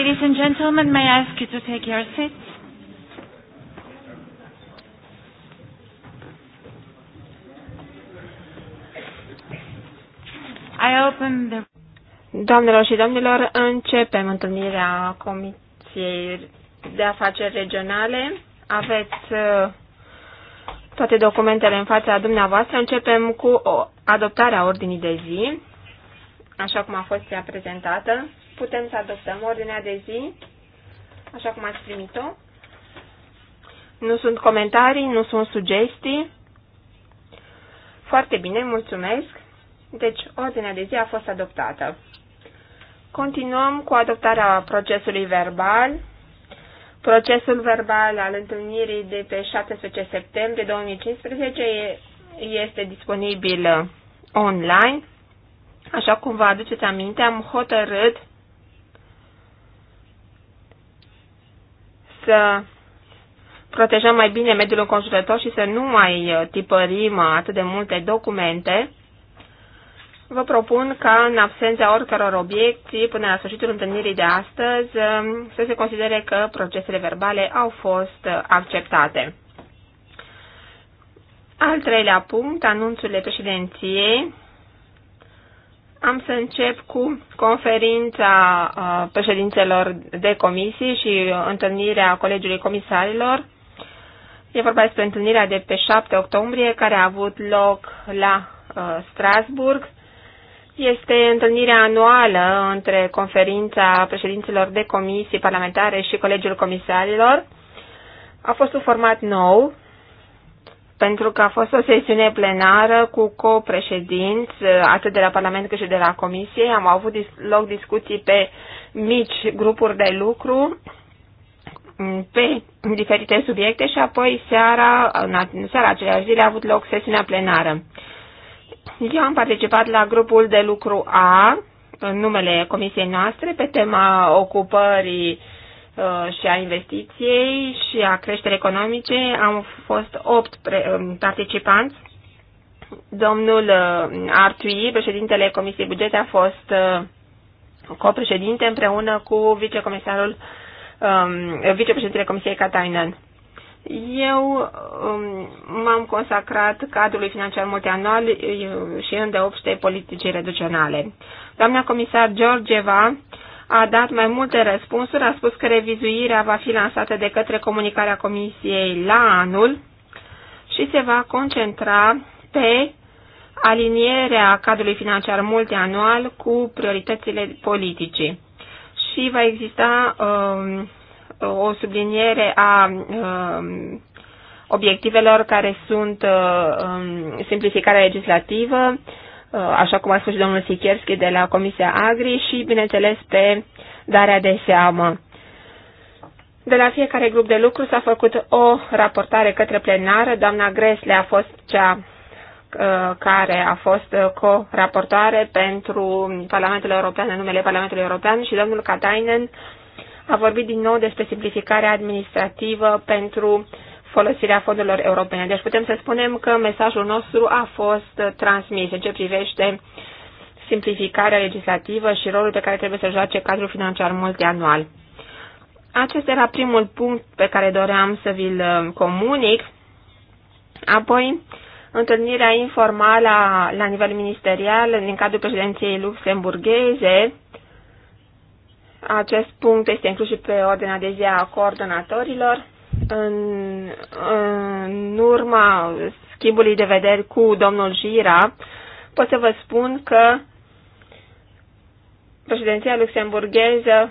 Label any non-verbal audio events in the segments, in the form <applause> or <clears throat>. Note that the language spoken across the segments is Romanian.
Ladies and gentlemen, may I ask you to take your seats? I open the... Doamnelor și domnilor, începem întâlnirea Comisiei de Afaceri Regionale. Aveți uh, toate documentele în fața dumneavoastră. Începem cu o adoptarea ordinii de zi, așa cum a fost ea prezentată putem să adoptăm ordinea de zi, așa cum ați primit-o. Nu sunt comentarii, nu sunt sugestii. Foarte bine, mulțumesc. Deci, ordinea de zi a fost adoptată. Continuăm cu adoptarea procesului verbal. Procesul verbal al întâlnirii de pe 17 septembrie 2015 este disponibil online. Așa cum vă aduceți aminte, am hotărât să protejăm mai bine mediul înconjurător și să nu mai uh, tipărim atât de multe documente, vă propun ca în absența oricăror obiecții până la sfârșitul întâlnirii de astăzi um, să se considere că procesele verbale au fost uh, acceptate. Al treilea punct, anunțurile președinției. Am să încep cu conferința uh, președințelor de comisii și uh, întâlnirea Colegiului Comisarilor. E vorba despre întâlnirea de pe 7 octombrie care a avut loc la uh, Strasburg. Este întâlnirea anuală între conferința președinților de comisii parlamentare și Colegiul Comisarilor. A fost un format nou pentru că a fost o sesiune plenară cu copreședinți, atât de la Parlament cât și de la Comisie. Am avut loc discuții pe mici grupuri de lucru pe diferite subiecte și apoi seara, în seara aceleași zile a avut loc sesiunea plenară. Eu am participat la grupul de lucru A, în numele comisiei noastre, pe tema ocupării Uh, și a investiției și a creșterii economice am fost opt um, participanți. Domnul uh, Artui, președintele Comisiei Bugete, a fost uh, copreședinte împreună cu vicecomisarul, um, vicepreședintele Comisiei Katainen. Eu um, m-am consacrat cadrului financiar multianual și îndeopște politicii reducționale. Doamna comisar Georgeva a dat mai multe răspunsuri, a spus că revizuirea va fi lansată de către comunicarea Comisiei la anul și se va concentra pe alinierea cadrului financiar multianual cu prioritățile politice și va exista um, o subliniere a um, obiectivelor care sunt uh, um, simplificarea legislativă, uh, Uh, așa cum a spus și domnul Sikierski de la Comisia Agri și, bineînțeles, pe darea de seamă. De la fiecare grup de lucru s-a făcut o raportare către plenară. Doamna Gresle a fost cea uh, care a fost uh, co-raportoare pentru Parlamentul European în numele Parlamentului European și domnul Katainen a vorbit din nou despre simplificarea administrativă pentru uh, folosirea fondurilor europene. Deci putem să spunem că mesajul nostru a fost transmis în ce privește simplificarea legislativă și rolul pe care trebuie să joace cadrul financiar multianual. Acesta era primul punct pe care doream să vi-l uh, comunic. Apoi, întâlnirea informală la nivel ministerial în cadrul președinției luxemburgheze. Acest punct este inclus și pe ordinea de zi a coordonatorilor. În, în urma schimbului de vederi cu domnul Jira, pot să vă spun că președinția luxemburgheză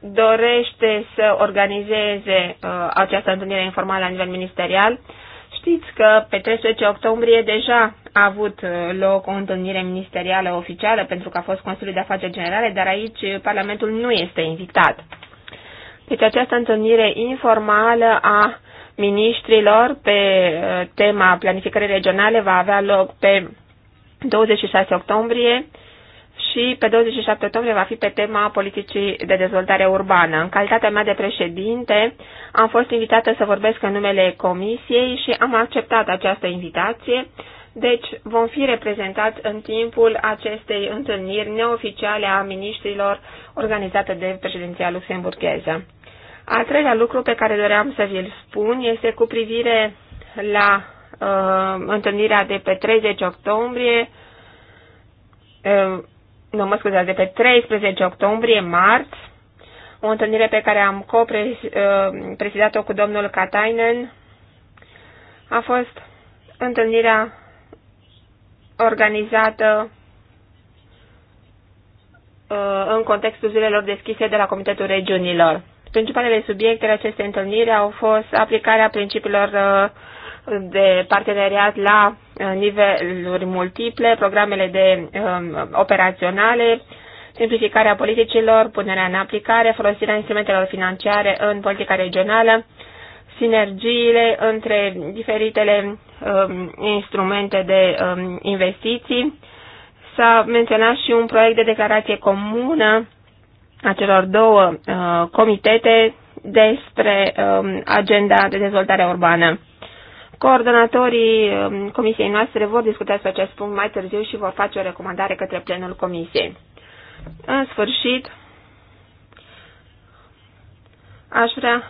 dorește să organizeze uh, această întâlnire informală la nivel ministerial. Știți că pe 13 octombrie deja a avut uh, loc o întâlnire ministerială oficială pentru că a fost Consiliul de Afaceri Generale, dar aici Parlamentul nu este invitat. Deci această întâlnire informală a ministrilor pe uh, tema planificării regionale va avea loc pe 26 octombrie și pe 27 octombrie va fi pe tema politicii de dezvoltare urbană. În calitatea mea de președinte am fost invitată să vorbesc în numele comisiei și am acceptat această invitație deci vom fi reprezentați în timpul acestei întâlniri neoficiale a miniștrilor organizată de președinția luxemburgheză. Al treilea lucru pe care doream să vi-l spun este cu privire la uh, întâlnirea de pe 30 octombrie, uh, nu mă scuzați, de pe 13 octombrie, marți, o întâlnire pe care am co-presidat-o uh, cu domnul Katainen, a fost întâlnirea organizată uh, în contextul zilelor deschise de la Comitetul Regiunilor. Principalele subiecte ale acestei întâlniri au fost aplicarea principiilor uh, de parteneriat la uh, niveluri multiple, programele de um, operaționale, simplificarea politicilor, punerea în aplicare, folosirea instrumentelor financiare în politica regională, sinergiile între diferitele Um, instrumente de um, investiții. S-a menționat și un proiect de declarație comună a celor două uh, comitete despre um, agenda de dezvoltare urbană. Coordonatorii comisiei noastre vor discuta despre acest punct mai târziu și vor face o recomandare către plenul comisiei. În sfârșit, aș vrea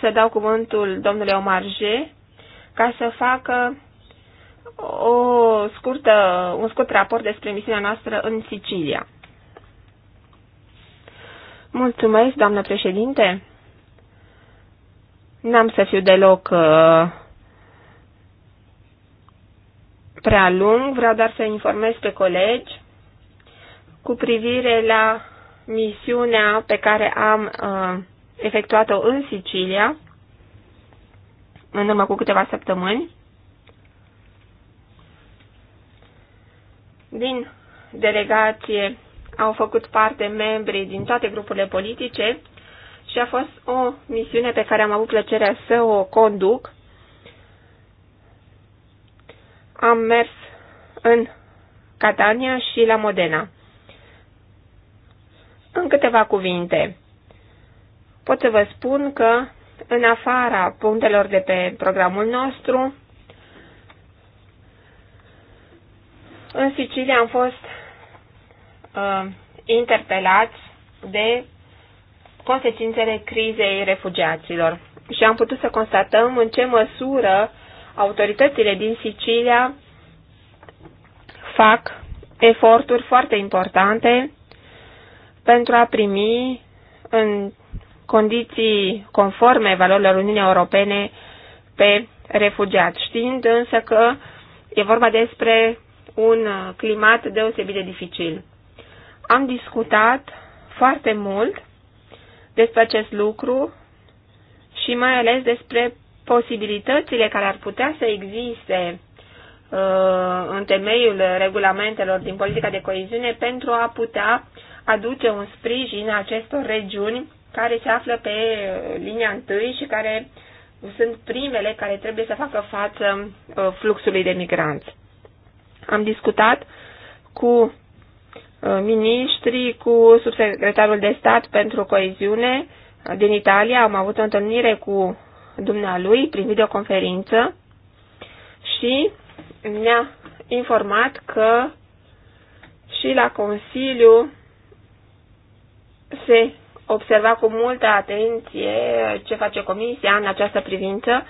să dau cuvântul domnului G ca să facă o scurtă, un scurt raport despre misiunea noastră în Sicilia. Mulțumesc, doamnă președinte. N-am să fiu deloc uh, prea lung, vreau doar să informez pe colegi cu privire la misiunea pe care am uh, efectuat-o în Sicilia în urmă cu câteva săptămâni din delegație au făcut parte membrii din toate grupurile politice și a fost o misiune pe care am avut plăcerea să o conduc. Am mers în Catania și la Modena. În câteva cuvinte, pot să vă spun că în afara punctelor de pe programul nostru. În Sicilia am fost uh, interpelați de consecințele crizei refugiaților și am putut să constatăm în ce măsură autoritățile din Sicilia fac eforturi foarte importante pentru a primi în condiții conforme valorilor Uniunii Europene pe refugiat, știind însă că e vorba despre un climat deosebit de dificil. Am discutat foarte mult despre acest lucru și mai ales despre posibilitățile care ar putea să existe uh, în temeiul regulamentelor din politica de coeziune pentru a putea aduce un sprijin acestor regiuni care se află pe uh, linia întâi și care sunt primele care trebuie să facă față uh, fluxului de migranți. Am discutat cu uh, miniștrii, cu subsecretarul de stat pentru coeziune din Italia. Am avut o întâlnire cu dumnealui prin videoconferință și ne-a informat că și la Consiliu se observa cu multă atenție ce face Comisia în această privință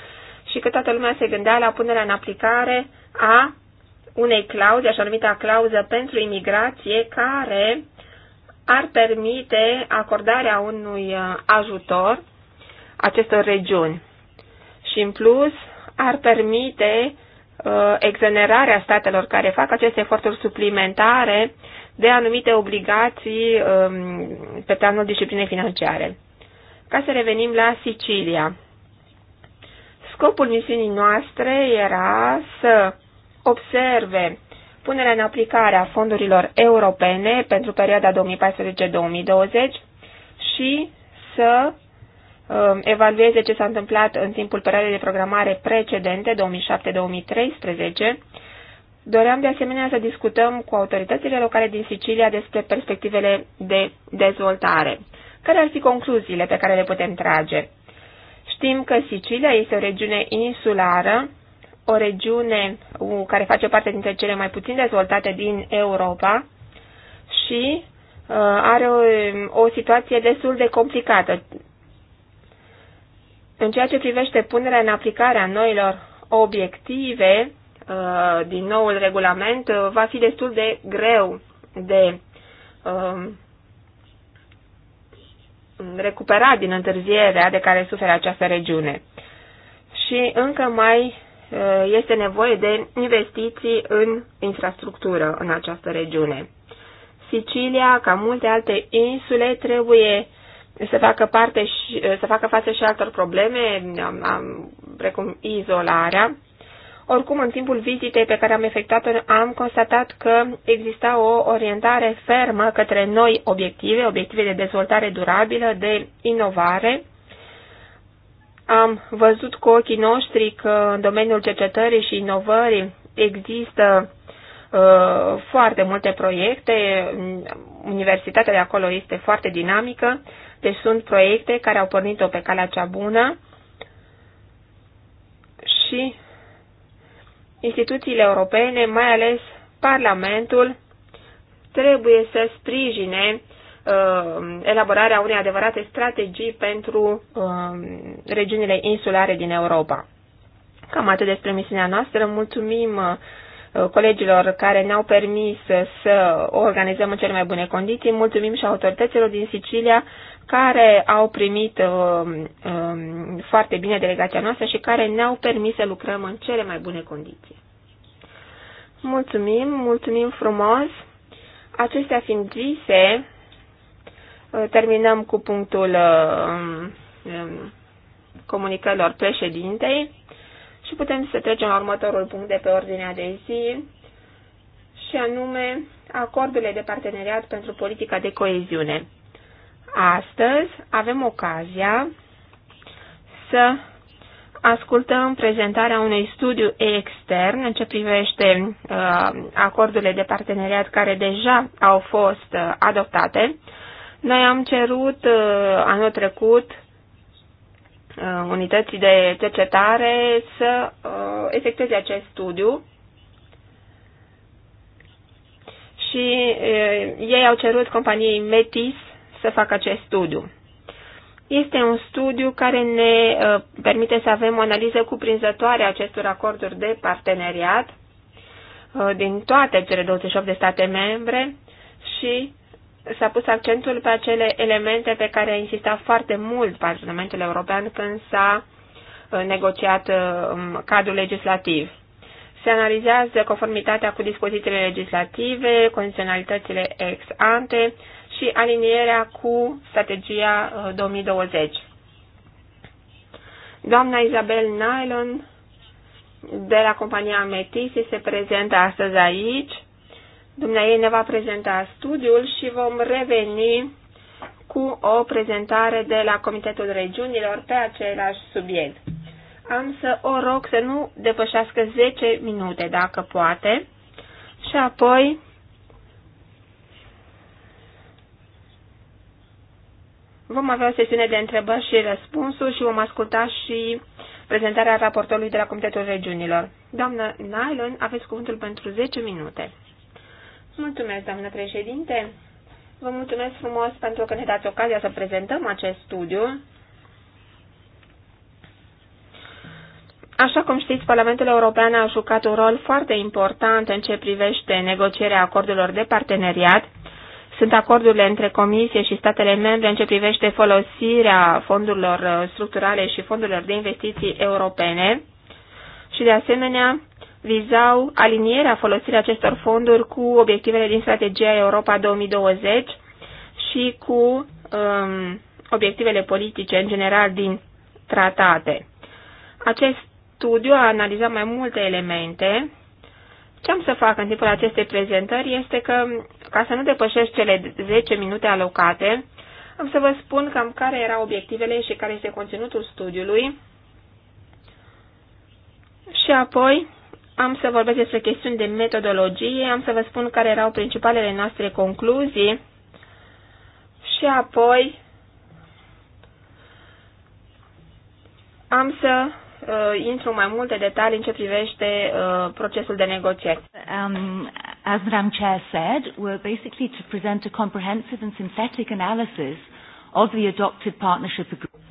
și că toată lumea se gândea la punerea în aplicare a unei clauze, așa numită clauză pentru imigrație, care ar permite acordarea unui uh, ajutor acestor regiuni. Și în plus ar permite uh, exonerarea statelor care fac aceste eforturi suplimentare de anumite obligații um, pe planul disciplinei financiare. Ca să revenim la Sicilia. Scopul misiunii noastre era să observe punerea în aplicare a fondurilor europene pentru perioada 2014-2020 și să um, evalueze ce s-a întâmplat în timpul perioadei de programare precedente, 2007-2013, Doream de asemenea să discutăm cu autoritățile locale din Sicilia despre perspectivele de dezvoltare. Care ar fi concluziile pe care le putem trage? Știm că Sicilia este o regiune insulară, o regiune care face parte dintre cele mai puțin dezvoltate din Europa și uh, are o, um, o situație destul de complicată. În ceea ce privește punerea în aplicare a noilor obiective, Uh, din noul regulament uh, va fi destul de greu de um, recuperat din întârzierea de care suferă această regiune. Și încă mai uh, este nevoie de investiții în infrastructură în această regiune. Sicilia, ca multe alte insule, trebuie să facă, parte și, să facă față și altor probleme, precum izolarea, oricum, în timpul vizitei pe care am efectuat-o, am constatat că exista o orientare fermă către noi obiective, obiective de dezvoltare durabilă, de inovare. Am văzut cu ochii noștri că în domeniul cercetării și inovării există uh, foarte multe proiecte, universitatea de acolo este foarte dinamică, deci sunt proiecte care au pornit-o pe calea cea bună și instituțiile europene, mai ales Parlamentul, trebuie să sprijine uh, elaborarea unei adevărate strategii pentru uh, regiunile insulare din Europa. Cam atât despre misiunea noastră. Mulțumim uh, colegilor care ne-au permis să o organizăm în cele mai bune condiții. Mulțumim și autorităților din Sicilia care au primit uh, uh, foarte bine delegația noastră și care ne-au permis să lucrăm în cele mai bune condiții. Mulțumim, mulțumim frumos. Acestea fiind zise, uh, terminăm cu punctul uh, um, um, comunicărilor președintei și putem să trecem la următorul punct de pe ordinea de zi și anume acordurile de parteneriat pentru politica de coeziune. Astăzi avem ocazia să ascultăm prezentarea unui studiu extern în ce privește uh, acordurile de parteneriat care deja au fost uh, adoptate. Noi am cerut uh, anul trecut uh, unității de cercetare să uh, efectueze acest studiu și uh, ei au cerut companiei Metis să facă acest studiu. Este un studiu care ne uh, permite să avem o analiză cuprinzătoare a acestor acorduri de parteneriat uh, din toate cele 28 de state membre și s-a pus accentul pe acele elemente pe care a insistat foarte mult Parlamentul European când s-a uh, negociat um, cadrul legislativ. Se analizează conformitatea cu dispozițiile legislative, condiționalitățile ex ante, și alinierea cu strategia 2020. Uh, Doamna Isabel Nylon de la compania Metis se prezentă astăzi aici. Dumnezeu ne va prezenta studiul și vom reveni cu o prezentare de la Comitetul Regiunilor pe același subiect. Am să o rog să nu depășească 10 minute, dacă poate, și apoi Vom avea o sesiune de întrebări și răspunsuri și vom asculta și prezentarea raportorului de la Comitetul Regiunilor. Doamnă Nylon, aveți cuvântul pentru 10 minute. Mulțumesc, doamnă președinte. Vă mulțumesc frumos pentru că ne dați ocazia să prezentăm acest studiu. Așa cum știți, Parlamentul European a jucat un rol foarte important în ce privește negocierea acordurilor de parteneriat sunt acordurile între Comisie și statele membre în ce privește folosirea fondurilor uh, structurale și fondurilor de investiții europene și, de asemenea, vizau alinierea folosirii acestor fonduri cu obiectivele din strategia Europa 2020 și cu um, obiectivele politice, în general, din tratate. Acest studiu a analizat mai multe elemente. Ce am să fac în timpul acestei prezentări este că ca să nu depășești cele 10 minute alocate, am să vă spun cam care erau obiectivele și care este conținutul studiului. Și apoi am să vorbesc despre chestiuni de metodologie, am să vă spun care erau principalele noastre concluzii și apoi am să uh, intru mai multe detalii în ce privește uh, procesul de negocieri. Um, as Madam Chair said, we're basically to present a comprehensive and synthetic analysis of the adopted partnership agreement.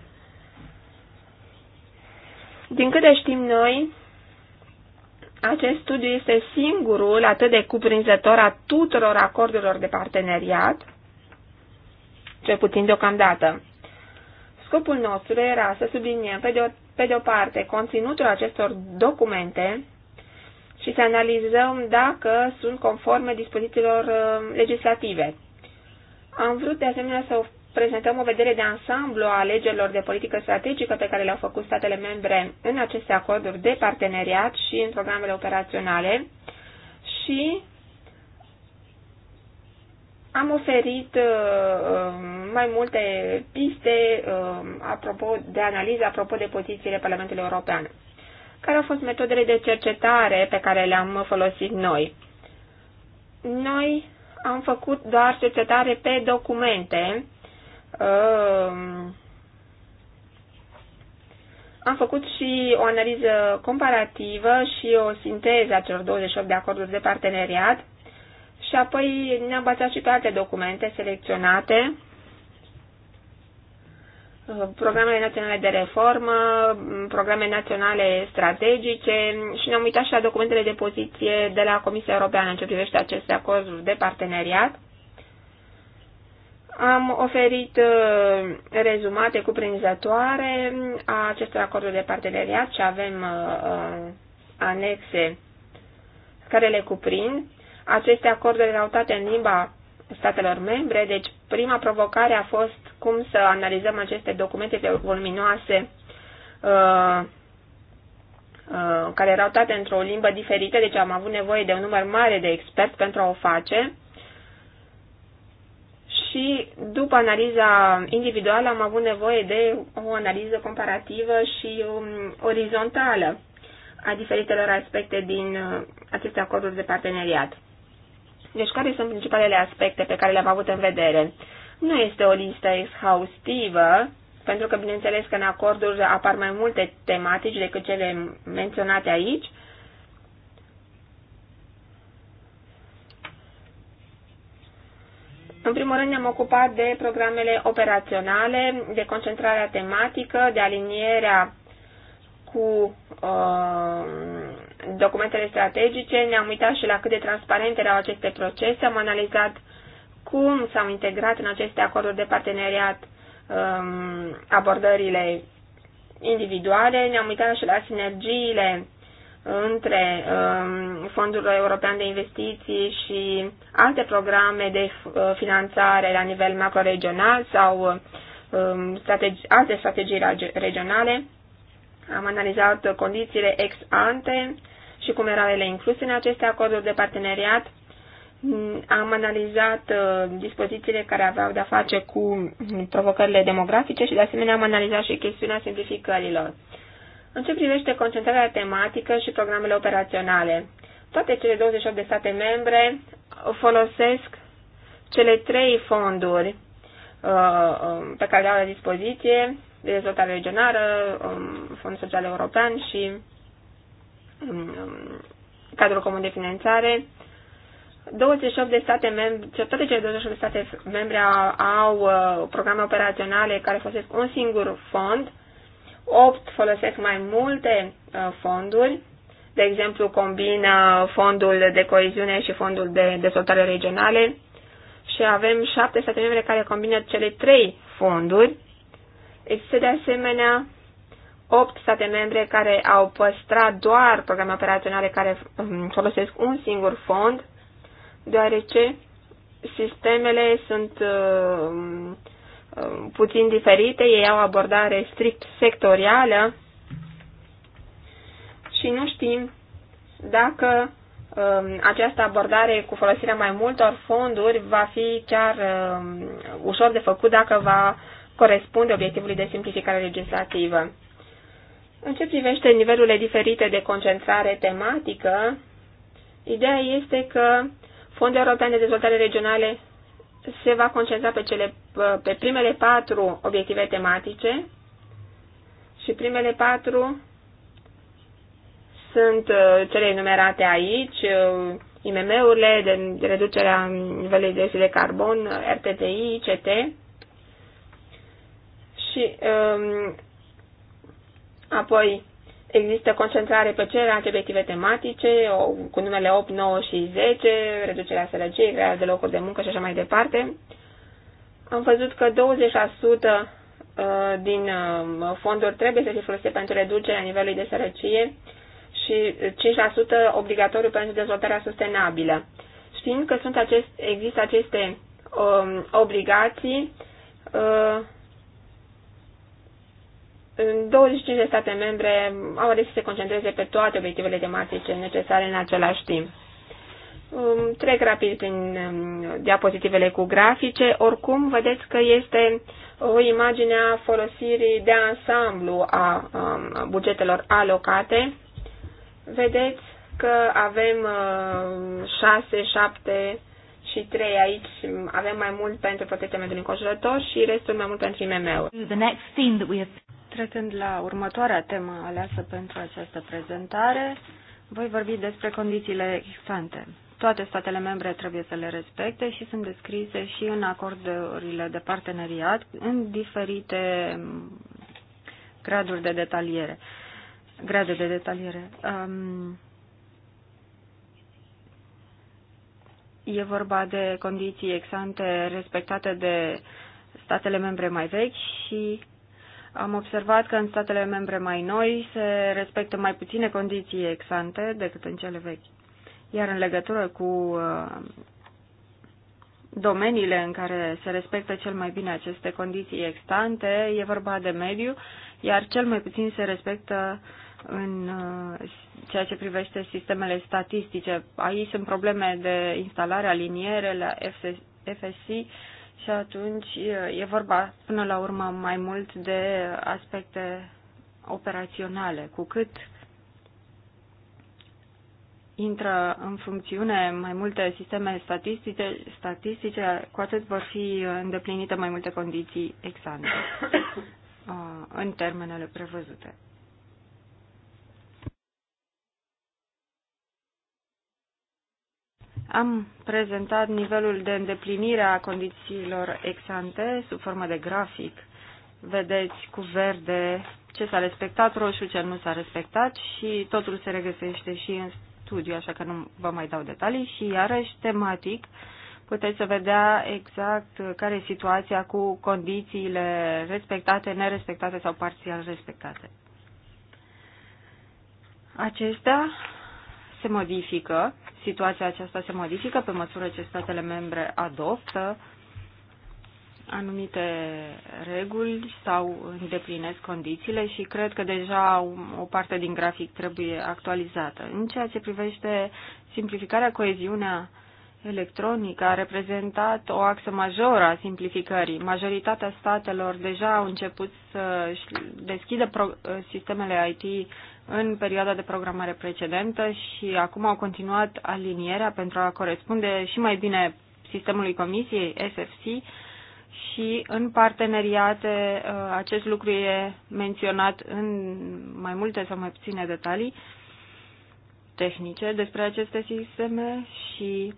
Din câte știm noi, acest studiu este singurul atât de cuprinzător a tuturor acordurilor de parteneriat, cel puțin deocamdată. Scopul nostru era să subliniem, pe de o pe de o parte, conținutul acestor documente și să analizăm dacă sunt conforme dispozițiilor uh, legislative. Am vrut de asemenea să prezentăm o vedere de ansamblu a alegerilor de politică strategică pe care le-au făcut statele membre în aceste acorduri de parteneriat și în programele operaționale și am oferit uh, uh, mai multe piste uh, apropo de analiză, apropo de pozițiile Parlamentului European. Care au fost metodele de cercetare pe care le-am folosit noi? Noi am făcut doar cercetare pe documente. Am făcut și o analiză comparativă și o sinteză a celor 28 de acorduri de parteneriat și apoi ne-am bazat și pe alte documente selecționate, uh, programele naționale de reformă, mm, programe naționale strategice și ne-am uitat și la documentele de poziție de la Comisia Europeană în ce privește aceste acorduri de parteneriat. Am oferit uh, rezumate cuprinzătoare mm, a acestor acorduri de parteneriat și avem uh, anexe care le cuprind aceste acorduri erau date în limba statelor membre, deci prima provocare a fost cum să analizăm aceste documente voluminoase uh, uh, care erau date într-o limbă diferită, deci am avut nevoie de un număr mare de experți pentru a o face. Și după analiza individuală am avut nevoie de o analiză comparativă și um, orizontală a diferitelor aspecte din uh, aceste acorduri de parteneriat. Deci care sunt principalele aspecte pe care le-am avut în vedere? Nu este o listă exhaustivă, pentru că bineînțeles că în acorduri apar mai multe tematici decât cele menționate aici, În primul rând ne-am ocupat de programele operaționale, de concentrarea tematică, de alinierea cu uh, documentele strategice, ne-am uitat și la cât de transparente erau aceste procese, am analizat cum s-au integrat în aceste acorduri de parteneriat um, abordările individuale, ne-am uitat și la sinergiile între um, Fondul European de Investiții și alte programe de uh, finanțare la nivel macroregional sau um, strategi, alte strategii regionale. Am analizat condițiile ex ante și cum erau ele incluse în aceste acorduri de parteneriat. Am analizat uh, dispozițiile care aveau de-a face cu mm, provocările demografice și de asemenea am analizat și chestiunea simplificărilor. În ce privește concentrarea tematică și programele operaționale, toate cele 28 de state membre folosesc cele trei fonduri uh, um, pe care le au la dispoziție, de dezvoltare regională, um, Fondul Social European și Mm, cadrul comun de finanțare. 28 de state membre, toate cele 28 de state membre au, au uh, programe operaționale care folosesc un singur fond, 8 folosesc mai multe uh, fonduri, de exemplu combină fondul de coeziune și fondul de dezvoltare regionale și avem 7 state membre care combină cele 3 fonduri. Există de asemenea 8 state membre care au păstrat doar programe operaționale care um, folosesc un singur fond, deoarece sistemele sunt uh, puțin diferite, ei au abordare strict sectorială și nu știm dacă uh, această abordare cu folosirea mai multor fonduri va fi chiar uh, ușor de făcut dacă va corespunde obiectivului de simplificare legislativă. În ce privește nivelurile diferite de concentrare tematică, ideea este că Fondul European de Dezvoltare Regionale se va concentra pe, cele, pe primele patru obiective tematice și primele patru sunt uh, cele enumerate aici, uh, IMM-urile, de reducerea nivelului de de carbon, RTTI, ICT și um, Apoi există concentrare pe celelalte obiective tematice, cu numele 8, 9 și 10, reducerea sărăciei, crearea de locuri de muncă și așa mai departe. Am văzut că 20% uh, din uh, fonduri trebuie să fie folosite pentru reducerea nivelului de sărăcie și 5% obligatoriu pentru dezvoltarea sustenabilă. Știind că sunt acest, există aceste um, obligații, uh, 25 de state membre au ales să se concentreze pe toate obiectivele tematice necesare în același timp. Um, trec rapid prin um, diapozitivele cu grafice. Oricum, vedeți că este o imagine a folosirii de ansamblu a um, bugetelor alocate. Vedeți că avem 6, 7 și 3 aici. Avem mai mult pentru protecția mediului înconjurător și restul mai mult pentru IMM-uri. Trecând la următoarea temă aleasă pentru această prezentare, voi vorbi despre condițiile existante. Toate statele membre trebuie să le respecte și sunt descrise și în acordurile de parteneriat în diferite graduri de detaliere. Grade de detaliere. Um, e vorba de condiții exante respectate de statele membre mai vechi și am observat că în statele membre mai noi se respectă mai puține condiții exante decât în cele vechi. Iar în legătură cu uh, domeniile în care se respectă cel mai bine aceste condiții extante, e vorba de mediu, iar cel mai puțin se respectă în uh, ceea ce privește sistemele statistice. Aici sunt probleme de instalare, a aliniere la FSC. Și atunci e vorba până la urmă mai mult de aspecte operaționale. Cu cât intră în funcțiune mai multe sisteme statistice, statistice cu atât vor fi îndeplinite mai multe condiții exante <coughs> uh, în termenele prevăzute. Am prezentat nivelul de îndeplinire a condițiilor exante sub formă de grafic. Vedeți cu verde ce s-a respectat, roșu ce nu s-a respectat și totul se regăsește și în studiu, așa că nu vă mai dau detalii și iarăși tematic puteți să vedea exact care e situația cu condițiile respectate, nerespectate sau parțial respectate. Acestea se modifică situația aceasta se modifică pe măsură ce statele membre adoptă anumite reguli sau îndeplinesc condițiile și cred că deja o parte din grafic trebuie actualizată. În ceea ce privește simplificarea, coeziunea electronică a reprezentat o axă majoră a simplificării. Majoritatea statelor deja au început să deschidă sistemele IT în perioada de programare precedentă și acum au continuat alinierea pentru a corespunde și mai bine sistemului comisiei SFC și în parteneriate uh, acest lucru e menționat în mai multe sau mai puține detalii tehnice despre aceste sisteme și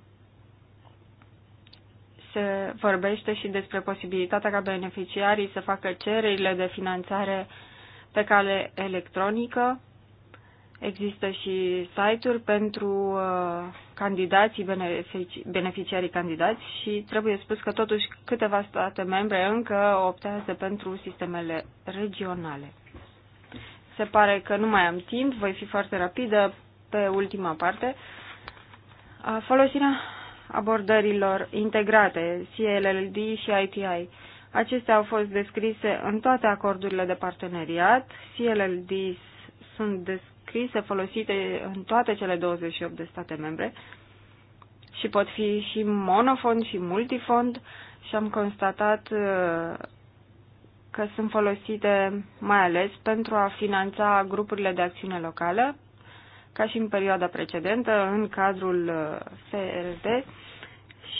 se vorbește și despre posibilitatea ca beneficiarii să facă cererile de finanțare pe cale electronică Există și site-uri pentru uh, candidații, benefici, beneficiarii candidați și trebuie spus că totuși câteva state membre încă optează pentru sistemele regionale. Se pare că nu mai am timp, voi fi foarte rapidă pe ultima parte. Folosirea abordărilor integrate, CLLD și ITI. Acestea au fost descrise în toate acordurile de parteneriat. CLLD sunt descrise scrise folosite în toate cele 28 de state membre și pot fi și monofond și multifond și am constatat uh, că sunt folosite mai ales pentru a finanța grupurile de acțiune locală, ca și în perioada precedentă, în cadrul uh, FRD,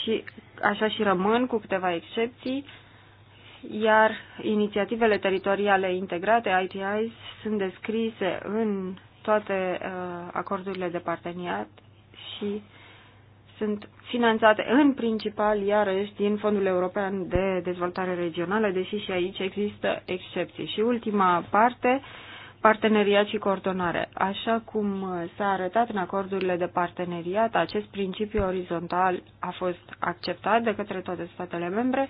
și așa și rămân, cu câteva excepții, iar inițiativele teritoriale integrate, ITIs, sunt descrise în toate uh, acordurile de parteneriat și sunt finanțate în principal, iarăși, din Fondul European de Dezvoltare Regională, deși și aici există excepții. Și ultima parte, parteneriat și coordonare. Așa cum s-a arătat în acordurile de parteneriat, acest principiu orizontal a fost acceptat de către toate statele membre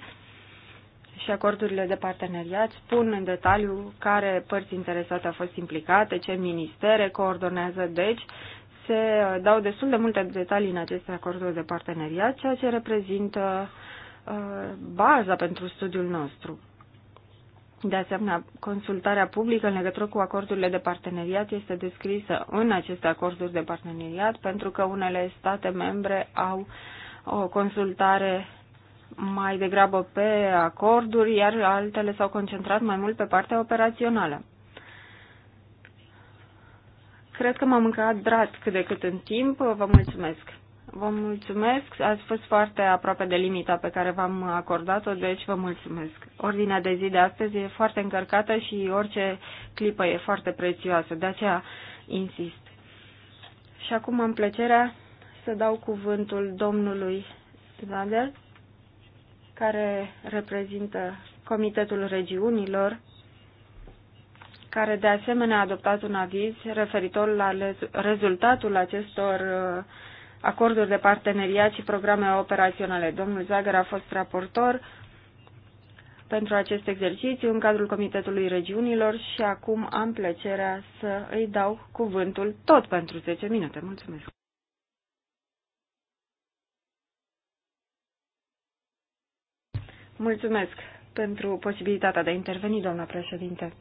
și acordurile de parteneriat spun în detaliu care părți interesate au fost implicate, ce ministere coordonează, deci se dau destul de multe detalii în aceste acorduri de parteneriat, ceea ce reprezintă uh, baza pentru studiul nostru. De asemenea, consultarea publică în legătură cu acordurile de parteneriat este descrisă în aceste acorduri de parteneriat pentru că unele state membre au o consultare mai degrabă pe acorduri, iar altele s-au concentrat mai mult pe partea operațională. Cred că m-am încadrat cât de cât în timp. Vă mulțumesc! Vă mulțumesc, ați fost foarte aproape de limita pe care v-am acordat-o, deci vă mulțumesc. Ordinea de zi de astăzi e foarte încărcată și orice clipă e foarte prețioasă, de aceea insist. Și acum am plăcerea să dau cuvântul domnului Zander care reprezintă Comitetul Regiunilor, care de asemenea a adoptat un aviz referitor la rezultatul acestor uh, acorduri de parteneriat și programe operaționale. Domnul Zagăr a fost raportor pentru acest exercițiu în cadrul Comitetului Regiunilor și acum am plăcerea să îi dau cuvântul tot pentru 10 minute. Mulțumesc! Mulțumesc pentru posibilitatea de a interveni, doamna președinte.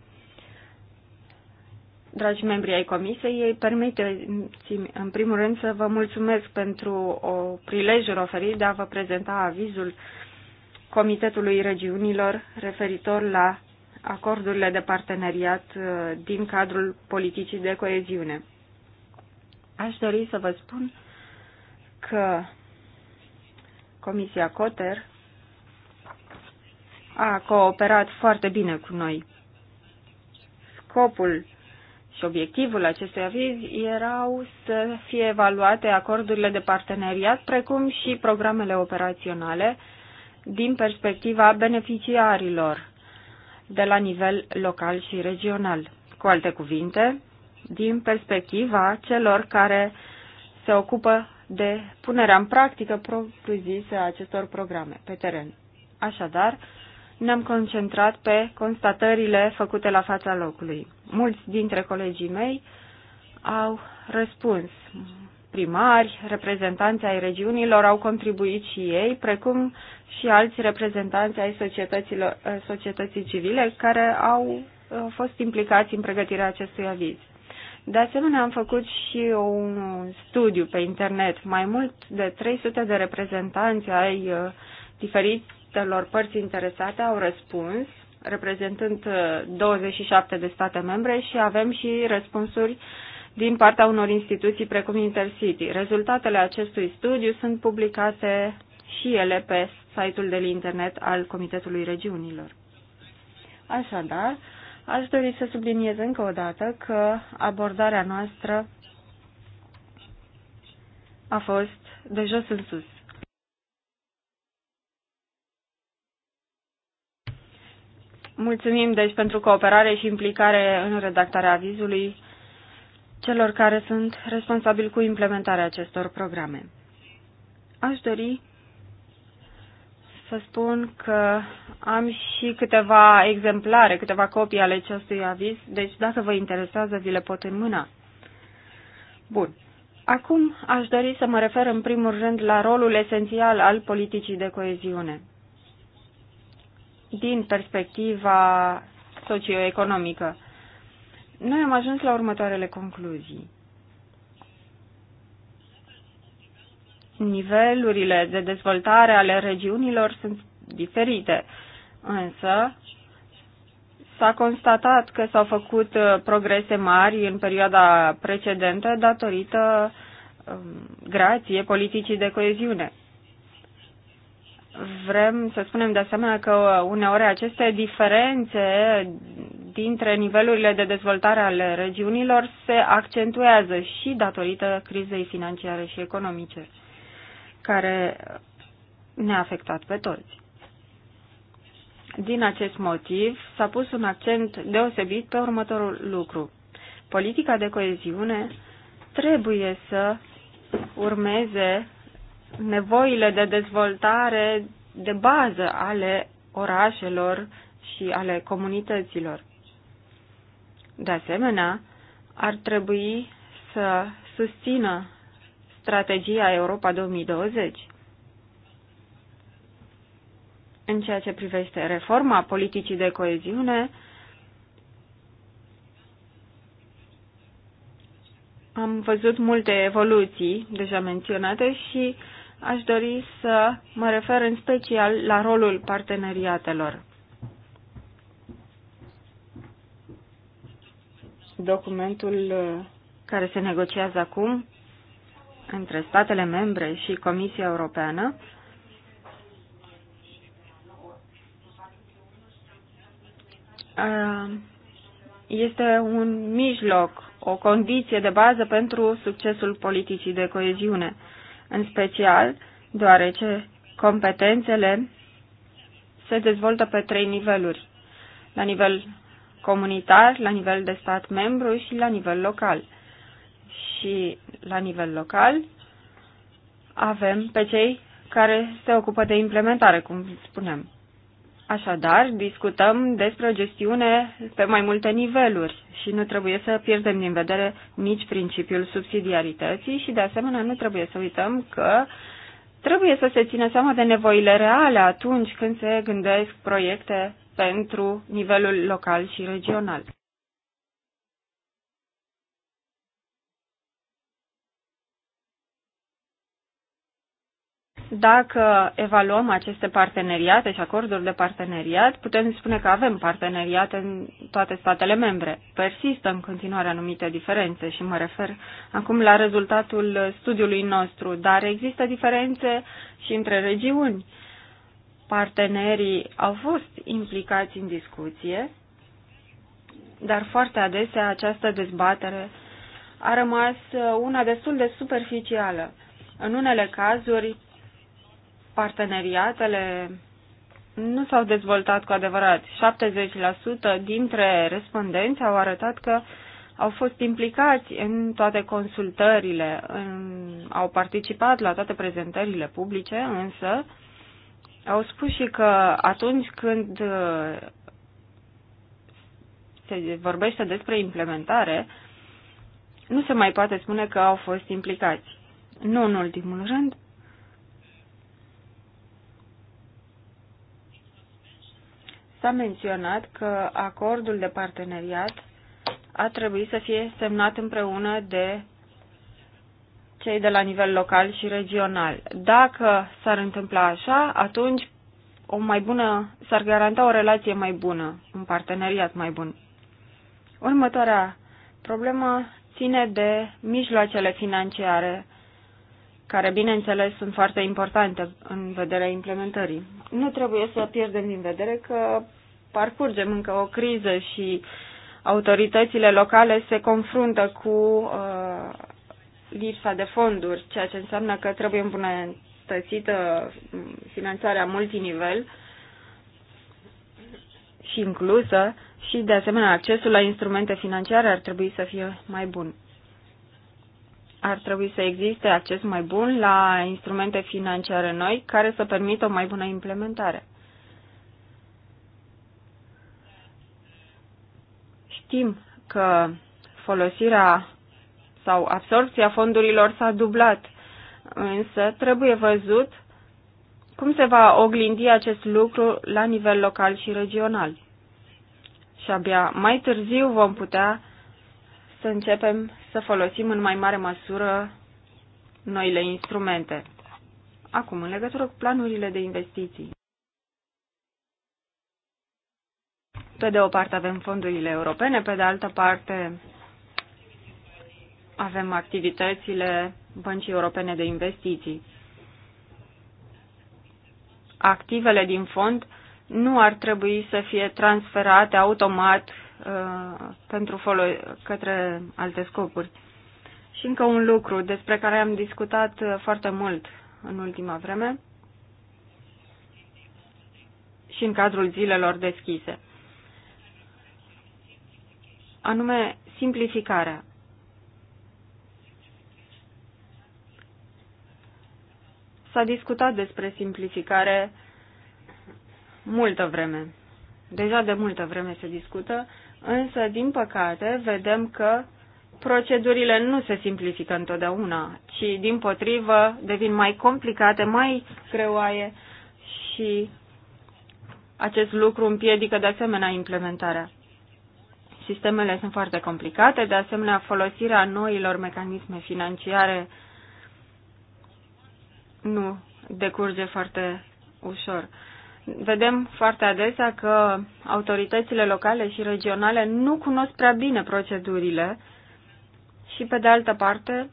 Dragi membri ai comisiei, ei permiteți-mi în primul rând să vă mulțumesc pentru o prilejul oferit de a vă prezenta avizul Comitetului Regiunilor referitor la acordurile de parteneriat uh, din cadrul politicii de coeziune. Aș dori să vă spun că Comisia Coter a cooperat foarte bine cu noi. Scopul și obiectivul acestui aviz erau să fie evaluate acordurile de parteneriat, precum și programele operaționale, din perspectiva beneficiarilor, de la nivel local și regional. Cu alte cuvinte, din perspectiva celor care se ocupă de punerea în practică propriu-zisă a acestor programe pe teren. Așadar, ne-am concentrat pe constatările făcute la fața locului. Mulți dintre colegii mei au răspuns. Primari, reprezentanți ai regiunilor au contribuit și ei, precum și alți reprezentanți ai societății civile care au uh, fost implicați în pregătirea acestui aviz. De asemenea, am făcut și un studiu pe internet. Mai mult de 300 de reprezentanți ai uh, diferiți celor părți interesate au răspuns, reprezentând 27 uh, de state membre și avem și răspunsuri din partea unor instituții precum Intercity. Rezultatele acestui studiu sunt publicate și ele pe site-ul de internet al Comitetului Regiunilor. Așadar, aș dori să subliniez încă o dată că abordarea noastră a fost de jos în sus. Mulțumim, deci, pentru cooperare și implicare în redactarea avizului celor care sunt responsabili cu implementarea acestor programe. Aș dori să spun că am și câteva exemplare, câteva copii ale acestui aviz, deci dacă vă interesează, vi le pot înmâna. Bun. Acum aș dori să mă refer în primul rând la rolul esențial al politicii de coeziune din perspectiva socioeconomică. Noi am ajuns la următoarele concluzii. Nivelurile de dezvoltare ale regiunilor sunt diferite, însă s-a constatat că s-au făcut uh, progrese mari în perioada precedentă datorită um, grație politicii de coeziune vrem să spunem de asemenea că uh, uneori aceste diferențe dintre nivelurile de dezvoltare ale regiunilor se accentuează și datorită crizei financiare și economice care ne-a afectat pe toți. Din acest motiv s-a pus un accent deosebit pe următorul lucru. Politica de coeziune trebuie să urmeze nevoile de dezvoltare de bază ale orașelor și ale comunităților. De asemenea, ar trebui să susțină strategia Europa 2020. În ceea ce privește reforma politicii de coeziune, am văzut multe evoluții deja menționate și uh, aș dori să mă refer în special la rolul parteneriatelor. Documentul uh, care se negociază acum între statele membre și Comisia Europeană uh, este un mijloc, o condiție de bază pentru succesul politicii de coeziune în special deoarece competențele se dezvoltă pe trei niveluri, la nivel comunitar, la nivel de stat membru și la nivel local. Și la nivel local avem pe cei care se ocupă de implementare, cum spuneam. Așadar, discutăm despre o gestiune pe mai multe niveluri și nu trebuie să pierdem din vedere nici principiul subsidiarității și, de asemenea, nu trebuie să uităm că trebuie să se țină seama de nevoile reale atunci când se gândesc proiecte pentru nivelul local și regional. Dacă evaluăm aceste parteneriate și acorduri de parteneriat, putem spune că avem parteneriate în toate statele membre. Persistă în continuare anumite diferențe și mă refer acum la rezultatul studiului nostru, dar există diferențe și între regiuni. Partenerii au fost implicați în discuție, dar foarte adesea această dezbatere a rămas una destul de superficială. În unele cazuri, parteneriatele nu s-au dezvoltat cu adevărat. 70% dintre respondenți au arătat că au fost implicați în toate consultările, în, au participat la toate prezentările publice, însă au spus și că atunci când uh, se vorbește despre implementare, nu se mai poate spune că au fost implicați. Nu în ultimul rând, s-a menționat că acordul de parteneriat a trebuit să fie semnat împreună de cei de la nivel local și regional. Dacă s-ar întâmpla așa, atunci o mai bună, s-ar garanta o relație mai bună, un parteneriat mai bun. Următoarea problemă ține de mijloacele financiare care, bineînțeles, sunt foarte importante în vederea implementării. Nu trebuie să pierdem din vedere că parcurgem încă o criză și autoritățile locale se confruntă cu uh, lipsa de fonduri, ceea ce înseamnă că trebuie îmbunătățită finanțarea multinivel și inclusă și, de asemenea, accesul la instrumente financiare ar trebui să fie mai bun ar trebui să existe acces mai bun la instrumente financiare noi care să permită o mai bună implementare. Știm că folosirea sau absorpția fondurilor s-a dublat, însă trebuie văzut cum se va oglindi acest lucru la nivel local și regional. Și abia mai târziu vom putea să începem să folosim în mai mare măsură noile instrumente. Acum, în legătură cu planurile de investiții. Pe de o parte avem fondurile europene, pe de altă parte avem activitățile Băncii Europene de Investiții. Activele din fond nu ar trebui să fie transferate automat Uh, pentru folo- către alte scopuri. Și încă un lucru despre care am discutat uh, foarte mult în ultima vreme și în cadrul zilelor deschise. Anume, simplificarea. S-a discutat despre simplificare multă vreme. Deja de multă vreme se discută Însă, din păcate, vedem că procedurile nu se simplifică întotdeauna, ci, din potrivă, devin mai complicate, mai greoaie și acest lucru împiedică, de asemenea, implementarea. Sistemele sunt foarte complicate, de asemenea, folosirea noilor mecanisme financiare nu decurge foarte ușor. Vedem foarte adesea că autoritățile locale și regionale nu cunosc prea bine procedurile și, pe de altă parte,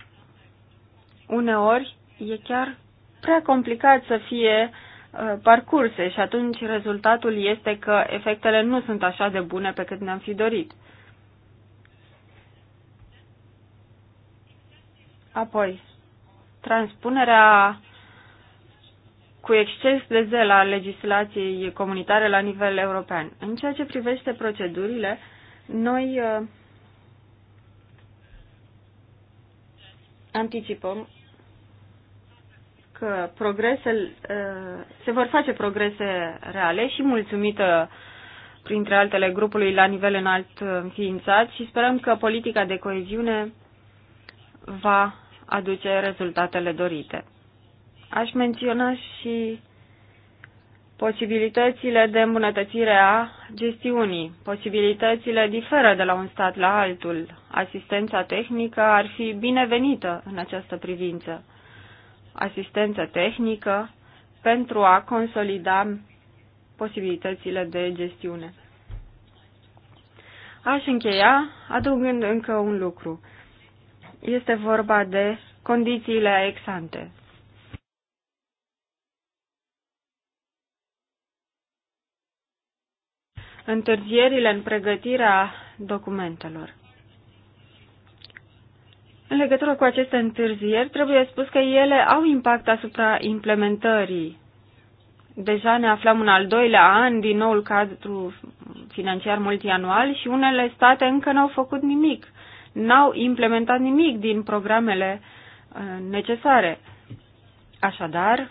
uneori e chiar prea complicat să fie uh, parcurse și atunci rezultatul este că efectele nu sunt așa de bune pe cât ne-am fi dorit. Apoi, transpunerea cu exces de zel a legislației comunitare la nivel european. În ceea ce privește procedurile, noi uh, anticipăm că progresele, uh, se vor face progrese reale și mulțumită printre altele grupului la nivel înalt uh, înființat și sperăm că politica de coeziune va aduce rezultatele dorite. Aș menționa și posibilitățile de îmbunătățire a gestiunii. Posibilitățile diferă de la un stat la altul. Asistența tehnică ar fi binevenită în această privință. Asistență tehnică pentru a consolida posibilitățile de gestiune. Aș încheia adăugând încă un lucru. Este vorba de condițiile ex ante. întârzierile în pregătirea documentelor. În legătură cu aceste întârzieri, trebuie spus că ele au impact asupra implementării. Deja ne aflăm în al doilea an din noul cadru financiar multianual și unele state încă n-au făcut nimic, n-au implementat nimic din programele uh, necesare. Așadar,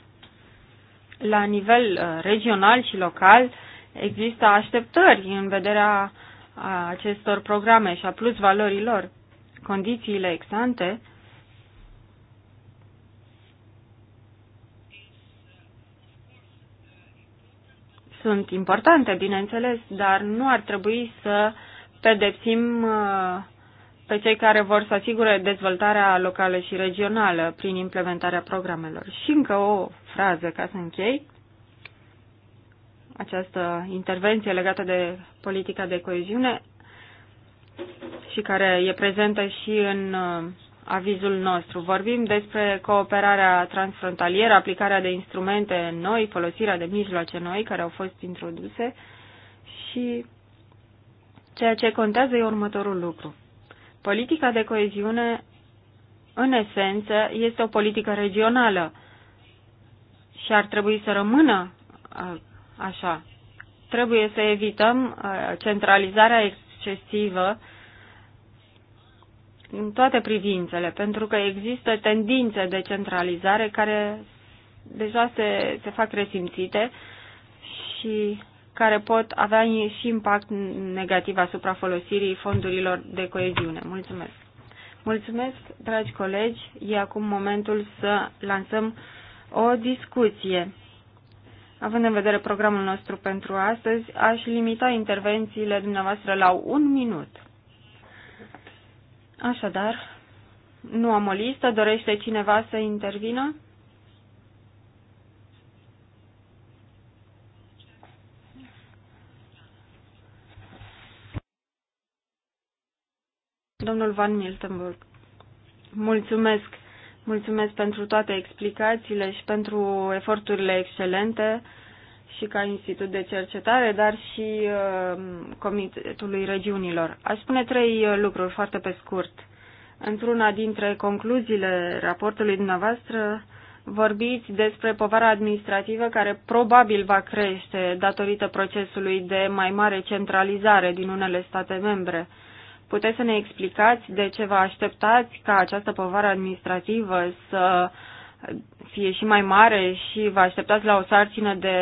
la nivel uh, regional și local, există așteptări în vederea acestor programe și a plus valorilor. Condițiile exante sunt importante, bineînțeles, dar nu ar trebui să pedepsim uh, pe cei care vor să asigure dezvoltarea locală și regională prin implementarea programelor. Și încă o frază ca să închei această intervenție legată de politica de coeziune și care e prezentă și în uh, avizul nostru. Vorbim despre cooperarea transfrontalieră, aplicarea de instrumente noi, folosirea de mijloace noi care au fost introduse și ceea ce contează e următorul lucru. Politica de coeziune, în esență, este o politică regională și ar trebui să rămână uh, Așa. Trebuie să evităm uh, centralizarea excesivă în toate privințele, pentru că există tendințe de centralizare care deja se, se fac resimțite și care pot avea și impact negativ asupra folosirii fondurilor de coeziune. Mulțumesc! Mulțumesc, dragi colegi! E acum momentul să lansăm o discuție. Având în vedere programul nostru pentru astăzi, aș limita intervențiile dumneavoastră la un minut. Așadar, nu am o listă, dorește cineva să intervină? Domnul Van Miltenburg. Mulțumesc. Mulțumesc pentru toate explicațiile și pentru eforturile excelente și ca institut de cercetare, dar și uh, Comitetului Regiunilor. Aș spune trei uh, lucruri foarte pe scurt. Într-una dintre concluziile raportului dumneavoastră, vorbiți despre povara administrativă care probabil va crește datorită procesului de mai mare centralizare din unele state membre. Uh, Puteți să ne explicați de ce vă așteptați ca această povară administrativă să fie și mai mare și vă așteptați la o sarcină de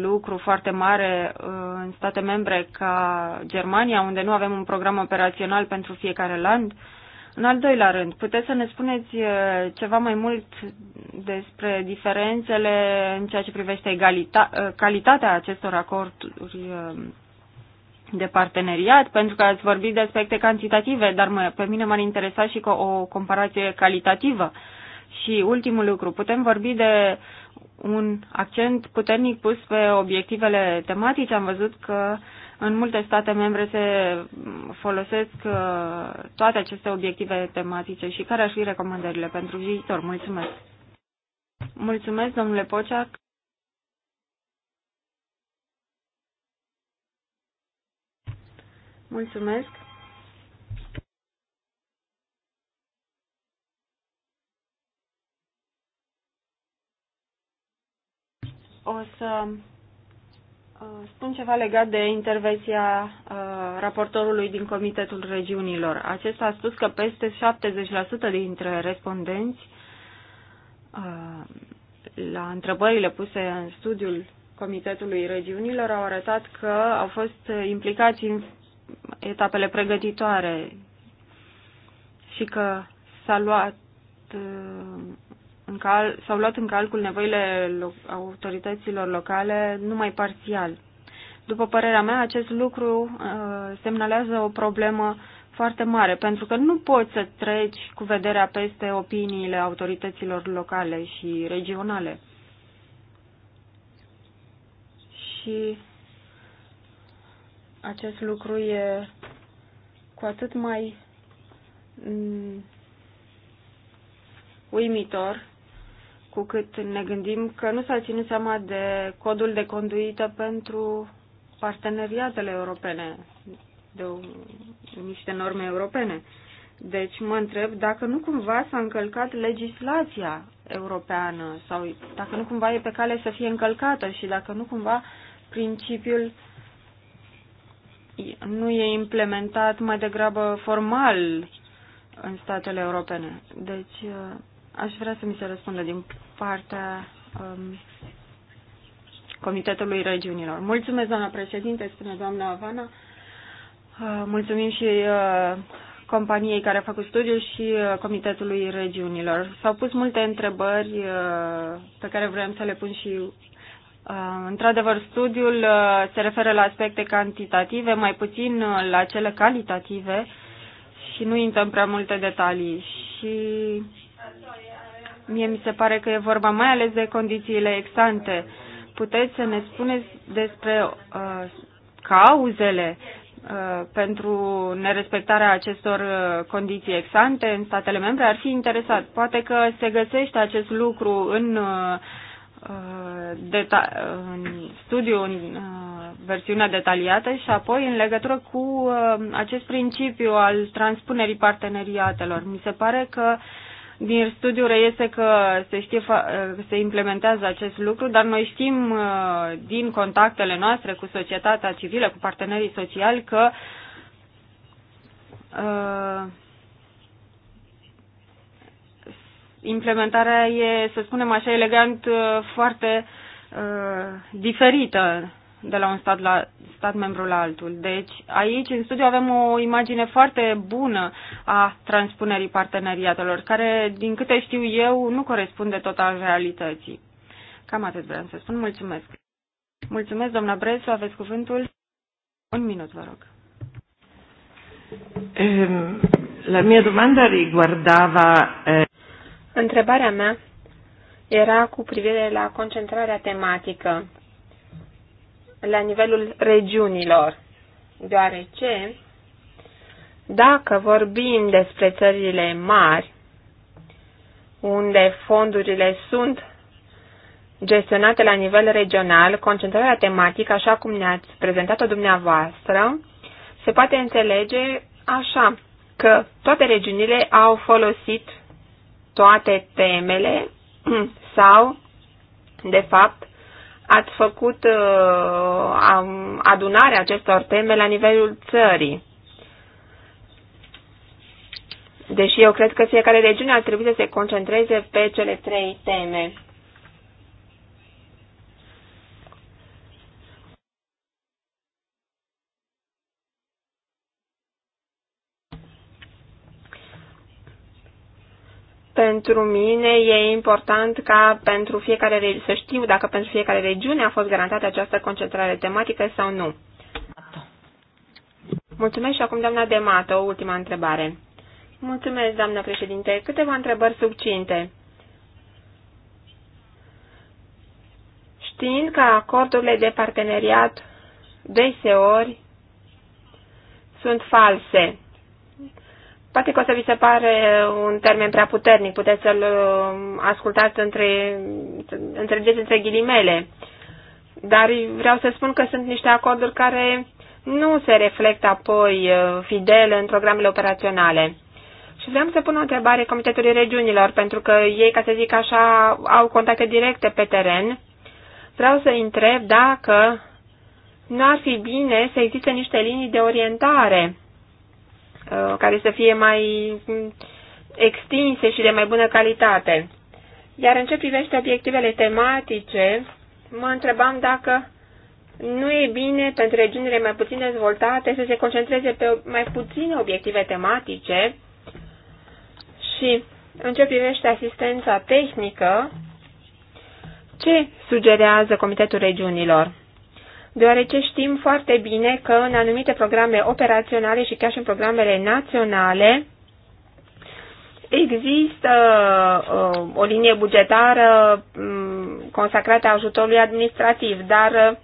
lucru foarte mare uh, în state membre ca Germania, unde nu avem un program operațional pentru fiecare land? În al doilea rând, puteți să ne spuneți uh, ceva mai mult despre diferențele în ceea ce privește egalita- uh, calitatea acestor acorduri de parteneriat, pentru că ați vorbit de aspecte cantitative, dar mă, pe mine m-ar interesa și cu o comparație calitativă. Și ultimul lucru, putem vorbi de un accent puternic pus pe obiectivele tematice. Am văzut că în multe state membre se folosesc uh, toate aceste obiective tematice și care aș fi recomandările pentru viitor. Mulțumesc! Mulțumesc, domnule Pociac. Mulțumesc. O să uh, spun ceva legat de intervenția uh, raportorului din Comitetul Regiunilor. Acesta a spus că peste 70% dintre respondenți uh, la întrebările puse în studiul Comitetului Regiunilor au arătat că au fost implicați în etapele pregătitoare și că s-a luat uh, în cal, s-au luat în calcul nevoile autorităților locale numai parțial. După părerea mea, acest lucru uh, semnalează o problemă foarte mare, pentru că nu poți să treci cu vederea peste opiniile autorităților locale și regionale. Și acest lucru e cu atât mai mm, uimitor cu cât ne gândim că nu s-a ținut seama de codul de conduită pentru parteneriatele europene, de o, niște norme europene. Deci mă întreb dacă nu cumva s-a încălcat legislația europeană sau dacă nu cumva e pe cale să fie încălcată și dacă nu cumva principiul uh, nu e implementat mai degrabă formal în statele europene. Deci uh, aș vrea să mi se răspundă din partea um, Comitetului Regiunilor. Mulțumesc, doamna președinte, spune doamna Avana. Uh, mulțumim și uh, companiei care a făcut studiul și uh, Comitetului Regiunilor. S-au pus multe întrebări pe care vrem să le pun și Uh, într-adevăr, studiul uh, se referă la aspecte cantitative, mai puțin uh, la cele calitative și nu intrăm prea multe detalii. Și mie mi se pare că e vorba mai ales de condițiile exante. Puteți să ne spuneți despre uh, cauzele uh, pentru nerespectarea acestor uh, condiții exante în statele membre? Ar fi interesat. Poate că se găsește acest lucru în uh, Uh, în studiu în uh, versiunea detaliată și apoi în legătură cu uh, acest principiu al transpunerii parteneriatelor. Mi se pare că din studiu reiese că se, știe, se implementează acest lucru, dar noi știm din contactele noastre cu societatea civilă, cu partenerii sociali, că implementarea e, să spunem așa, elegant uh, foarte uh, diferită de la un stat, la, stat membru la altul. Deci aici, în studiu, avem o imagine foarte bună a transpunerii parteneriatelor, care, din câte știu eu, nu corespunde total realității. Cam atât vreau să spun. Mulțumesc. Mulțumesc, doamna Bresu. Aveți cuvântul? Un minut, vă rog. Ehm, la mia domanda riguardava... Eh... Întrebarea mea era cu privire la concentrarea tematică la nivelul regiunilor, deoarece dacă vorbim despre țările mari, unde fondurile sunt gestionate la nivel regional, concentrarea tematică, așa cum ne-ați prezentat-o dumneavoastră, se poate înțelege așa, că toate regiunile au folosit toate temele <clears throat> sau, de fapt, ați făcut uh, adunarea acestor teme la nivelul țării. Deși eu cred că fiecare regiune ar trebui să se concentreze pe cele trei teme. Pentru mine e important ca pentru fiecare să știu dacă pentru fiecare regiune a fost garantată această concentrare tematică sau nu. Mulțumesc și acum doamna Demato, ultima întrebare. Mulțumesc, doamnă președinte. Câteva întrebări subcinte. Știind că acordurile de parteneriat deseori sunt false, Poate că o să vi se pare un termen prea puternic, puteți să-l um, ascultați între, înțelegeți între ghilimele. Dar vreau să spun că sunt niște acorduri care nu se reflectă apoi uh, fidel în programele operaționale. Și vreau să pun o întrebare Comitetului Regiunilor, pentru că ei, ca să zic așa, au contacte directe pe teren. Vreau să întreb dacă nu ar fi bine să existe niște linii de orientare Uh, care să fie mai extinse și de mai bună calitate. Iar în ce privește obiectivele tematice, mă întrebam dacă nu e bine pentru regiunile mai puțin dezvoltate să se concentreze pe mai puține obiective tematice și în ce privește asistența tehnică, ce sugerează Comitetul Regiunilor? deoarece știm foarte bine că în anumite programe operaționale și chiar și în programele naționale există uh, o linie bugetară mm, consacrată ajutorului administrativ, dar uh,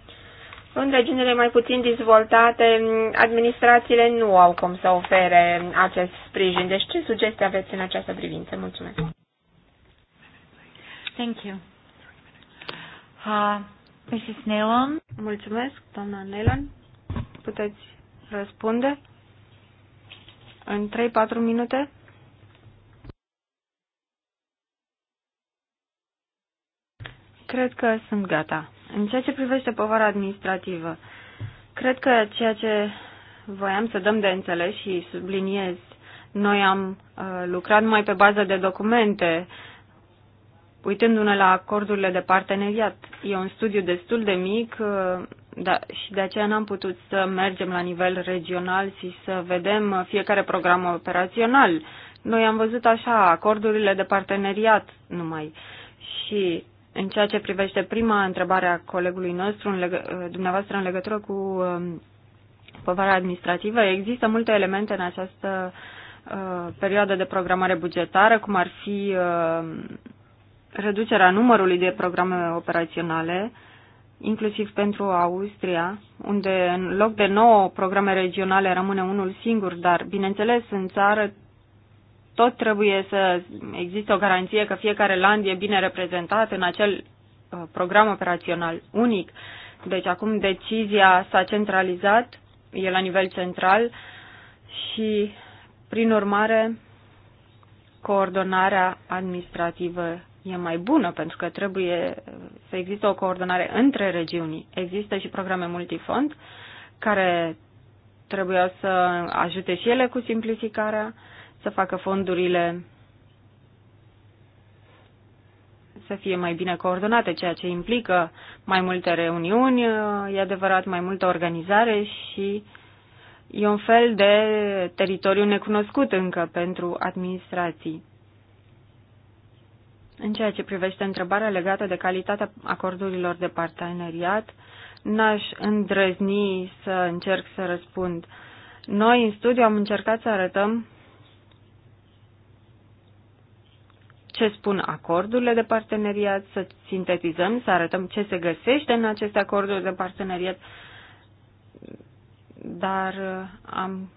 în regiunile mai puțin dezvoltate, mm, administrațiile nu au cum să ofere acest sprijin. Deci ce sugestii aveți în această privință? Mulțumesc! Thank you. Uh, Mrs. Nealon. Mulțumesc, doamna Nealon. Puteți răspunde în 3-4 minute? Cred că sunt gata. În ceea ce privește povara administrativă, cred că ceea ce voiam să dăm de înțeles și subliniez, noi am uh, lucrat mai pe bază de documente, uitându-ne la acordurile de parteneriat. E un studiu destul de mic uh, da, și de aceea n-am putut să mergem la nivel regional și să vedem uh, fiecare program operațional. Noi am văzut așa acordurile de parteneriat numai. Și în ceea ce privește prima întrebare a colegului nostru, în leg- uh, dumneavoastră, în legătură cu um, povara administrativă, există multe elemente în această uh, perioadă de programare bugetară, cum ar fi uh, reducerea numărului de programe operaționale, inclusiv pentru Austria, unde în loc de 9 programe regionale rămâne unul singur, dar, bineînțeles, în țară tot trebuie să existe o garanție că fiecare land e bine reprezentat în acel uh, program operațional unic. Deci acum decizia s-a centralizat, e la nivel central și, prin urmare, coordonarea administrativă e mai bună pentru că trebuie să există o coordonare între regiuni. Există și programe multifond care trebuie să ajute și ele cu simplificarea, să facă fondurile să fie mai bine coordonate, ceea ce implică mai multe reuniuni, e adevărat, mai multă organizare și e un fel de teritoriu necunoscut încă pentru administrații. În ceea ce privește întrebarea legată de calitatea acordurilor de parteneriat, n-aș îndrăzni să încerc să răspund. Noi în studiu am încercat să arătăm ce spun acordurile de parteneriat, să sintetizăm, să arătăm ce se găsește în aceste acorduri de parteneriat, dar uh, am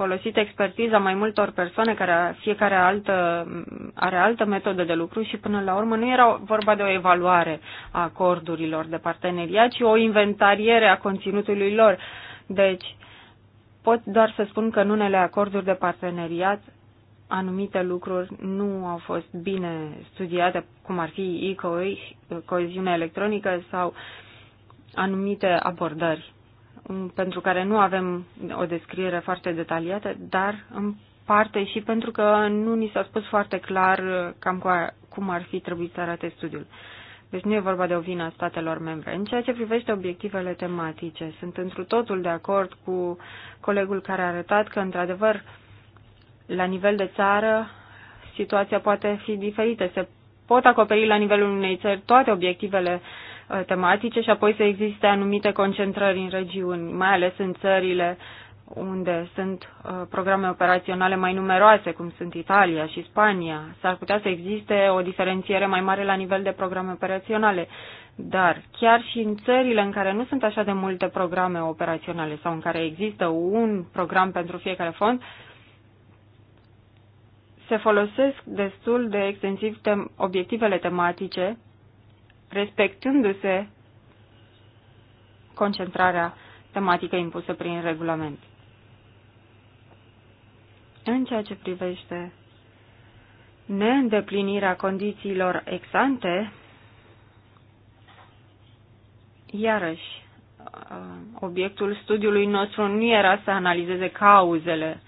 folosit expertiza mai multor persoane care fiecare altă, are altă metodă de lucru și până la urmă nu era vorba de o evaluare a acordurilor de parteneriat, ci o inventariere a conținutului lor. Deci, pot doar să spun că în unele acorduri de parteneriat anumite lucruri nu au fost bine studiate, cum ar fi icoi coeziunea electronică sau anumite abordări. Mm, pentru care nu avem o descriere foarte detaliată, dar în parte și pentru că nu ni s-a spus foarte clar uh, cam cum ar fi trebuit să arate studiul. Deci nu e vorba de o vină a statelor membre. În ceea ce privește obiectivele tematice, sunt întru totul de acord cu colegul care a arătat că, într-adevăr, la nivel de țară, situația poate fi diferită. Se pot acoperi la nivelul unei țări toate obiectivele uh, Uh, tematice și apoi să existe anumite concentrări în regiuni, mai ales în țările unde sunt uh, programe operaționale mai numeroase, cum sunt Italia și Spania. S-ar putea să existe o diferențiere mai mare la nivel de programe operaționale, dar chiar și în țările în care nu sunt așa de multe programe operaționale sau în care există un program pentru fiecare fond, se folosesc destul de extensiv tem- obiectivele tematice respectându-se concentrarea tematică impusă prin regulament. În ceea ce privește neîndeplinirea condițiilor exante, iarăși, uh, obiectul studiului nostru nu era să analizeze cauzele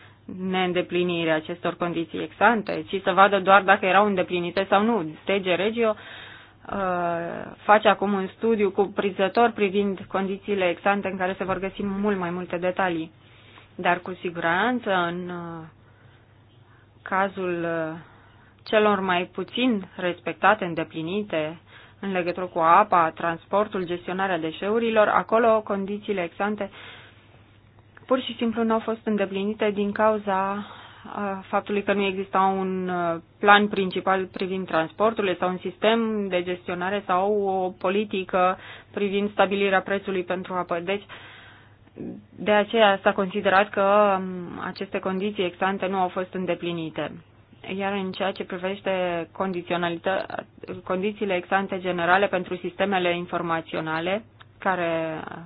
neîndeplinirii acestor condiții exante, ci să vadă doar dacă erau îndeplinite sau nu. TG Regio Uh, face acum un studiu cuprinzător privind condițiile exante în care se vor găsi mult mai multe detalii. Dar cu siguranță în uh, cazul uh, celor mai puțin respectate, îndeplinite, în legătură cu apa, transportul, gestionarea deșeurilor, acolo condițiile exante pur și simplu nu au fost îndeplinite din cauza a faptului că nu exista un uh, plan principal privind transporturile sau un sistem de gestionare sau o politică privind stabilirea prețului pentru apă. Deci, de aceea s-a considerat că um, aceste condiții exante nu au fost îndeplinite. Iar în ceea ce privește condițiile exante generale pentru sistemele informaționale, care uh,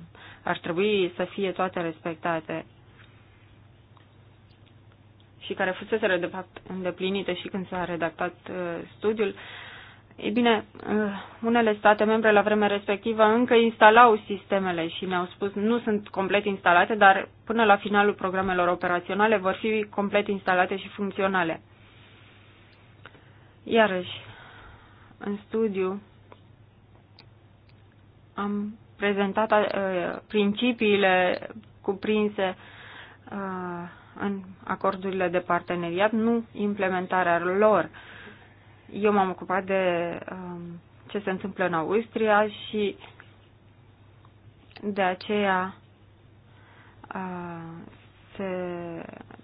ar trebui să fie toate respectate, și care fuseseră de fapt îndeplinite și când s-a redactat uh, studiul, ei bine, uh, unele state membre la vremea respectivă încă instalau sistemele și ne-au spus nu sunt complet instalate, dar până la finalul programelor operaționale vor fi complet instalate și funcționale. Iarăși, în studiu am prezentat uh, principiile cuprinse în acordurile de parteneriat, nu implementarea lor. Eu m-am ocupat de um, ce se întâmplă în Austria și de aceea uh, se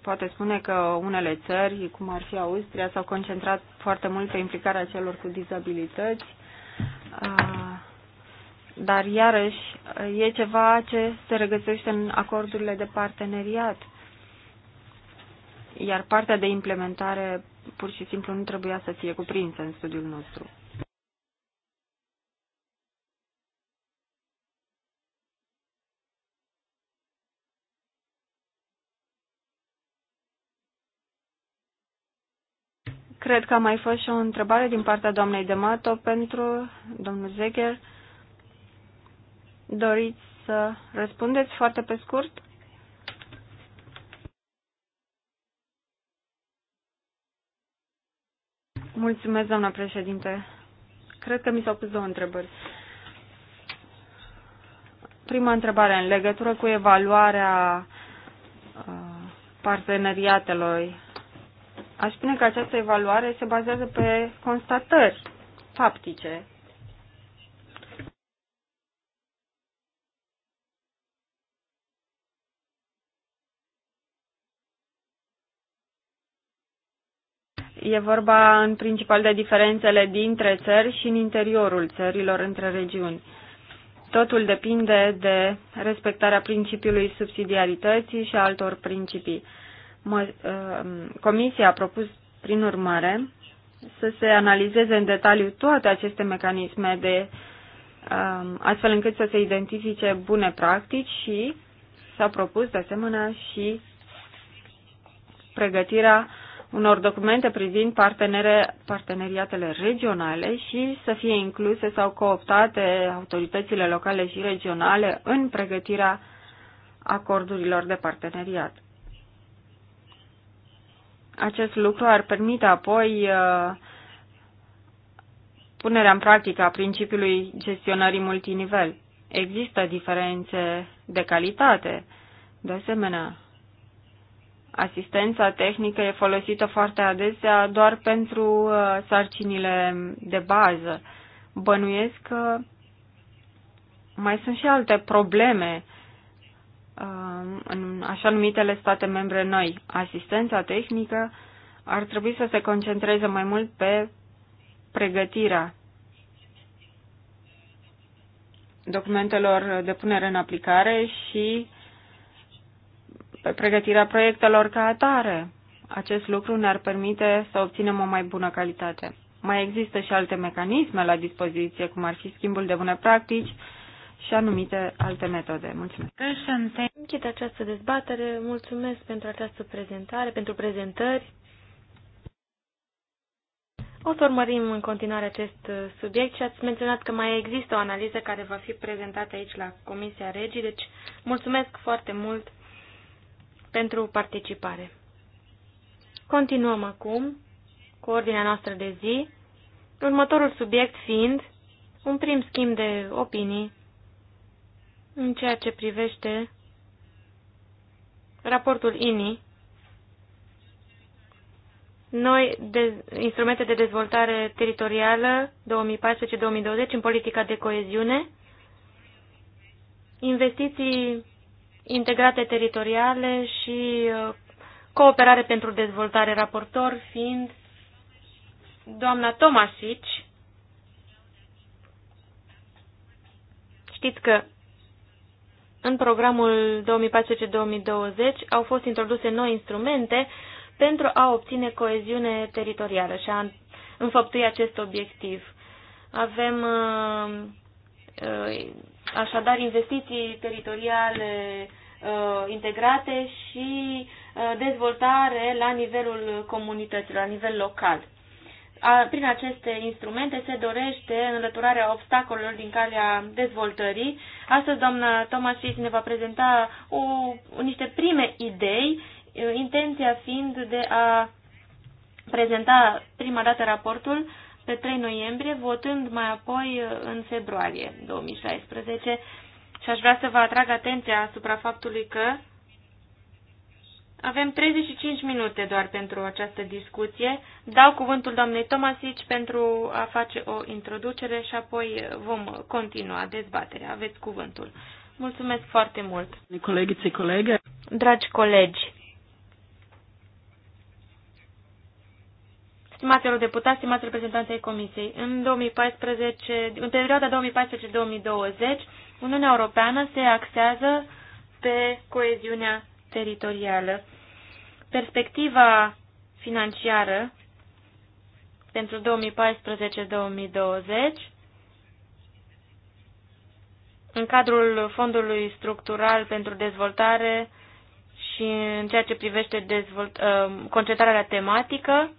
poate spune că unele țări, cum ar fi Austria, s-au concentrat foarte mult pe implicarea celor cu dizabilități, uh, dar iarăși e ceva ce se regăsește în acordurile de parteneriat iar partea de implementare pur și simplu nu trebuia să fie cuprinsă în studiul nostru. Cred că a mai fost și o întrebare din partea doamnei Demato pentru domnul Zegher. Doriți să răspundeți foarte pe scurt? Mulțumesc, doamna președinte. Cred că mi s-au pus două întrebări. Prima întrebare, în legătură cu evaluarea uh, parteneriatelor, aș spune că această evaluare se bazează pe constatări faptice E vorba în principal de diferențele dintre țări și în interiorul țărilor între regiuni. Totul depinde de respectarea principiului subsidiarității și altor principii. Mă, uh, comisia a propus, prin urmare, să se analizeze în detaliu toate aceste mecanisme de um, astfel încât să se identifice bune practici și s-a propus de asemenea și pregătirea unor documente privind parteneriatele regionale și să fie incluse sau cooptate autoritățile locale și regionale în pregătirea acordurilor de parteneriat. Acest lucru ar permite apoi uh, punerea în practică a principiului gestionării multinivel. Există diferențe de calitate, de asemenea, Asistența tehnică e folosită foarte adesea doar pentru uh, sarcinile de bază. Bănuiesc că mai sunt și alte probleme uh, în așa numitele state membre noi. Asistența tehnică ar trebui să se concentreze mai mult pe pregătirea documentelor de punere în aplicare și pe pregătirea proiectelor ca atare. Acest lucru ne-ar permite să obținem o mai bună calitate. Mai există și alte mecanisme la dispoziție, cum ar fi schimbul de bune practici și anumite alte metode. Mulțumesc! Închid această dezbatere. Mulțumesc pentru această prezentare, pentru prezentări. O să urmărim în continuare acest uh, subiect și ați menționat că mai există o analiză care va fi prezentată aici la Comisia Regii, deci mulțumesc foarte mult pentru participare. Continuăm acum cu ordinea noastră de zi, următorul subiect fiind un prim schimb de opinii în ceea ce privește raportul INI, noi de, instrumente de dezvoltare teritorială 2014-2020 în politica de coeziune, investiții integrate teritoriale și uh, cooperare pentru dezvoltare, raportor fiind doamna Tomasici. Știți că în programul 2014-2020 au fost introduse noi instrumente pentru a obține coeziune teritorială și a înfăptui acest obiectiv. Avem uh, Uh, așadar investiții teritoriale uh, integrate și uh, dezvoltare la nivelul comunităților, la nivel local. Prin aceste instrumente se dorește înlăturarea obstacolelor din calea dezvoltării. Astăzi doamna Tomasic ne va prezenta o, niște prime idei, intenția fiind de a prezenta prima dată raportul pe 3 noiembrie, votând mai apoi uh, în februarie 2016. Și aș vrea să vă atrag atenția asupra faptului că avem 35 minute doar pentru această discuție. Dau cuvântul doamnei Tomasici pentru a face o introducere și apoi vom continua dezbaterea. Aveți cuvântul. Mulțumesc foarte mult. Colegițe, colegi. Dragi colegi, Stimați deputați stimați reprezentanți Comisiei, în, 2014, în perioada 2014-2020, Uniunea Europeană se axează pe coeziunea teritorială. Perspectiva financiară pentru 2014-2020 în cadrul Fondului Structural pentru Dezvoltare și în ceea ce privește dezvolt, ă, concentrarea tematică,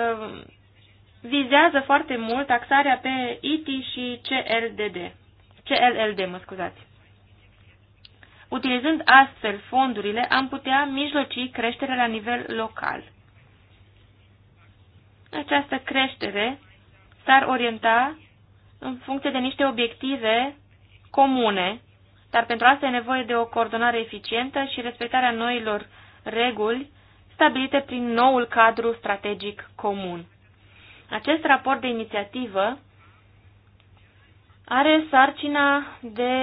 Um, vizează foarte mult taxarea pe IT și CLDD. CLLD, mă scuzați. Utilizând astfel fondurile, am putea mijloci creșterea la nivel local. Această creștere s-ar orienta în funcție de niște obiective comune, dar pentru asta e nevoie de o coordonare eficientă și respectarea noilor reguli stabilite prin noul cadru strategic comun. Acest raport de inițiativă are sarcina de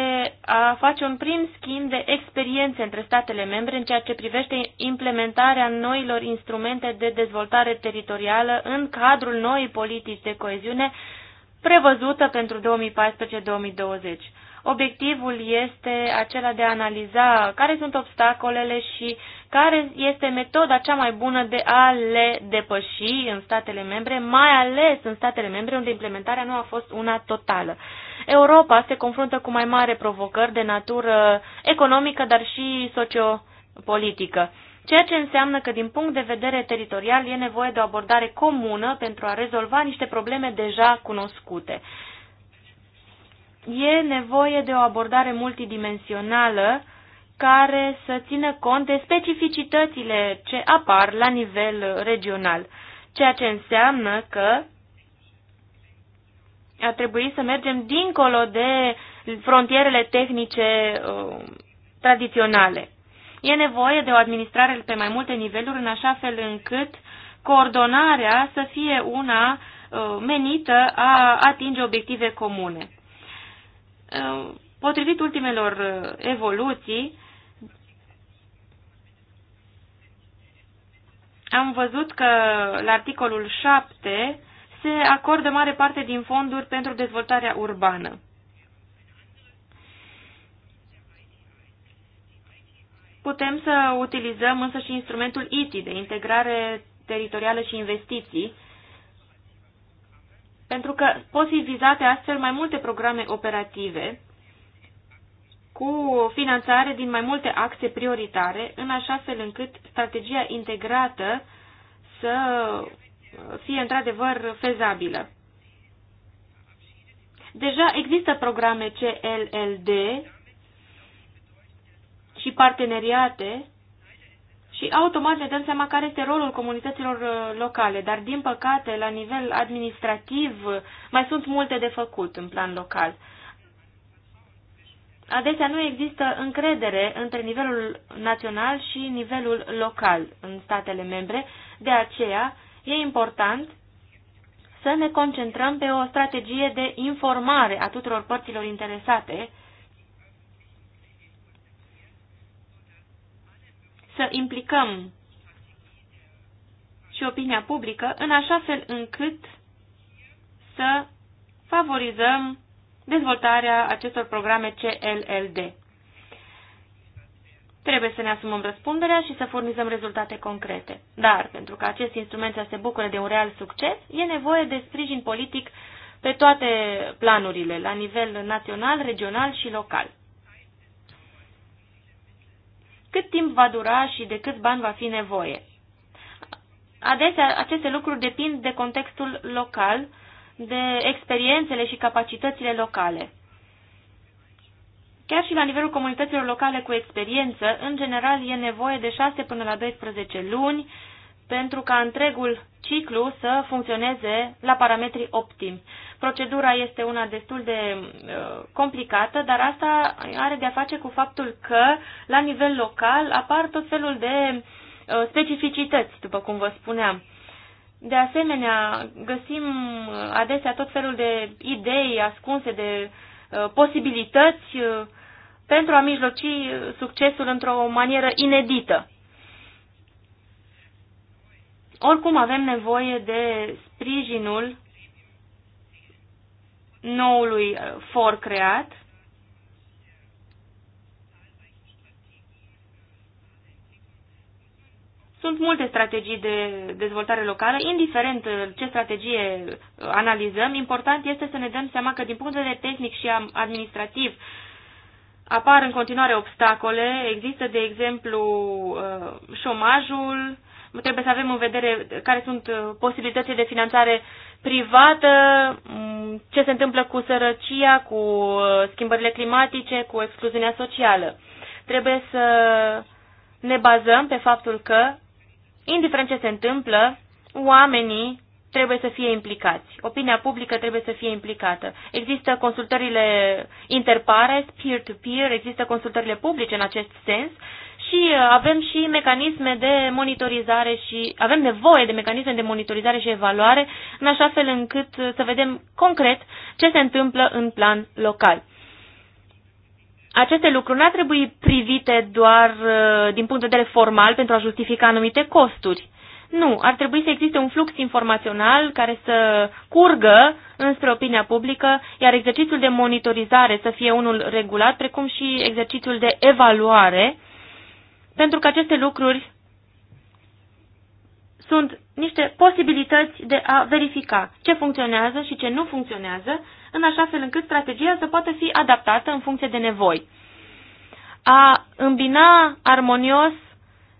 a face un prim schimb de experiențe între statele membre în ceea ce privește implementarea noilor instrumente de dezvoltare teritorială în cadrul noii politici de coeziune prevăzută pentru 2014-2020. Obiectivul este acela de a analiza care sunt obstacolele și care este metoda cea mai bună de a le depăși în statele membre, mai ales în statele membre unde implementarea nu a fost una totală. Europa se confruntă cu mai mare provocări de natură economică, dar și sociopolitică ceea ce înseamnă că din punct de vedere teritorial e nevoie de o abordare comună pentru a rezolva niște probleme deja cunoscute e nevoie de o abordare multidimensională care să țină cont de specificitățile ce apar la nivel regional, ceea ce înseamnă că ar trebui să mergem dincolo de frontierele tehnice uh, tradiționale. E nevoie de o administrare pe mai multe niveluri, în așa fel încât coordonarea să fie una uh, menită a atinge obiective comune. Uh, potrivit ultimelor uh, evoluții, am văzut că la articolul 7 se acordă mare parte din fonduri pentru dezvoltarea urbană. Putem să utilizăm însă și instrumentul ITI de integrare teritorială și investiții, pentru că pot fi vizate astfel mai multe programe operative cu finanțare din mai multe axe prioritare, în așa fel încât strategia integrată să fie într-adevăr fezabilă. Deja există programe CLLD și parteneriate și automat ne dăm seama care este rolul comunităților uh, locale, dar din păcate, la nivel administrativ, uh, mai sunt multe de făcut în plan local. Adesea nu există încredere între nivelul național și nivelul local în statele membre, de aceea e important să ne concentrăm pe o strategie de informare a tuturor părților interesate să implicăm și opinia publică în așa fel încât să favorizăm dezvoltarea acestor programe CLLD. Trebuie să ne asumăm răspunderea și să furnizăm rezultate concrete. Dar, pentru că acest instrument să se bucure de un real succes, e nevoie de sprijin politic pe toate planurile, la nivel național, regional și local cât timp va dura și de câți bani va fi nevoie. Adesea, aceste lucruri depind de contextul local, de experiențele și capacitățile locale. Chiar și la nivelul comunităților locale cu experiență, în general e nevoie de 6 până la 12 luni pentru ca întregul ciclu să funcționeze la parametri optimi. Procedura este una destul de uh, complicată, dar asta are de-a face cu faptul că, la nivel local, apar tot felul de uh, specificități, după cum vă spuneam. De asemenea, găsim uh, adesea tot felul de idei ascunse, de uh, posibilități uh, pentru a mijloci uh, succesul într-o manieră inedită. Oricum avem nevoie de sprijinul noului uh, for creat. Sunt multe strategii de dezvoltare locală, indiferent uh, ce strategie uh, analizăm, important este să ne dăm seama că din punct de vedere tehnic și administrativ apar în continuare obstacole. Există, de exemplu, șomajul, Trebuie să avem în vedere care sunt uh, posibilitățile de finanțare privată, mm, ce se întâmplă cu sărăcia, cu uh, schimbările climatice, cu excluziunea socială. Trebuie să ne bazăm pe faptul că, indiferent ce se întâmplă, oamenii trebuie să fie implicați. Opinia publică trebuie să fie implicată. Există consultările interpares, peer-to-peer, -peer, există consultările publice în acest sens și uh, avem și mecanisme de monitorizare și avem nevoie de mecanisme de monitorizare și evaluare în așa fel încât uh, să vedem concret ce se întâmplă în plan local. Aceste lucruri nu ar trebui privite doar uh, din punct de vedere formal pentru a justifica anumite costuri. Nu, ar trebui să existe un flux informațional care să curgă înspre opinia publică, iar exercițiul de monitorizare să fie unul regulat, precum și exercițiul de evaluare pentru că aceste lucruri sunt niște posibilități de a verifica ce funcționează și ce nu funcționează, în așa fel încât strategia să poată fi adaptată în funcție de nevoi. A îmbina armonios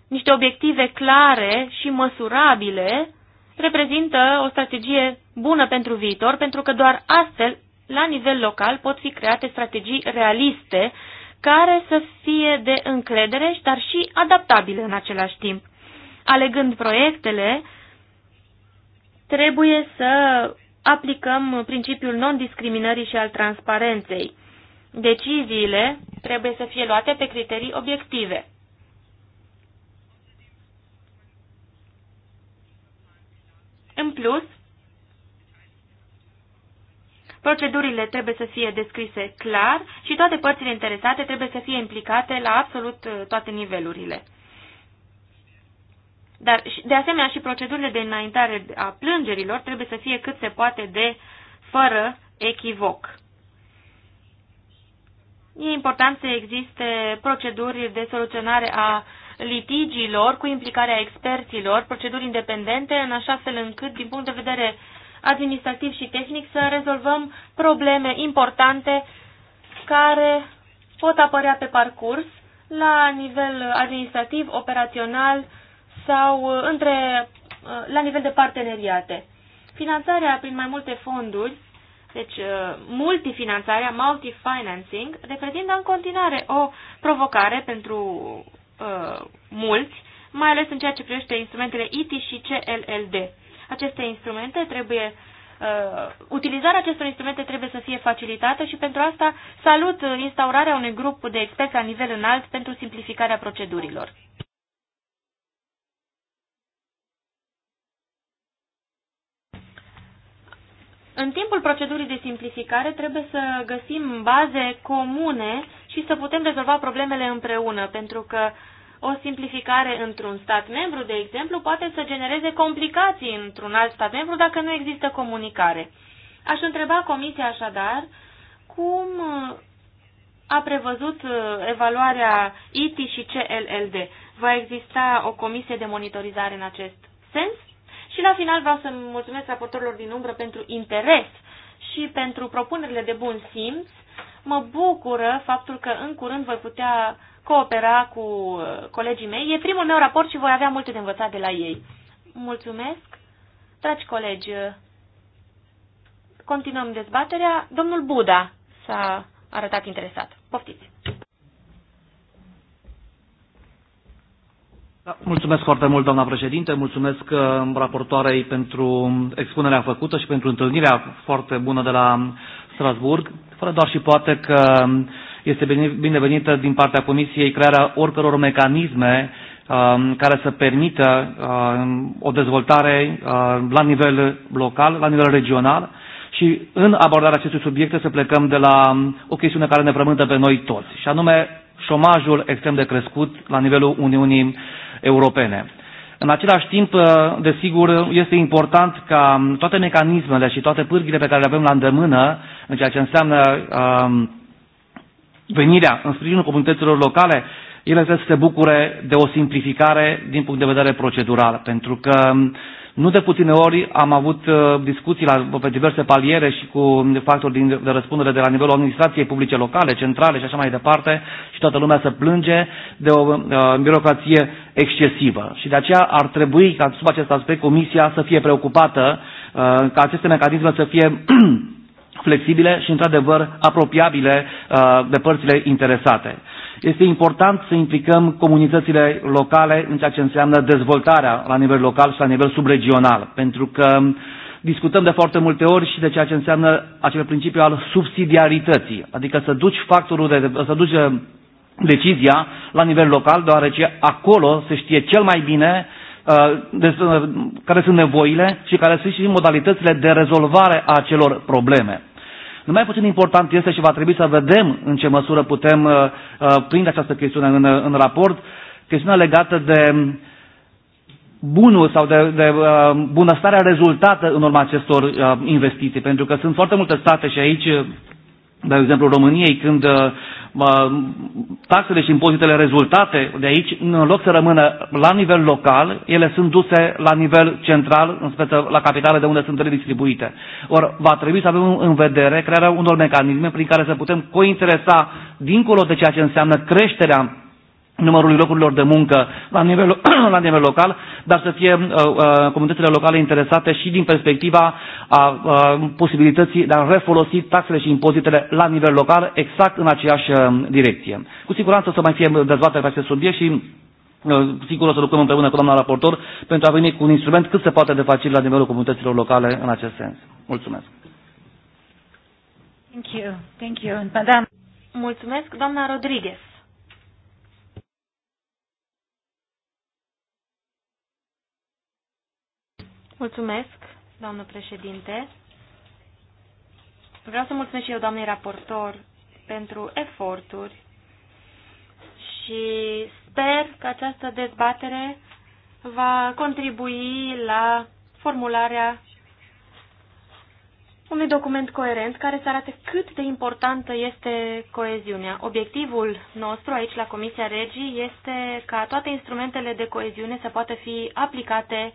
niște obiective clare și măsurabile reprezintă o strategie bună pentru viitor, pentru că doar astfel, la nivel local, pot fi create strategii realiste care să fie de încredere, dar și adaptabile în același timp. Alegând proiectele, trebuie să aplicăm principiul non-discriminării și al transparenței. Deciziile trebuie să fie luate pe criterii obiective. În plus, Procedurile trebuie să fie descrise clar și toate părțile interesate trebuie să fie implicate la absolut uh, toate nivelurile. Dar, de asemenea, și procedurile de înaintare a plângerilor trebuie să fie cât se poate de fără echivoc. E important să existe proceduri de soluționare a litigiilor cu implicarea experților, proceduri independente, în așa fel încât, din punct de vedere administrativ și tehnic să rezolvăm probleme importante care pot apărea pe parcurs la nivel administrativ, operațional sau între, la nivel de parteneriate. Finanțarea prin mai multe fonduri, deci multifinanțarea, multifinancing, reprezintă în continuare o provocare pentru uh, mulți, mai ales în ceea ce privește instrumentele IT și CLLD. Aceste instrumente trebuie Uh, utilizarea acestor instrumente trebuie să fie facilitată și pentru asta salut instaurarea unui grup de experți la nivel înalt pentru simplificarea procedurilor. În timpul procedurii de simplificare trebuie să găsim baze comune și să putem rezolva problemele împreună, pentru că uh, o simplificare într-un stat membru, de exemplu, poate să genereze complicații într-un alt stat membru dacă nu există comunicare. Aș întreba Comisia așadar cum a prevăzut uh, evaluarea ITI și CLLD. Va exista o comisie de monitorizare în acest sens? Și la final vreau să mulțumesc raportorilor din umbră pentru interes și pentru propunerile de bun simț mă bucură faptul că în curând voi putea coopera cu uh, colegii mei. E primul meu raport și voi avea multe de învățat de la ei. Mulțumesc. Dragi colegi, continuăm dezbaterea. Domnul Buda s-a arătat interesat. Poftiți! Da, mulțumesc foarte mult, doamna președinte. Mulțumesc uh, raportoarei pentru expunerea făcută și pentru întâlnirea foarte bună de la Strasburg, fără doar și poate că este binevenită din partea Comisiei crearea oricăror mecanisme um, care să permită um, o dezvoltare um, la nivel local, la nivel regional și în abordarea acestui subiect să plecăm de la o chestiune care ne frământă pe noi toți, și anume șomajul extrem de crescut la nivelul Uniunii Europene. În același timp, ă, desigur, este important ca toate mecanismele și toate pârghile pe care le avem la îndemână, în ceea ce înseamnă ă, venirea în sprijinul comunităților locale, ele trebuie să se bucure de o simplificare din punct de vedere procedural, pentru că mm, nu de puține ori am avut uh, discuții la, pe diverse paliere și cu factori din, de răspundere de la nivelul administrației publice locale, centrale și așa mai departe și toată lumea se plânge de o uh, birocrație excesivă. Și de aceea ar trebui ca sub acest aspect Comisia să fie preocupată uh, ca aceste mecanisme să fie <clears throat> flexibile și, într-adevăr, apropiabile uh, de părțile interesate. Este important să implicăm comunitățile locale în ceea ce înseamnă dezvoltarea la nivel local și la nivel subregional, pentru că discutăm de foarte multe ori și de ceea ce înseamnă acel principiu al subsidiarității, adică să duci factorul de, să duci uh, decizia la nivel local, deoarece acolo se știe cel mai bine uh, uh, care sunt nevoile și care sunt și modalitățile de rezolvare a acelor probleme. Nu mai puțin important este și va trebui să vedem în ce măsură putem uh, uh, prinde această chestiune în, uh, în raport, chestiunea legată de bunul sau de, de bunăstarea rezultată în urma acestor investiții, pentru că sunt foarte multe state și aici de exemplu României, când uh, taxele și impozitele rezultate de aici, în loc să rămână la nivel local, ele sunt duse la nivel central, în speță la capitale de unde sunt redistribuite. Or, va trebui să avem în vedere crearea unor mecanisme prin care să putem cointeresa dincolo de ceea ce înseamnă creșterea numărului locurilor de muncă la nivel, <clears throat> la nivel local, dar să fie uh, uh, comunitățile locale interesate și din perspectiva a uh, posibilității de a refolosi taxele și impozitele la nivel local exact în aceeași uh, direcție. Cu siguranță o să mai fie dezbatere pe acest subiect și uh, sigur o să lucrăm împreună cu doamna raportor pentru a veni cu un instrument cât se poate de facil la nivelul comunităților locale în acest sens. Mulțumesc. Thank you. Thank you. Madame. Mulțumesc, doamna Rodriguez. Mulțumesc, doamnă președinte. Vreau să mulțumesc și eu, doamnei raportor, pentru eforturi și sper că această dezbatere va contribui la formularea unui document coerent care să arate cât de importantă este coeziunea. Obiectivul nostru aici la Comisia Regii este ca toate instrumentele de coeziune să poată fi aplicate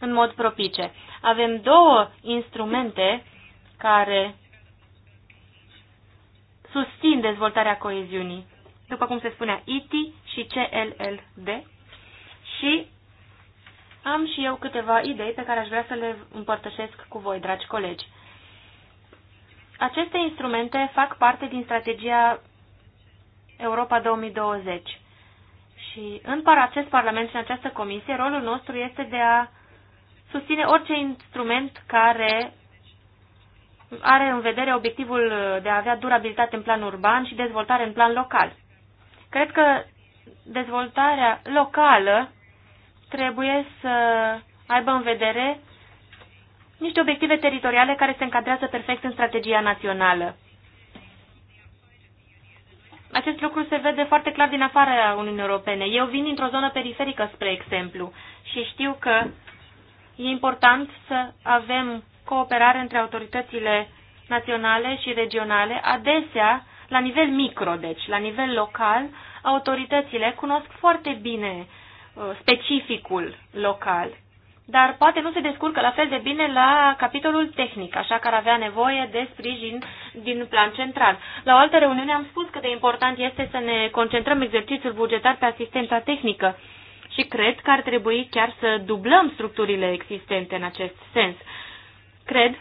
în mod propice. Avem două instrumente care susțin dezvoltarea coeziunii, după cum se spunea ITI și CLLD și am și eu câteva idei pe care aș vrea să le împărtășesc cu voi, dragi colegi. Aceste instrumente fac parte din strategia Europa 2020 și în acest Parlament și în această comisie rolul nostru este de a susține orice instrument care are în vedere obiectivul de a avea durabilitate în plan urban și dezvoltare în plan local. Cred că dezvoltarea locală trebuie să aibă în vedere niște obiective teritoriale care se încadrează perfect în strategia națională. Acest lucru se vede foarte clar din afara Uniunii Europene. Eu vin dintr-o zonă periferică, spre exemplu, și știu că E important să avem cooperare între autoritățile naționale și regionale, adesea la nivel micro, deci la nivel local, autoritățile cunosc foarte bine uh, specificul local, dar poate nu se descurcă la fel de bine la capitolul tehnic, așa că ar avea nevoie de sprijin din plan central. La o altă reuniune am spus că de important este să ne concentrăm exercițiul bugetar pe asistența tehnică, și cred că ar trebui chiar să dublăm structurile existente în acest sens. Cred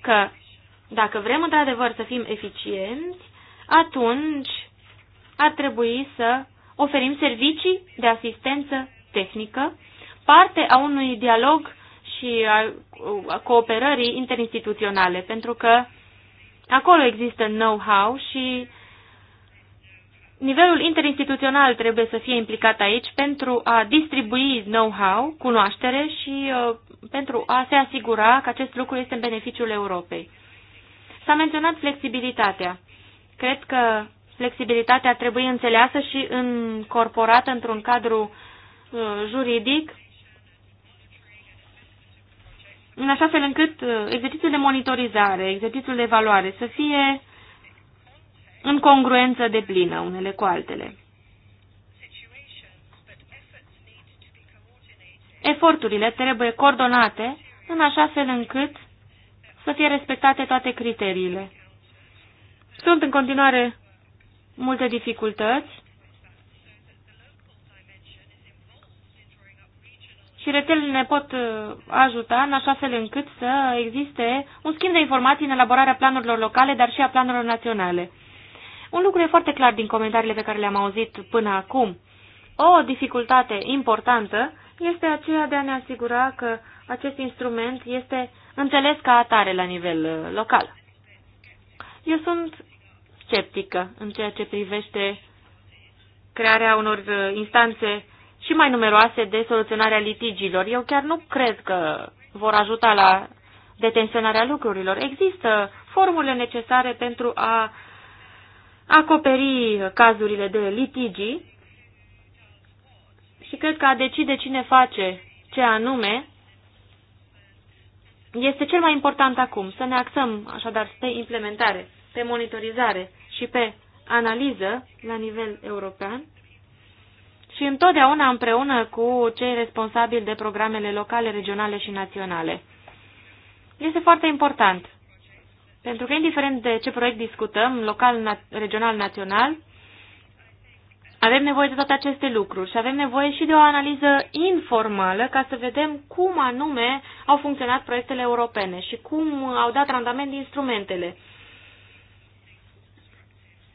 că dacă vrem într-adevăr să fim eficienți, atunci ar trebui să oferim servicii de asistență tehnică, parte a unui dialog și a cooperării interinstituționale, pentru că acolo există know-how și Nivelul interinstituțional trebuie să fie implicat aici pentru a distribui know-how, cunoaștere și uh, pentru a se asigura că acest lucru este în beneficiul Europei. S-a menționat flexibilitatea. Cred că flexibilitatea trebuie înțeleasă și încorporată într-un cadru uh, juridic, în așa fel încât uh, exercițiul de monitorizare, exercițiul de evaluare să fie în congruență de plină unele cu altele. Eforturile trebuie coordonate în așa fel încât să fie respectate toate criteriile. Sunt în continuare multe dificultăți și rețelele ne pot uh, ajuta în așa fel încât să existe un schimb de informații în elaborarea planurilor locale, dar și a planurilor naționale. Un lucru e foarte clar din comentariile pe care le-am auzit până acum. O dificultate importantă este aceea de a ne asigura că acest instrument este înțeles ca atare la nivel uh, local. Eu sunt sceptică în ceea ce privește crearea unor uh, instanțe și mai numeroase de soluționarea litigilor. Eu chiar nu cred că vor ajuta la detenționarea lucrurilor. Există formule necesare pentru a acoperi cazurile de litigi și cred că a decide cine face ce anume este cel mai important acum. Să ne axăm așadar pe implementare, pe monitorizare și pe analiză la nivel european și întotdeauna împreună cu cei responsabili de programele locale, regionale și naționale. Este foarte important pentru că, indiferent de ce proiect discutăm, local, na regional, național, avem nevoie de toate aceste lucruri și avem nevoie și de o analiză informală ca să vedem cum anume au funcționat proiectele europene și cum au dat randament instrumentele.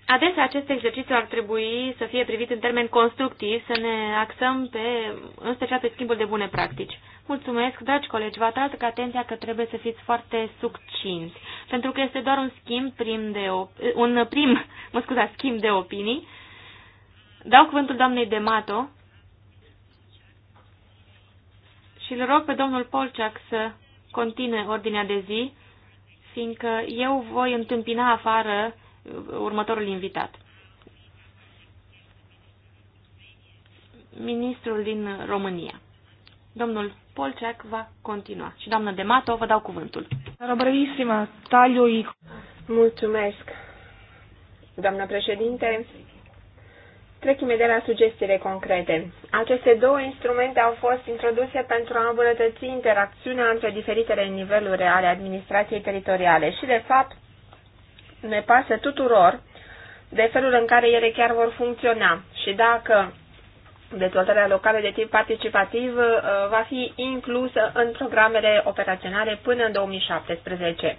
Adesea acest exercițiu ar trebui să fie privit în termen constructiv, să ne axăm pe, în special pe schimbul de bune practici. Mulțumesc, dragi colegi, vă atrag atenția că trebuie să fiți foarte succinți, pentru că este doar un schimb prim de op- un prim, <laughs> mă scuza, schimb de opinii. Dau cuvântul doamnei Demato și îl rog pe domnul Polceac să continue ordinea de zi, fiindcă eu voi întâmpina afară următorul invitat. Ministrul din România. Domnul Polceac va continua. Și doamnă Demato, vă dau cuvântul. Răbrăisima, taliui. Mulțumesc, doamnă președinte. Trec imediat la sugestiile concrete. Aceste două instrumente au fost introduse pentru a îmbunătăți interacțiunea între diferitele niveluri ale administrației teritoriale și, de fapt, ne pasă tuturor de felul în care ele chiar vor funcționa și dacă dezvoltarea locală de tip participativ uh, va fi inclusă în programele operaționale până în 2017.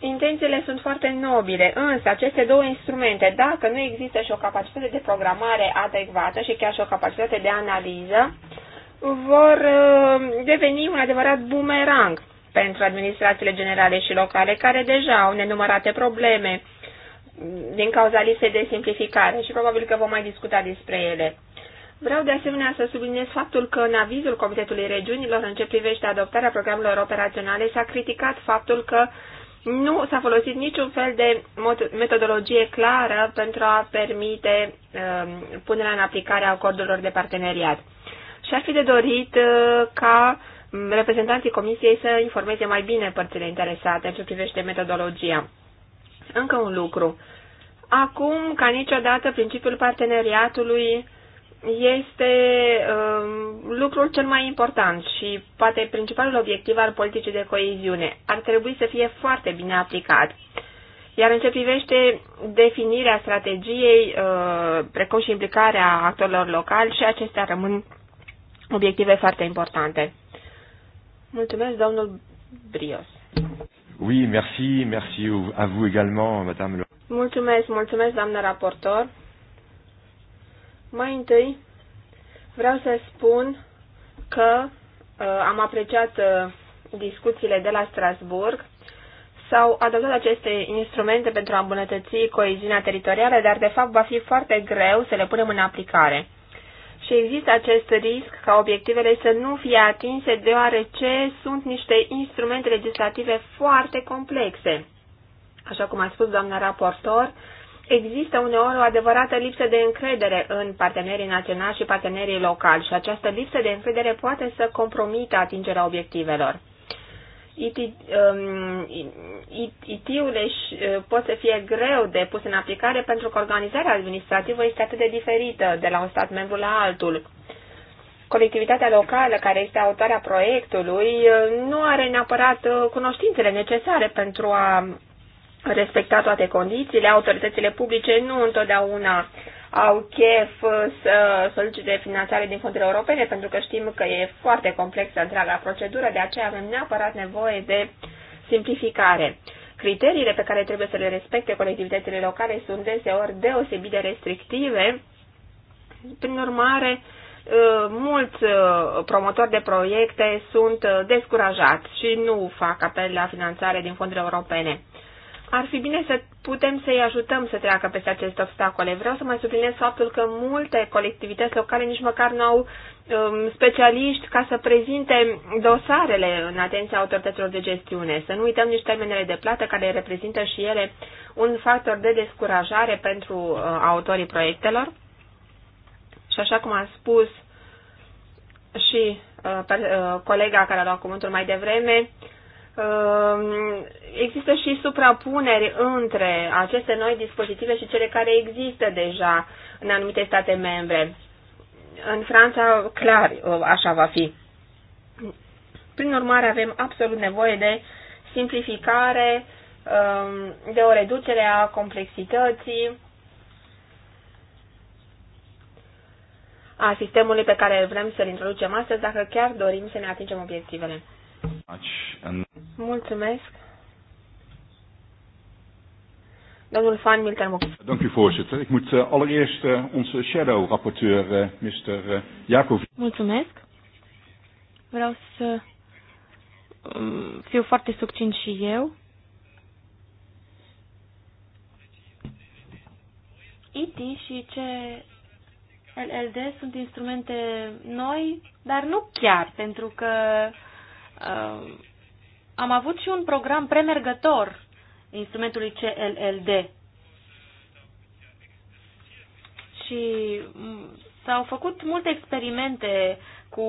Intențiile sunt foarte nobile, însă aceste două instrumente, dacă nu există și o capacitate de programare adecvată și chiar și o capacitate de analiză, vor uh, deveni un adevărat bumerang pentru administrațiile generale și locale, care deja au nenumărate probleme din cauza lipsei de simplificare și probabil că vom mai discuta despre ele. Vreau de asemenea să subliniez faptul că în avizul Comitetului Regiunilor în ce privește adoptarea programelor operaționale s-a criticat faptul că nu s-a folosit niciun fel de metodologie clară pentru a permite uh, punerea în aplicare a acordurilor de parteneriat. Și ar fi de dorit uh, ca reprezentanții comisiei să informeze mai bine părțile interesate în ce privește metodologia. Încă un lucru. Acum, ca niciodată, principiul parteneriatului este um, lucrul cel mai important și poate principalul obiectiv al politicii de coeziune. Ar trebui să fie foarte bine aplicat. Iar în ce privește definirea strategiei, uh, precum și implicarea actorilor locali, și acestea rămân obiective foarte importante. Mulțumesc, domnul Brios. Oui, merci, merci à vous également, madame. Le... Mulțumesc, mulțumesc, doamnă raportor. Mai întâi, vreau să spun că uh, am apreciat uh, discuțiile de la Strasburg. S-au adăugat aceste instrumente pentru a îmbunătăți coeziunea teritorială, dar de fapt va fi foarte greu să le punem în aplicare și există acest risc ca obiectivele să nu fie atinse deoarece sunt niște instrumente legislative foarte complexe. Așa cum a spus doamna raportor, există uneori o adevărată lipsă de încredere în partenerii naționali și partenerii locali și această lipsă de încredere poate să compromită atingerea obiectivelor. IT-urile um, uh, pot să fie greu de pus în aplicare pentru că organizarea administrativă este atât de diferită de la un stat membru la altul. Colectivitatea locală, care este autoarea proiectului, uh, nu are neapărat uh, cunoștințele necesare pentru a respecta toate condițiile. Autoritățile publice nu întotdeauna au chef uh, să solicite finanțare din fondurile europene, pentru că știm că e foarte complexă întreaga procedură, de aceea avem neapărat nevoie de simplificare. Criteriile pe care trebuie să le respecte colectivitățile locale sunt deseori deosebit de restrictive, prin urmare, uh, mulți uh, promotori de proiecte sunt descurajați și nu fac apel la finanțare din fonduri europene ar fi bine să putem să-i ajutăm să treacă peste aceste obstacole. Vreau să mai subliniez faptul că multe colectivități locale nici măcar nu au um, specialiști ca să prezinte dosarele în atenția autorităților de gestiune. Să nu uităm nici termenele de plată care reprezintă și ele un factor de descurajare pentru uh, autorii proiectelor. Și așa cum a spus și uh, per, uh, colega care a luat cuvântul mai devreme, uh, Um, există și suprapuneri între aceste noi dispozitive și cele care există deja în anumite state membre. În Franța, clar, așa va fi. Prin urmare, avem absolut nevoie de simplificare, um, de o reducere a complexității, a sistemului pe care vrem să-l introducem astăzi, dacă chiar dorim să ne atingem obiectivele. Mulțumesc. Domnul Van Miltermok. Dank u voorzitter. Ik moet uh, allereerst uh, onze shadow rapporteur, uh, eh, Mr. Uh, Jacob. Mulțumesc. Vreau să mm, fiu foarte succint și eu. IT și CLLD sunt instrumente noi, dar nu chiar, pentru că Uh, am avut și un program premergător instrumentului CLLD. Și s-au făcut multe experimente cu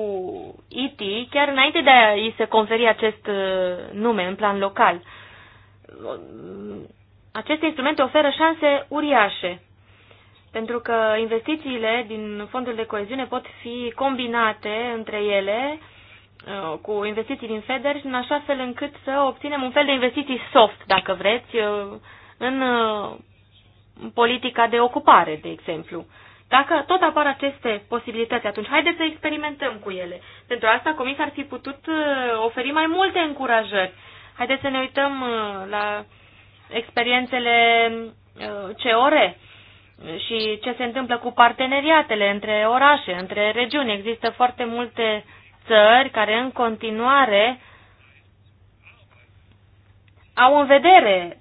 IT, chiar înainte de a i se conferi acest uh, nume în plan local. Aceste instrumente oferă șanse uriașe, pentru că investițiile din fondul de coeziune pot fi combinate între ele Uh, cu investiții din FEDER, în așa fel încât să obținem un fel de investiții soft, dacă vreți, uh, uh, în politica de ocupare, de exemplu. Dacă tot apar aceste posibilități, atunci haideți să experimentăm cu ele. Pentru asta Comisia ar fi putut oferi mai multe încurajări. Haideți să ne uităm la experiențele ore și ce se întâmplă cu parteneriatele între orașe, între regiuni. Există foarte multe țări care în continuare au în vedere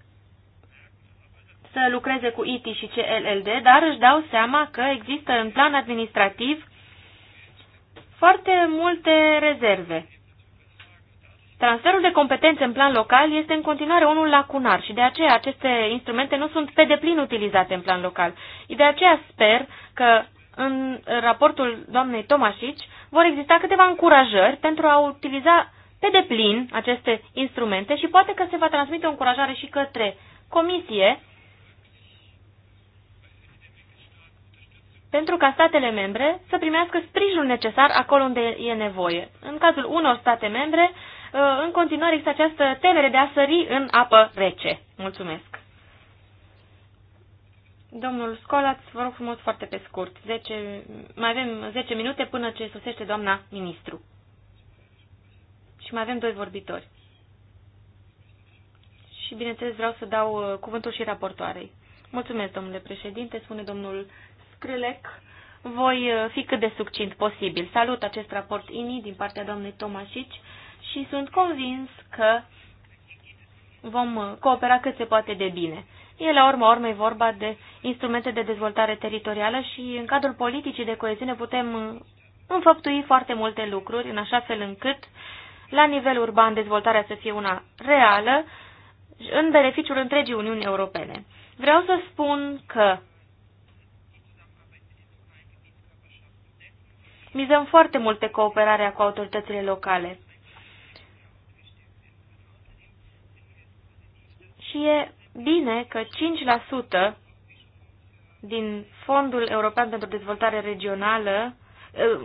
să lucreze cu ITI și CLLD, dar își dau seama că există în plan administrativ foarte multe rezerve. Transferul de competențe în plan local este în continuare unul lacunar și de aceea aceste instrumente nu sunt pe deplin utilizate în plan local. De aceea sper că în raportul doamnei Tomașici vor exista câteva încurajări pentru a utiliza pe deplin aceste instrumente și poate că se va transmite o încurajare și către Comisie pentru ca statele membre să primească sprijinul necesar acolo unde e nevoie. În cazul unor state membre, uh, în continuare există această temere de a sări în apă rece. Mulțumesc! Domnul Scolaț, vă rog frumos foarte pe scurt. 10, mai avem 10 minute până ce sosește doamna ministru. Și mai avem doi vorbitori. Și bineînțeles vreau să dau uh, cuvântul și raportoarei. Mulțumesc, domnule președinte, spune domnul Scrilec. Voi uh, fi cât de succint posibil. Salut acest raport INI din partea doamnei Tomașici și sunt convins că vom uh, coopera cât se poate de bine. E la urma urmei vorba de instrumente de dezvoltare teritorială și în cadrul politicii de coeziune putem înfăptui foarte multe lucruri în așa fel încât la nivel urban dezvoltarea să fie una reală în beneficiul întregii Uniuni Europene. Vreau să spun că mizăm foarte mult pe cooperarea cu autoritățile locale. Și e bine că 5% din Fondul European pentru Dezvoltare Regională, eh,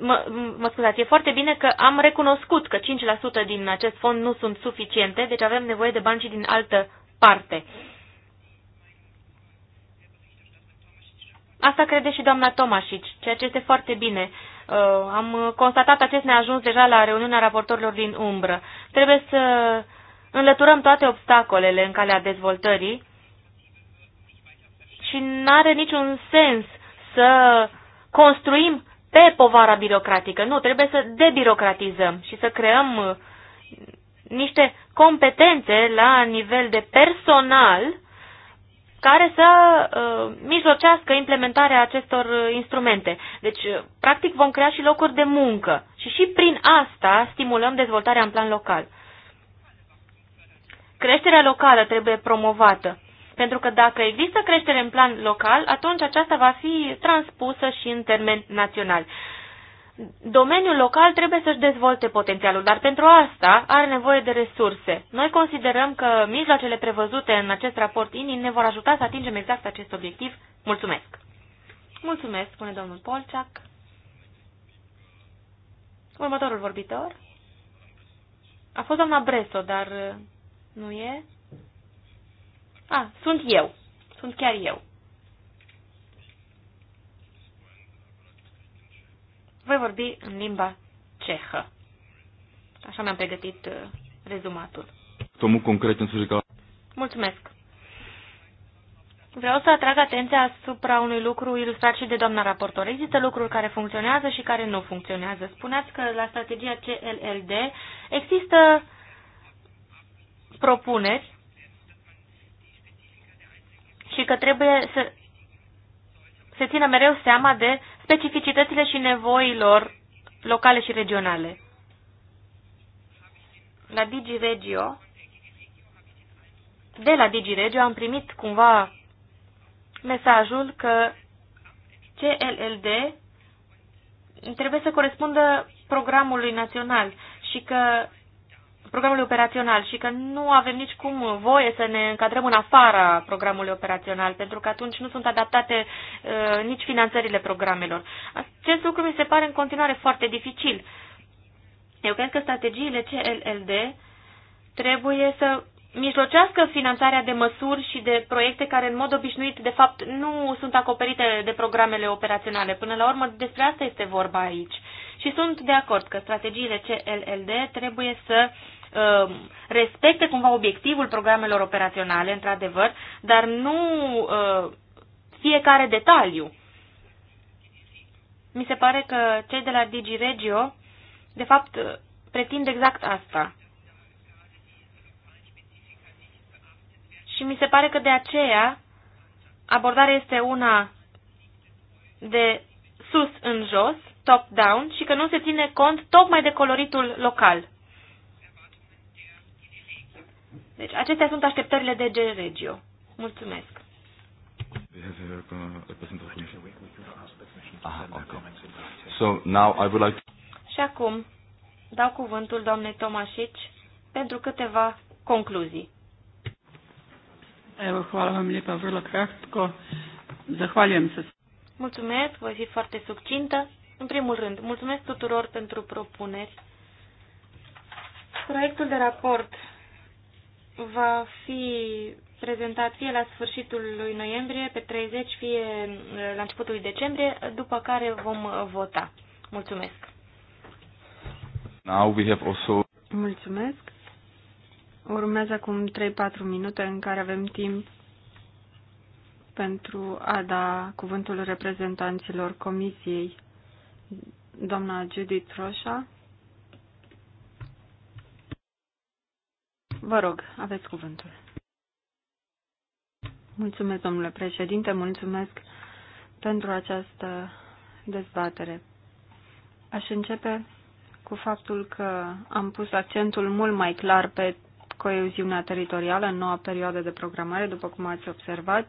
mă, mă scuzați, e foarte bine că am recunoscut că 5% din acest fond nu sunt suficiente, deci avem nevoie de bani și din altă parte. Asta crede și doamna Tomașici, ceea ce este foarte bine. Uh, am constatat acest neajuns deja la reuniunea raportorilor din umbră. Trebuie să înlăturăm toate obstacolele în calea dezvoltării și nu are niciun sens să construim pe povara birocratică. Nu, trebuie să debirocratizăm și să creăm uh, niște competențe la nivel de personal care să uh, mijlocească implementarea acestor uh, instrumente. Deci, uh, practic, vom crea și locuri de muncă și și prin asta stimulăm dezvoltarea în plan local. Creșterea locală trebuie promovată. Pentru că dacă există creștere în plan local, atunci aceasta va fi transpusă și în termen național. Domeniul local trebuie să-și dezvolte potențialul, dar pentru asta are nevoie de resurse. Noi considerăm că mijloacele prevăzute în acest raport INI ne vor ajuta să atingem exact acest obiectiv. Mulțumesc! Mulțumesc, spune domnul Polceac. Următorul vorbitor a fost doamna Breso, dar nu e. A, sunt eu. Sunt chiar eu. Voi vorbi în limba cehă. Așa mi-am pregătit uh, rezumatul. Tomu concret în sujetul. Mulțumesc. Vreau să atrag atenția asupra unui lucru ilustrat și de doamna raportor. Există lucruri care funcționează și care nu funcționează. Spuneați că la strategia CLLD există propuneri și că trebuie să se țină mereu seama de specificitățile și nevoilor locale și regionale. La DigiRegio, de la DigiRegio am primit cumva mesajul că CLLD trebuie să corespundă programului național și că programului operațional și că nu avem nici cum voie să ne încadrăm în afara programului operațional, pentru că atunci nu sunt adaptate uh, nici finanțările programelor. Acest lucru mi se pare în continuare foarte dificil. Eu cred că strategiile CLLD trebuie să mijlocească finanțarea de măsuri și de proiecte care în mod obișnuit de fapt nu sunt acoperite de programele operaționale. Până la urmă despre asta este vorba aici. Și sunt de acord că strategiile CLLD trebuie să um, respecte cumva obiectivul programelor operaționale, într-adevăr, dar nu uh, fiecare detaliu. Mi se pare că cei de la DigiRegio, de fapt, uh, pretind exact asta. Și mi se pare că de aceea abordarea este una de sus în jos top-down și că nu se ține cont tocmai de coloritul local. Deci acestea sunt așteptările de G Regio. Mulțumesc. Ah, so now I would like to... Și acum dau cuvântul doamnei Tomașici pentru câteva concluzii. Evo, hvala vam vrlo kratko. Zahvaljujem se. Mulțumesc, voi fi foarte succintă. În primul rând, mulțumesc tuturor pentru propuneri. Proiectul de raport va fi prezentat fie la sfârșitul lui noiembrie, pe 30, fie la începutul lui decembrie, după care vom vota. Mulțumesc. Now we have also... Mulțumesc. Urmează acum 3-4 minute în care avem timp pentru a da cuvântul reprezentanților comisiei doamna Judith Roșa. Vă rog, aveți cuvântul. Mulțumesc, domnule președinte, mulțumesc pentru această dezbatere. Aș începe cu faptul că am pus accentul mult mai clar pe coeziunea teritorială în noua perioadă de programare, după cum ați observat,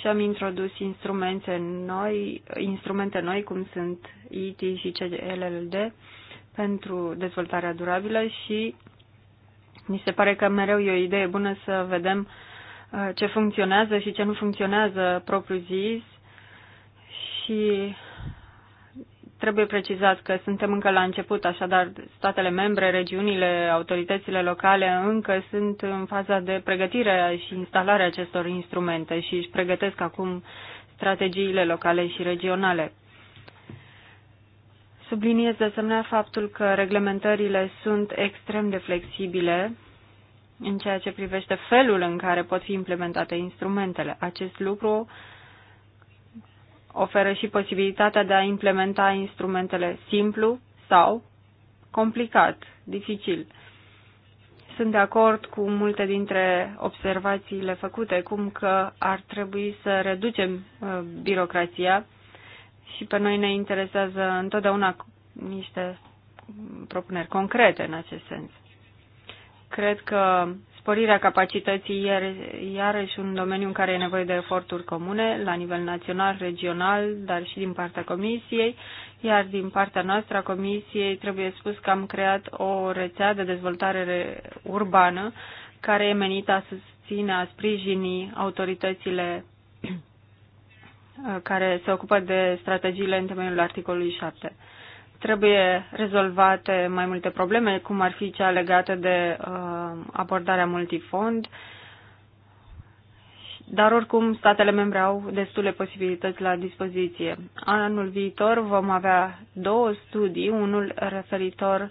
și am introdus instrumente noi, instrumente noi cum sunt IT și CLLD pentru dezvoltarea durabilă și mi se pare că mereu e o idee bună să vedem uh, ce funcționează și ce nu funcționează propriu zis și Trebuie precizat că suntem încă la început, așadar statele membre, regiunile, autoritățile locale încă sunt în faza de pregătire și instalare acestor instrumente și își pregătesc acum strategiile locale și regionale. Subliniez de asemenea faptul că reglementările sunt extrem de flexibile în ceea ce privește felul în care pot fi implementate instrumentele. Acest lucru uh, oferă și posibilitatea de a implementa instrumentele simplu sau complicat, dificil. Sunt de acord cu multe dintre observațiile făcute, cum că ar trebui să reducem uh, birocrația și pe noi ne interesează întotdeauna niște propuneri concrete în acest sens. Cred că Sporirea capacității iar iarăși un domeniu în care e nevoie de eforturi comune la nivel național, regional, dar și din partea Comisiei, iar din partea noastră a Comisiei trebuie spus că am creat o rețea de dezvoltare urbană care e menită a susține, a sprijini autoritățile <clears throat> care se ocupă de strategiile în temeiul articolului 7 trebuie rezolvate mai multe probleme, cum ar fi cea legată de uh, abordarea multifond, dar oricum statele membre au destule posibilități la dispoziție. Anul viitor vom avea două studii, unul referitor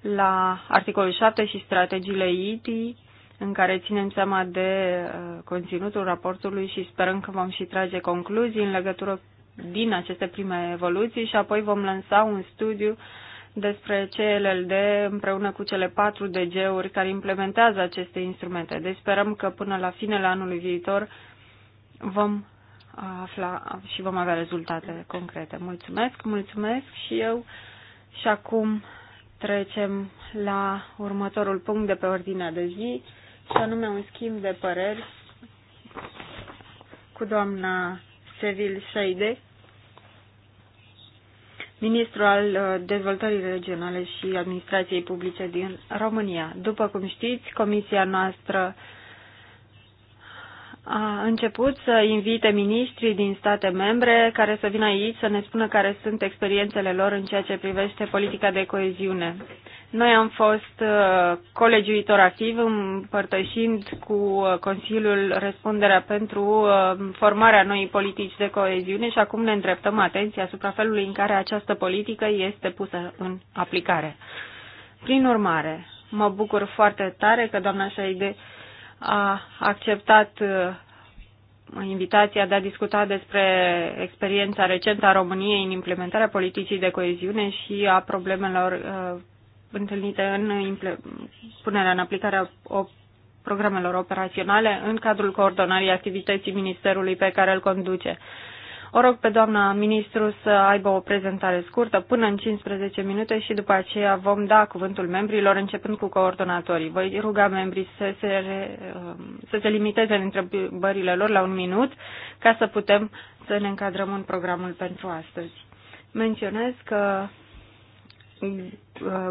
la articolul 7 și strategiile ITI, în care ținem seama de uh, conținutul raportului și sperăm că vom și trage concluzii în legătură din aceste prime evoluții și apoi vom lansa un studiu despre CLLD împreună cu cele patru DG-uri care implementează aceste instrumente. Deci sperăm că până la finele anului viitor vom uh, afla și vom avea rezultate concrete. Mulțumesc, mulțumesc și eu. Și acum trecem la următorul punct de pe ordinea de zi, și anume un schimb de păreri cu doamna Sevil Seide, ministru al uh, dezvoltării regionale și administrației publice din România. După cum știți, comisia noastră a început să invite ministrii din state membre care să vină aici să ne spună care sunt experiențele lor în ceea ce privește politica de coeziune. Noi am fost uh, colegiuitor activ împărtășind cu uh, Consiliul răspunderea pentru uh, formarea noii politici de coeziune și acum ne îndreptăm atenția asupra felului în care această politică este pusă în aplicare. Prin urmare, mă bucur foarte tare că doamna Șaide a acceptat uh, invitația de a discuta despre experiența recentă a României în implementarea politicii de coeziune și a problemelor uh, întâlnite în punerea în aplicare a programelor operaționale în cadrul coordonării activității ministerului pe care îl conduce. O rog pe doamna ministru să aibă o prezentare scurtă până în 15 minute și după aceea vom da cuvântul membrilor începând cu coordonatorii. Voi ruga membrii să se, re, um, să se limiteze în întrebările lor la un minut ca să putem să ne încadrăm în programul pentru astăzi. Menționez că uh,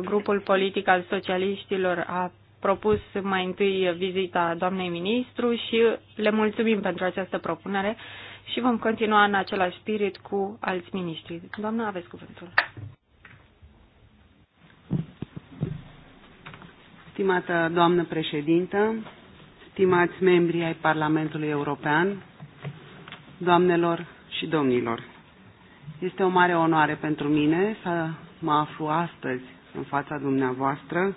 grupul politic al socialiștilor a propus mai întâi vizita doamnei ministru și le mulțumim pentru această propunere și vom continua în același spirit cu alți miniștri. Doamna, aveți cuvântul. Stimată doamnă președintă, stimați membri ai Parlamentului European, doamnelor și domnilor, este o mare onoare pentru mine să mă aflu astăzi în fața dumneavoastră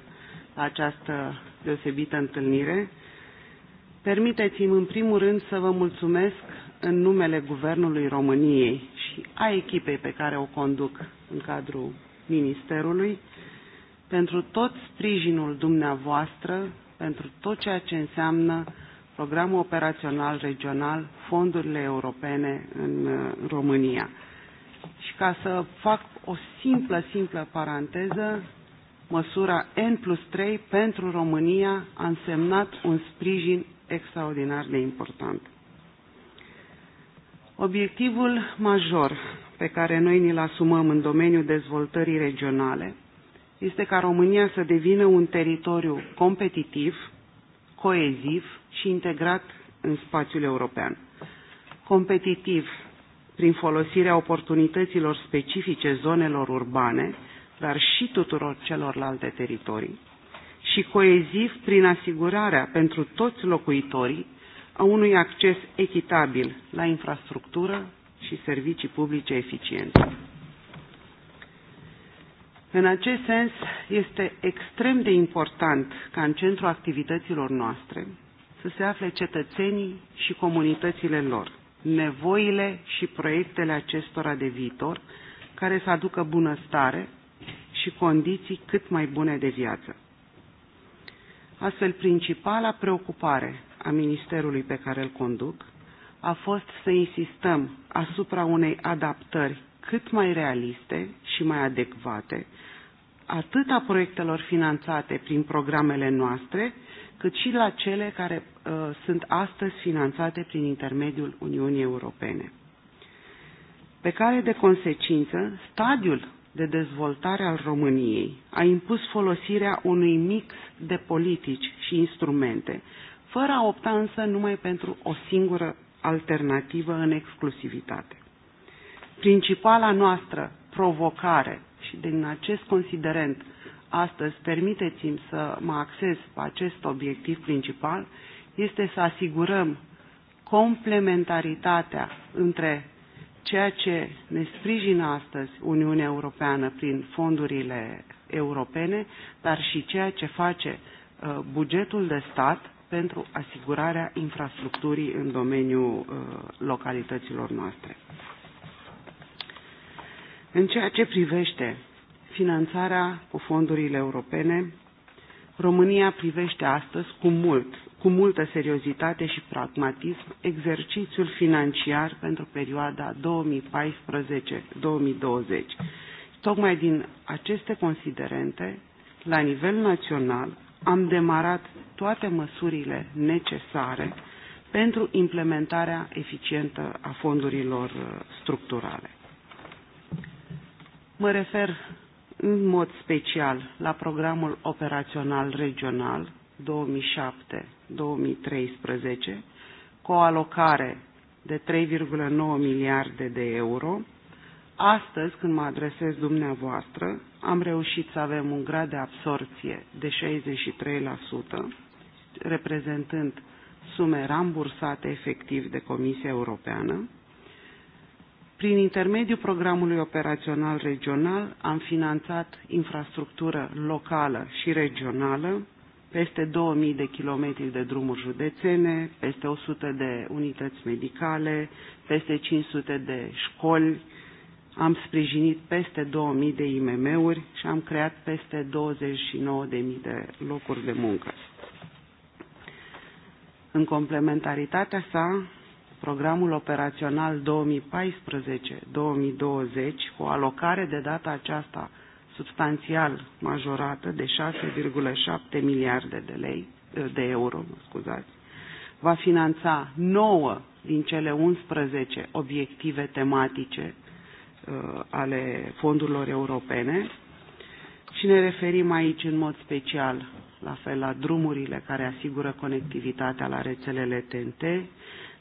la această deosebită întâlnire. Permiteți-mi în primul rând să vă mulțumesc în numele Guvernului României și a echipei pe care o conduc în cadrul Ministerului pentru tot sprijinul dumneavoastră, pentru tot ceea ce înseamnă programul operațional regional, fondurile europene în uh, România. Și ca să fac o simplă, simplă paranteză, măsura N plus 3 pentru România a însemnat un sprijin extraordinar de important. Obiectivul major pe care noi ni-l asumăm în domeniul dezvoltării regionale este ca România să devină un teritoriu competitiv, coeziv și integrat în spațiul european. Competitiv prin folosirea oportunităților specifice zonelor urbane, dar și tuturor celorlalte teritorii, și coeziv prin asigurarea pentru toți locuitorii a unui acces echitabil la infrastructură și servicii publice eficiente. În acest sens, este extrem de important ca în centrul activităților noastre să se afle cetățenii și comunitățile lor, nevoile și proiectele acestora de viitor, care să aducă bunăstare și condiții cât mai bune de viață. Astfel, principala preocupare a ministerului pe care îl conduc a fost să insistăm asupra unei adaptări cât mai realiste și mai adecvate, atât a proiectelor finanțate prin programele noastre, cât și la cele care uh, sunt astăzi finanțate prin intermediul Uniunii Europene, pe care, de consecință, stadiul de dezvoltare al României a impus folosirea unui mix de politici și instrumente fără a opta însă numai pentru o singură alternativă în exclusivitate. Principala noastră provocare și din acest considerent astăzi permiteți-mi să mă axez pe acest obiectiv principal este să asigurăm complementaritatea între ceea ce ne sprijină astăzi Uniunea Europeană prin fondurile europene, dar și ceea ce face uh, bugetul de stat pentru asigurarea infrastructurii în domeniul uh, localităților noastre. În ceea ce privește finanțarea cu fondurile europene, România privește astăzi cu mult, cu multă seriozitate și pragmatism exercițiul financiar pentru perioada 2014-2020. Tocmai din aceste considerente, la nivel național, am demarat toate măsurile necesare pentru implementarea eficientă a fondurilor uh, structurale. Mă refer în mod special la programul operațional regional 2007-2013, cu o alocare de 3,9 miliarde de euro, Astăzi, când mă adresez dumneavoastră, am reușit să avem un grad de absorție de 63%, reprezentând sume rambursate efectiv de Comisia Europeană. Prin intermediul programului operațional regional am finanțat infrastructură locală și regională, peste 2000 de kilometri de drumuri județene, peste 100 de unități medicale, peste 500 de școli, am sprijinit peste 2000 de IMM-uri și am creat peste 29.000 de locuri de muncă. În complementaritatea sa, programul operațional 2014-2020, cu o alocare de data aceasta substanțial majorată de 6,7 miliarde de, lei, de euro, mă scuzați, va finanța 9 din cele 11 obiective tematice Uh, ale fondurilor europene și ne referim aici în mod special la fel la drumurile care asigură conectivitatea la rețelele TNT,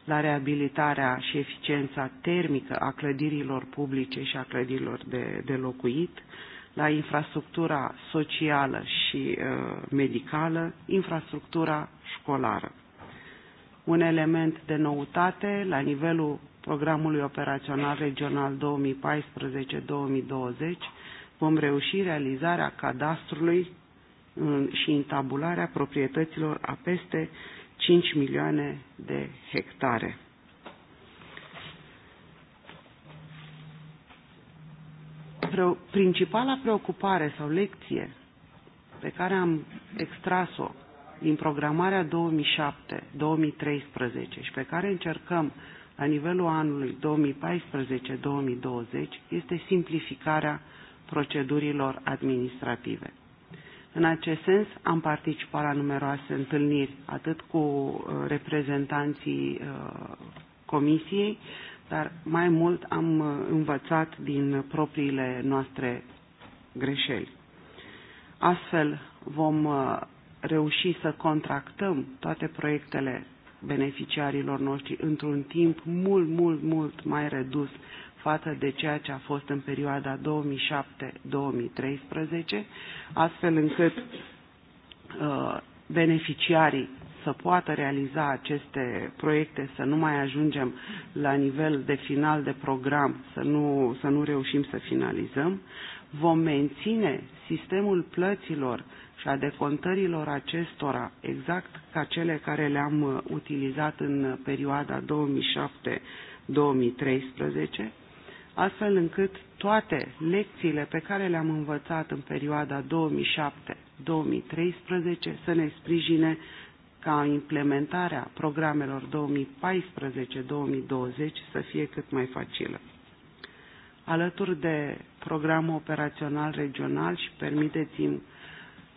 la reabilitarea și eficiența termică a clădirilor publice și a clădirilor de, de locuit, la infrastructura socială și uh, medicală, infrastructura școlară. Un element de noutate la nivelul programului operațional regional 2014-2020 vom reuși realizarea cadastrului și intabularea proprietăților a peste 5 milioane de hectare. Principala preocupare sau lecție pe care am extras-o din programarea 2007-2013 și pe care încercăm la nivelul anului 2014-2020 este simplificarea procedurilor administrative. În acest sens, am participat la numeroase întâlniri, atât cu uh, reprezentanții uh, Comisiei, dar mai mult am uh, învățat din propriile noastre greșeli. Astfel vom reuși să contractăm toate proiectele beneficiarilor noștri într-un timp mult, mult, mult mai redus față de ceea ce a fost în perioada 2007-2013, astfel încât uh, beneficiarii să poată realiza aceste proiecte, să nu mai ajungem la nivel de final de program, să nu, să nu reușim să finalizăm. Vom menține sistemul plăților uh, și a decontărilor acestora, exact ca cele care le-am uh, utilizat în perioada 2007-2013, astfel încât toate lecțiile pe care le-am învățat în perioada 2007-2013 să ne sprijine ca implementarea programelor 2014-2020 să fie cât mai facilă. Alături de programul operațional regional și permiteți-mi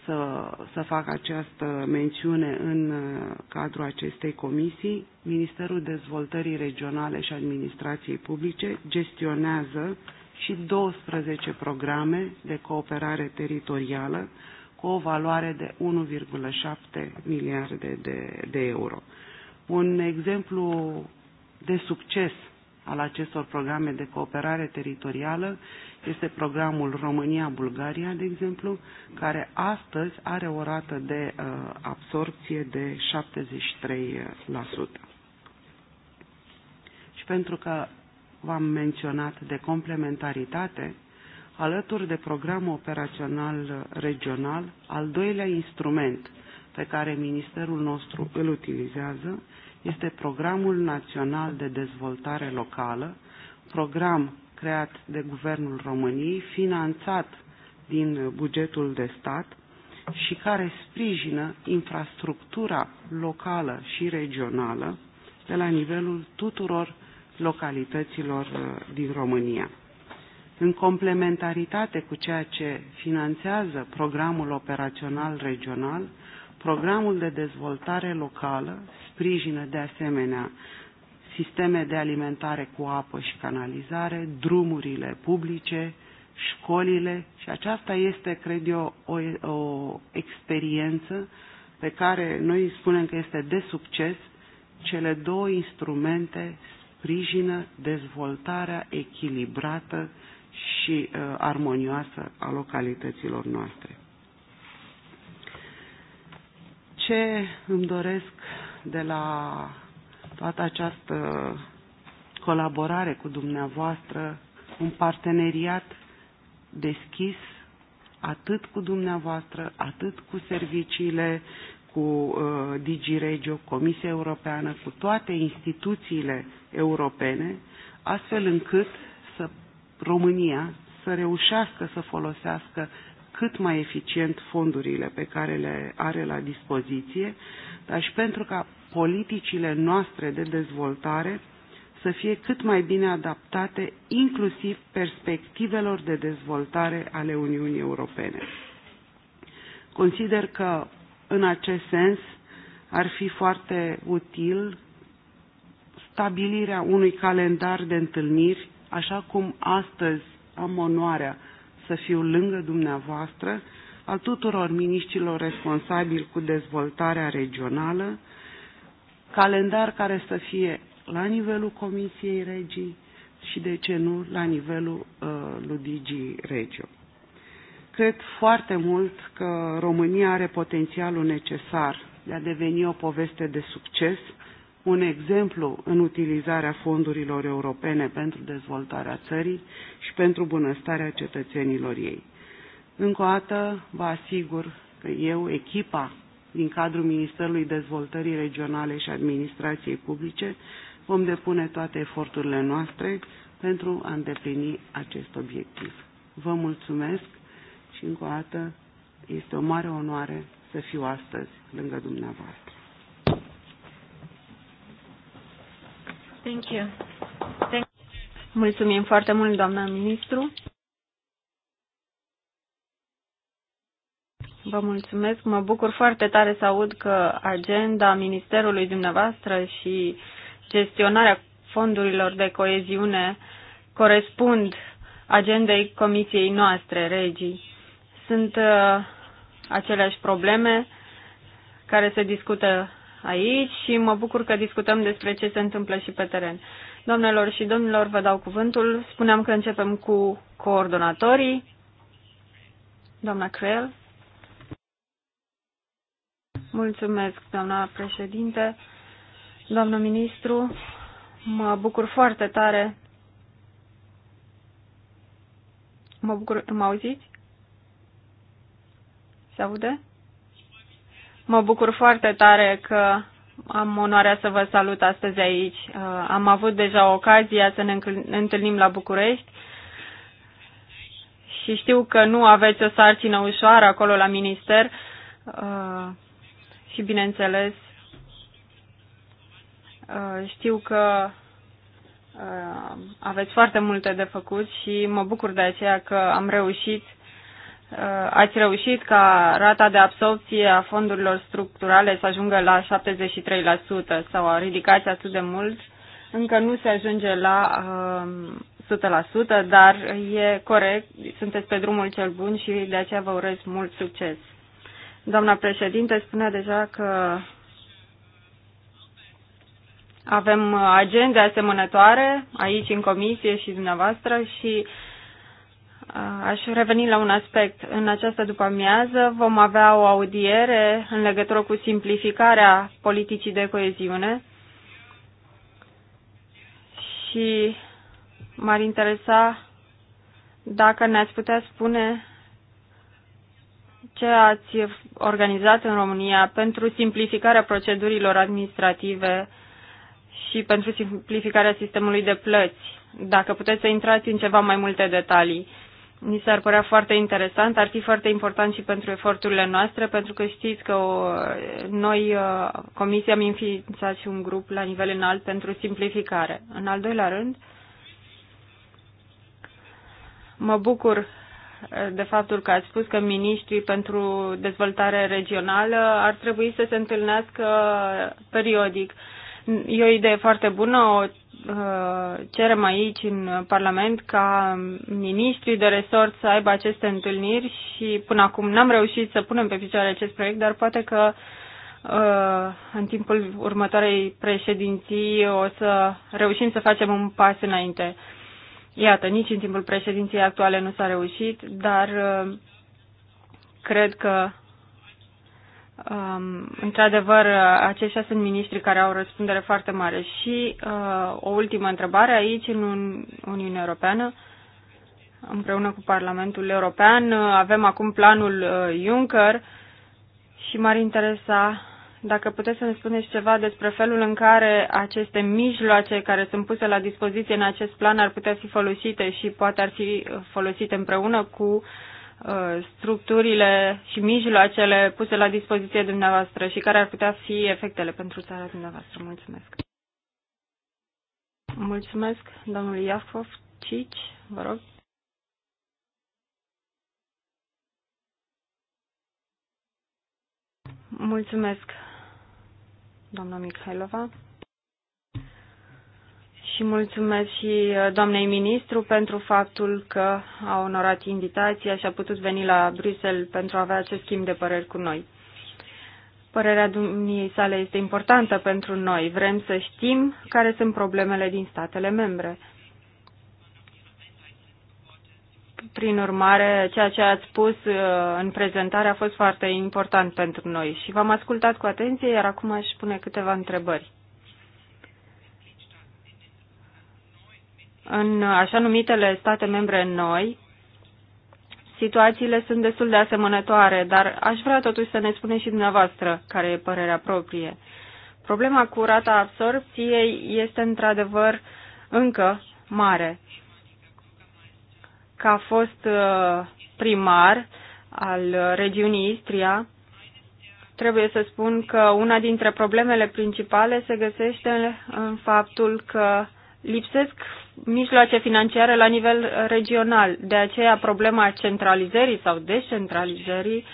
să, să fac această mențiune în uh, cadrul acestei comisii. Ministerul Dezvoltării Regionale și Administrației Publice gestionează și 12 programe de cooperare teritorială cu o valoare de 1,7 miliarde de, de euro. Un exemplu de succes al acestor programe de cooperare teritorială este programul România-Bulgaria, de exemplu, care astăzi are o rată de uh, absorpție de 73%. Și pentru că v-am menționat de complementaritate, alături de programul operațional regional, al doilea instrument pe care ministerul nostru îl utilizează este Programul Național de Dezvoltare Locală, program creat de Guvernul României, finanțat din bugetul de stat și care sprijină infrastructura locală și regională de la nivelul tuturor localităților uh, din România. În complementaritate cu ceea ce finanțează programul operațional regional, programul de dezvoltare locală sprijină de asemenea sisteme de alimentare cu apă și canalizare, drumurile publice, școlile și aceasta este, cred eu, o, o experiență pe care noi spunem că este de succes. Cele două instrumente sprijină dezvoltarea echilibrată și uh, armonioasă a localităților noastre. Ce îmi doresc de la toată această colaborare cu dumneavoastră, un parteneriat deschis atât cu dumneavoastră, atât cu serviciile, cu uh, DigiRegio, Comisia Europeană, cu toate instituțiile europene, astfel încât să România să reușească să folosească cât mai eficient fondurile pe care le are la dispoziție, dar și pentru ca politicile noastre de dezvoltare să fie cât mai bine adaptate inclusiv perspectivelor de dezvoltare ale Uniunii Europene. Consider că în acest sens ar fi foarte util stabilirea unui calendar de întâlniri, așa cum astăzi am onoarea să fiu lângă dumneavoastră, a tuturor miniștilor responsabili cu dezvoltarea regională, calendar care să fie la nivelul Comisiei Regii și, de ce nu, la nivelul uh, lui Digi Regio. Cred foarte mult că România are potențialul necesar de a deveni o poveste de succes, un exemplu în utilizarea fondurilor europene pentru dezvoltarea țării și pentru bunăstarea cetățenilor ei. Încă o dată vă asigur că eu, echipa din cadrul Ministerului Dezvoltării Regionale și Administrației Publice, vom depune toate eforturile noastre pentru a îndeplini acest obiectiv. Vă mulțumesc și încă o dată este o mare onoare să fiu astăzi lângă dumneavoastră. Thank you. Thank you. Mulțumim foarte mult, doamna ministru. Vă mulțumesc. Mă bucur foarte tare să aud că agenda ministerului dumneavoastră și gestionarea fondurilor de coeziune corespund agendei comisiei noastre, regii. Sunt uh, aceleași probleme care se discută aici și mă bucur că discutăm despre ce se întâmplă și pe teren. Doamnelor și domnilor, vă dau cuvântul. Spuneam că începem cu coordonatorii. Doamna Creel. Mulțumesc, doamna președinte, doamnă ministru. Mă bucur foarte tare. Mă bucur, mă auziți? Se aude? Mă bucur foarte tare că am onoarea să vă salut astăzi aici. Uh, am avut deja ocazia să ne întâlnim la București și știu că nu aveți o sarcină ușoară acolo la minister, uh, și, bineînțeles, uh, știu că uh, aveți foarte multe de făcut și mă bucur de aceea că am reușit, uh, ați reușit ca rata de absorpție a fondurilor structurale să ajungă la 73% sau a ridicați atât de mult. Încă nu se ajunge la 100%, dar e corect, sunteți pe drumul cel bun și de aceea vă urez mult succes. Doamna președinte spunea deja că avem agende asemănătoare aici în comisie și dumneavoastră și uh, aș reveni la un aspect. În această după-amiază vom avea o audiere în legătură cu simplificarea politicii de coeziune și m-ar interesa dacă ne-ați putea spune ce ați organizat în România pentru simplificarea procedurilor administrative și pentru simplificarea sistemului de plăți. Dacă puteți să intrați în ceva mai multe detalii, mi s-ar părea foarte interesant, ar fi foarte important și pentru eforturile noastre, pentru că știți că o, noi, uh, Comisia, am înființat și un grup la nivel înalt pentru simplificare. În al doilea rând, mă bucur de faptul că ați spus că ministrii pentru dezvoltare regională ar trebui să se întâlnească periodic. E o idee foarte bună, o uh, cerem aici în Parlament ca ministrii de resort să aibă aceste întâlniri și până acum n-am reușit să punem pe picioare acest proiect, dar poate că uh, în timpul următoarei președinții o să reușim să facem un pas înainte. Iată, nici în timpul președinției actuale nu s-a reușit, dar uh, cred că um, într-adevăr, aceștia sunt miniștri care au răspundere foarte mare. Și uh, o ultimă întrebare aici, în Uniunea Europeană, împreună cu Parlamentul European, uh, avem acum planul Juncker și m-ar interesa dacă puteți să ne spuneți ceva despre felul în care aceste mijloace care sunt puse la dispoziție în acest plan ar putea fi folosite și poate ar fi uh, folosite împreună cu uh, structurile și mijloacele puse la dispoziție dumneavoastră și care ar putea fi efectele pentru țara dumneavoastră. Mulțumesc. Mulțumesc, domnul Iafov Cici, vă rog. Mulțumesc doamna Mihailova. Și mulțumesc și uh, doamnei ministru pentru faptul că a onorat invitația și a putut veni la Bruxelles pentru a avea acest schimb de păreri cu noi. Părerea dumnei sale este importantă pentru noi. Vrem să știm care sunt problemele din statele membre. Prin urmare, ceea ce ați spus uh, în prezentare a fost foarte important pentru noi și v-am ascultat cu atenție, iar acum aș pune câteva întrebări. În așa numitele state membre noi, situațiile sunt destul de asemănătoare, dar aș vrea totuși să ne spuneți și dumneavoastră care e părerea proprie. Problema cu rata absorpției este într-adevăr încă mare că a fost uh, primar al regiunii Istria, trebuie să spun că una dintre problemele principale se găsește în faptul că lipsesc mijloace financiare la nivel regional. De aceea problema centralizării sau descentralizării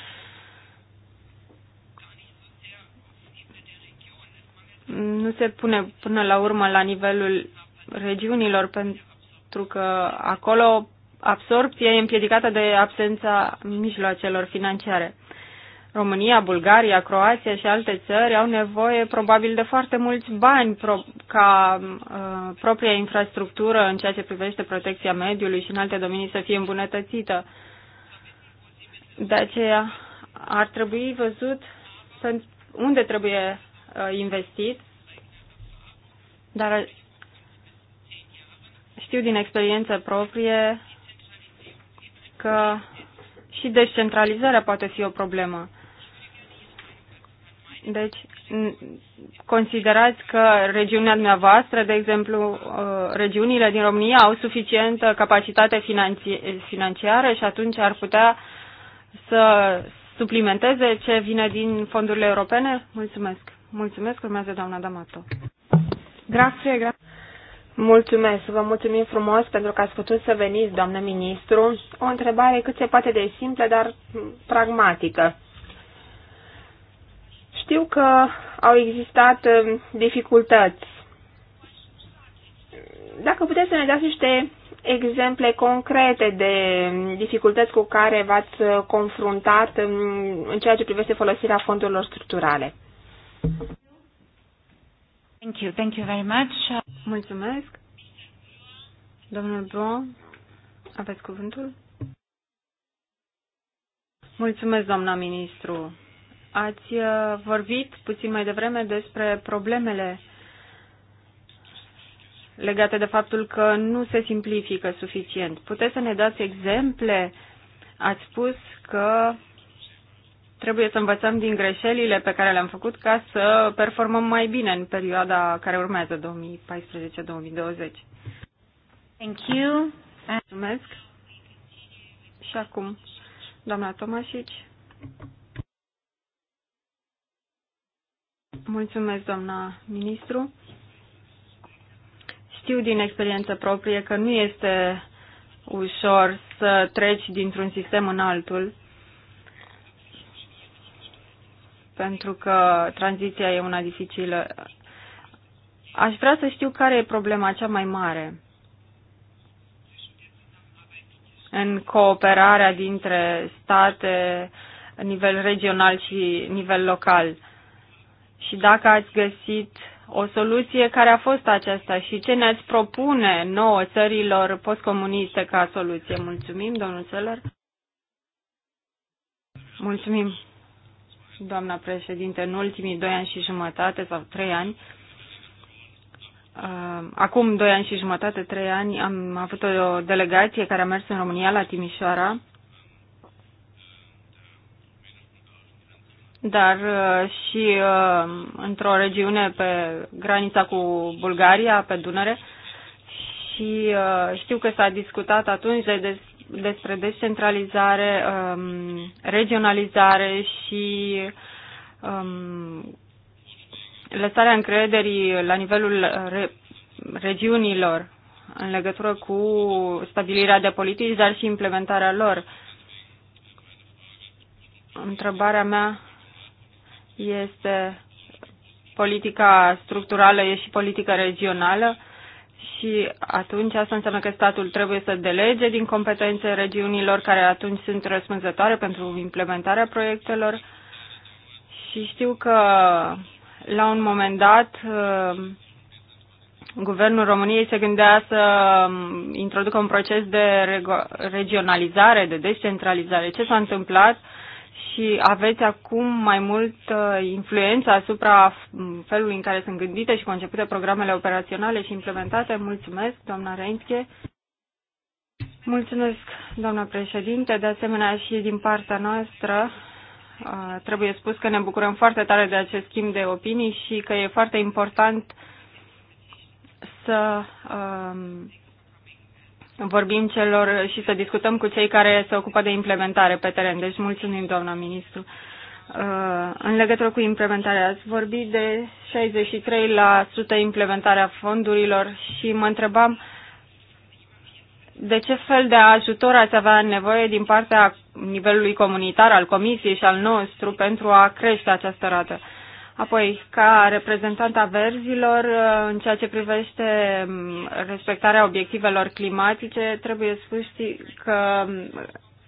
nu se pune până la urmă la nivelul regiunilor, pentru că acolo absorpție e împiedicată de absența mijloacelor financiare. România, Bulgaria, Croația și alte țări au nevoie probabil de foarte mulți bani pro- ca uh, propria infrastructură în ceea ce privește protecția mediului și în alte domenii să fie îmbunătățită. De aceea ar trebui văzut unde trebuie uh, investit, dar știu din experiență proprie că și descentralizarea poate fi o problemă. Deci, considerați că regiunea dumneavoastră, de exemplu, uh, regiunile din România au suficientă capacitate financiară și atunci ar putea să suplimenteze ce vine din fondurile europene? Mulțumesc. Mulțumesc, urmează doamna Damato. Grazie, grazie. Mulțumesc, vă mulțumim frumos pentru că ați putut să veniți, doamnă ministru. O întrebare cât se poate de simplă, dar pragmatică. Știu că au existat um, dificultăți. Dacă puteți să ne dați niște exemple concrete de um, dificultăți cu care v-ați uh, confruntat um, în ceea ce privește folosirea fondurilor structurale. Thank you, thank you very much. Mulțumesc. Domnul Brown, aveți cuvântul? Mulțumesc, doamna ministru. Ați uh, vorbit puțin mai devreme despre problemele legate de faptul că nu se simplifică suficient. Puteți să ne dați exemple? Ați spus că Trebuie să învățăm din greșelile pe care le-am făcut ca să performăm mai bine în perioada care urmează, 2014-2020. Thank you. Mulțumesc. Și acum, doamna Tomașici. Mulțumesc, doamna ministru. Știu din experiență proprie că nu este ușor să treci dintr-un sistem în altul pentru că tranziția e una dificilă. Aș vrea să știu care e problema cea mai mare în cooperarea dintre state, nivel regional și nivel local. Și dacă ați găsit o soluție, care a fost aceasta și ce ne-ați propune nouă țărilor postcomuniste ca soluție? Mulțumim, domnul Seller. Mulțumim doamna președinte, în ultimii doi ani și jumătate sau trei ani, uh, acum doi ani și jumătate, trei ani, am avut o delegație care a mers în România la Timișoara, dar uh, și uh, într-o regiune pe granița cu Bulgaria, pe Dunăre, și știu că s-a discutat atunci de despre descentralizare, um, regionalizare și um, lăsarea încrederii la nivelul uh, re- regiunilor în legătură cu stabilirea de politici, dar și implementarea lor. Întrebarea mea este politica structurală e și politica regională? și atunci asta înseamnă că statul trebuie să delege din competențe regiunilor care atunci sunt răspunzătoare pentru implementarea proiectelor și știu că la un moment dat uh, guvernul României se gândea să um, introducă un proces de regionalizare, de descentralizare. Ce s-a întâmplat? și aveți acum mai mult influență asupra felului în care sunt gândite și concepute programele operaționale și implementate. Mulțumesc, doamna Reintche. Mulțumesc, doamna președinte. De asemenea, și din partea noastră trebuie spus că ne bucurăm foarte tare de acest schimb de opinii și că e foarte important să um, vorbim celor și să discutăm cu cei care se ocupă de implementare pe teren. Deci mulțumim, doamna ministru. Uh, în legătură cu implementarea, ați vorbit de 63% implementarea fondurilor și mă întrebam de ce fel de ajutor ați avea nevoie din partea nivelului comunitar, al Comisiei și al nostru pentru a crește această rată. Apoi, ca reprezentant a verzilor, uh, în ceea ce privește mm, respectarea obiectivelor climatice, trebuie spus că mm,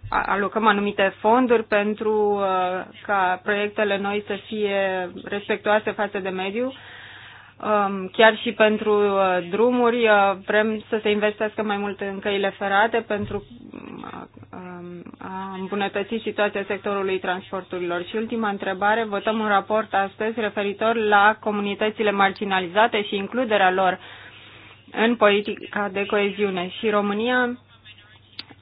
alocăm anumite fonduri pentru uh, ca proiectele noi să fie respectoase față de mediu Um, chiar și pentru uh, drumuri uh, vrem să se investească mai mult în căile ferate pentru um, a îmbunătăți situația sectorului transporturilor. Și ultima întrebare, votăm un raport astăzi referitor la comunitățile marginalizate și includerea lor în politica de coeziune. Și România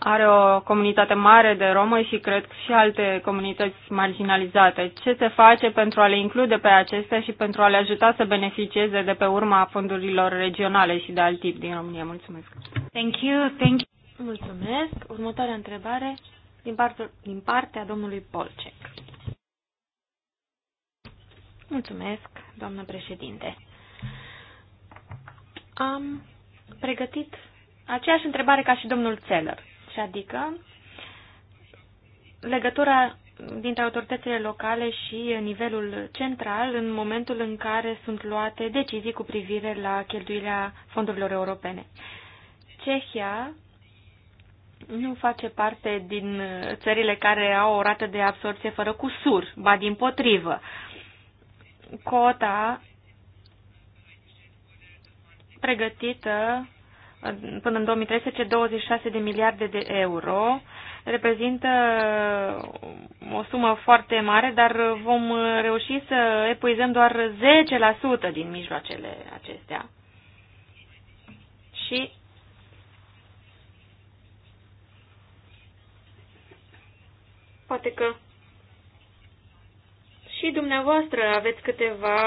are o comunitate mare de romă și cred că și alte comunități marginalizate. Ce se face pentru a le include pe acestea și pentru a le ajuta să beneficieze de pe urma fondurilor regionale și de alt tip din România? Mulțumesc. Thank you, thank you. Mulțumesc. Următoarea întrebare din, partul, din partea domnului Polcec. Mulțumesc, doamnă președinte. Am pregătit aceeași întrebare ca și domnul Țeller. Și adică legătura dintre autoritățile locale și nivelul central în momentul în care sunt luate decizii cu privire la cheltuirea fondurilor europene. Cehia nu face parte din țările care au o rată de absorție fără cusur, ba din potrivă. Cota pregătită până în 2013 26 de miliarde de euro. Reprezintă uh, o sumă foarte mare, dar vom reuși să epuizăm doar 10% din mijloacele acestea. Și poate că și dumneavoastră aveți câteva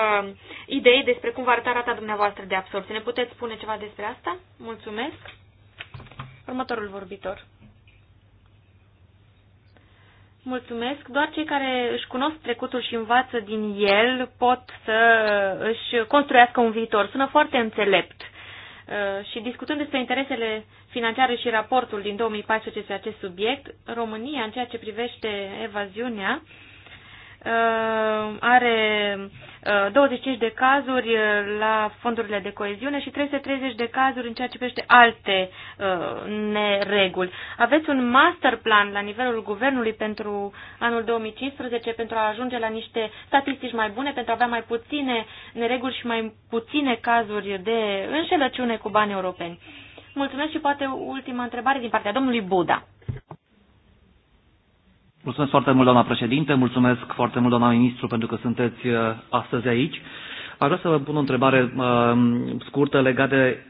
idei despre cum va arăta rata dumneavoastră de absorpție. Ne puteți spune ceva despre asta? Mulțumesc. Următorul vorbitor. Mulțumesc. Doar cei care își cunosc trecutul și învață din el pot să își construiască un viitor. Sună foarte înțelept. Uh, și discutând despre interesele financiare și raportul din 2014 despre acest subiect, România, în ceea ce privește evaziunea, Uh, are 25 uh, de cazuri uh, la fondurile de coeziune și 330 de cazuri în ceea ce privește alte nereguli. Aveți un master plan la nivelul guvernului pentru anul 2015 pentru a ajunge la niște statistici mai bune, pentru a avea mai puține nereguli și mai puține cazuri de înșelăciune cu bani europeni. Mulțumesc și poate ultima întrebare din partea domnului Buda. Mulțumesc foarte mult, doamna președinte, mulțumesc foarte mult, doamna ministru, pentru că sunteți uh, astăzi aici. Aș vrea să vă pun o întrebare uh, scurtă legată de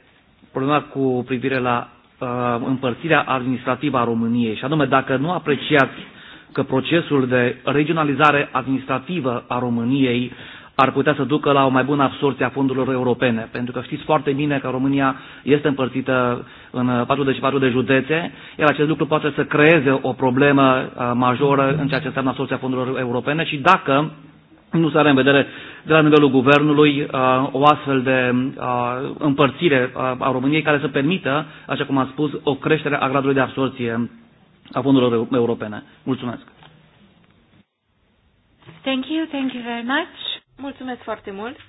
problema cu privire la uh, împărțirea administrativă a României, și anume dacă nu apreciați că procesul de regionalizare administrativă a României ar putea să ducă la o mai bună absorție a fondurilor europene. Pentru că știți foarte bine că România este împărțită în 44 de județe, iar acest lucru poate să creeze o problemă uh, majoră în ceea ce înseamnă absorția fondurilor europene și dacă nu se are în vedere de la nivelul guvernului uh, o astfel de uh, împărțire a României care să permită, așa cum am spus, o creștere a gradului de absorție a fondurilor europene. Mulțumesc! Thank you, thank you very much. Mulțumesc foarte mult.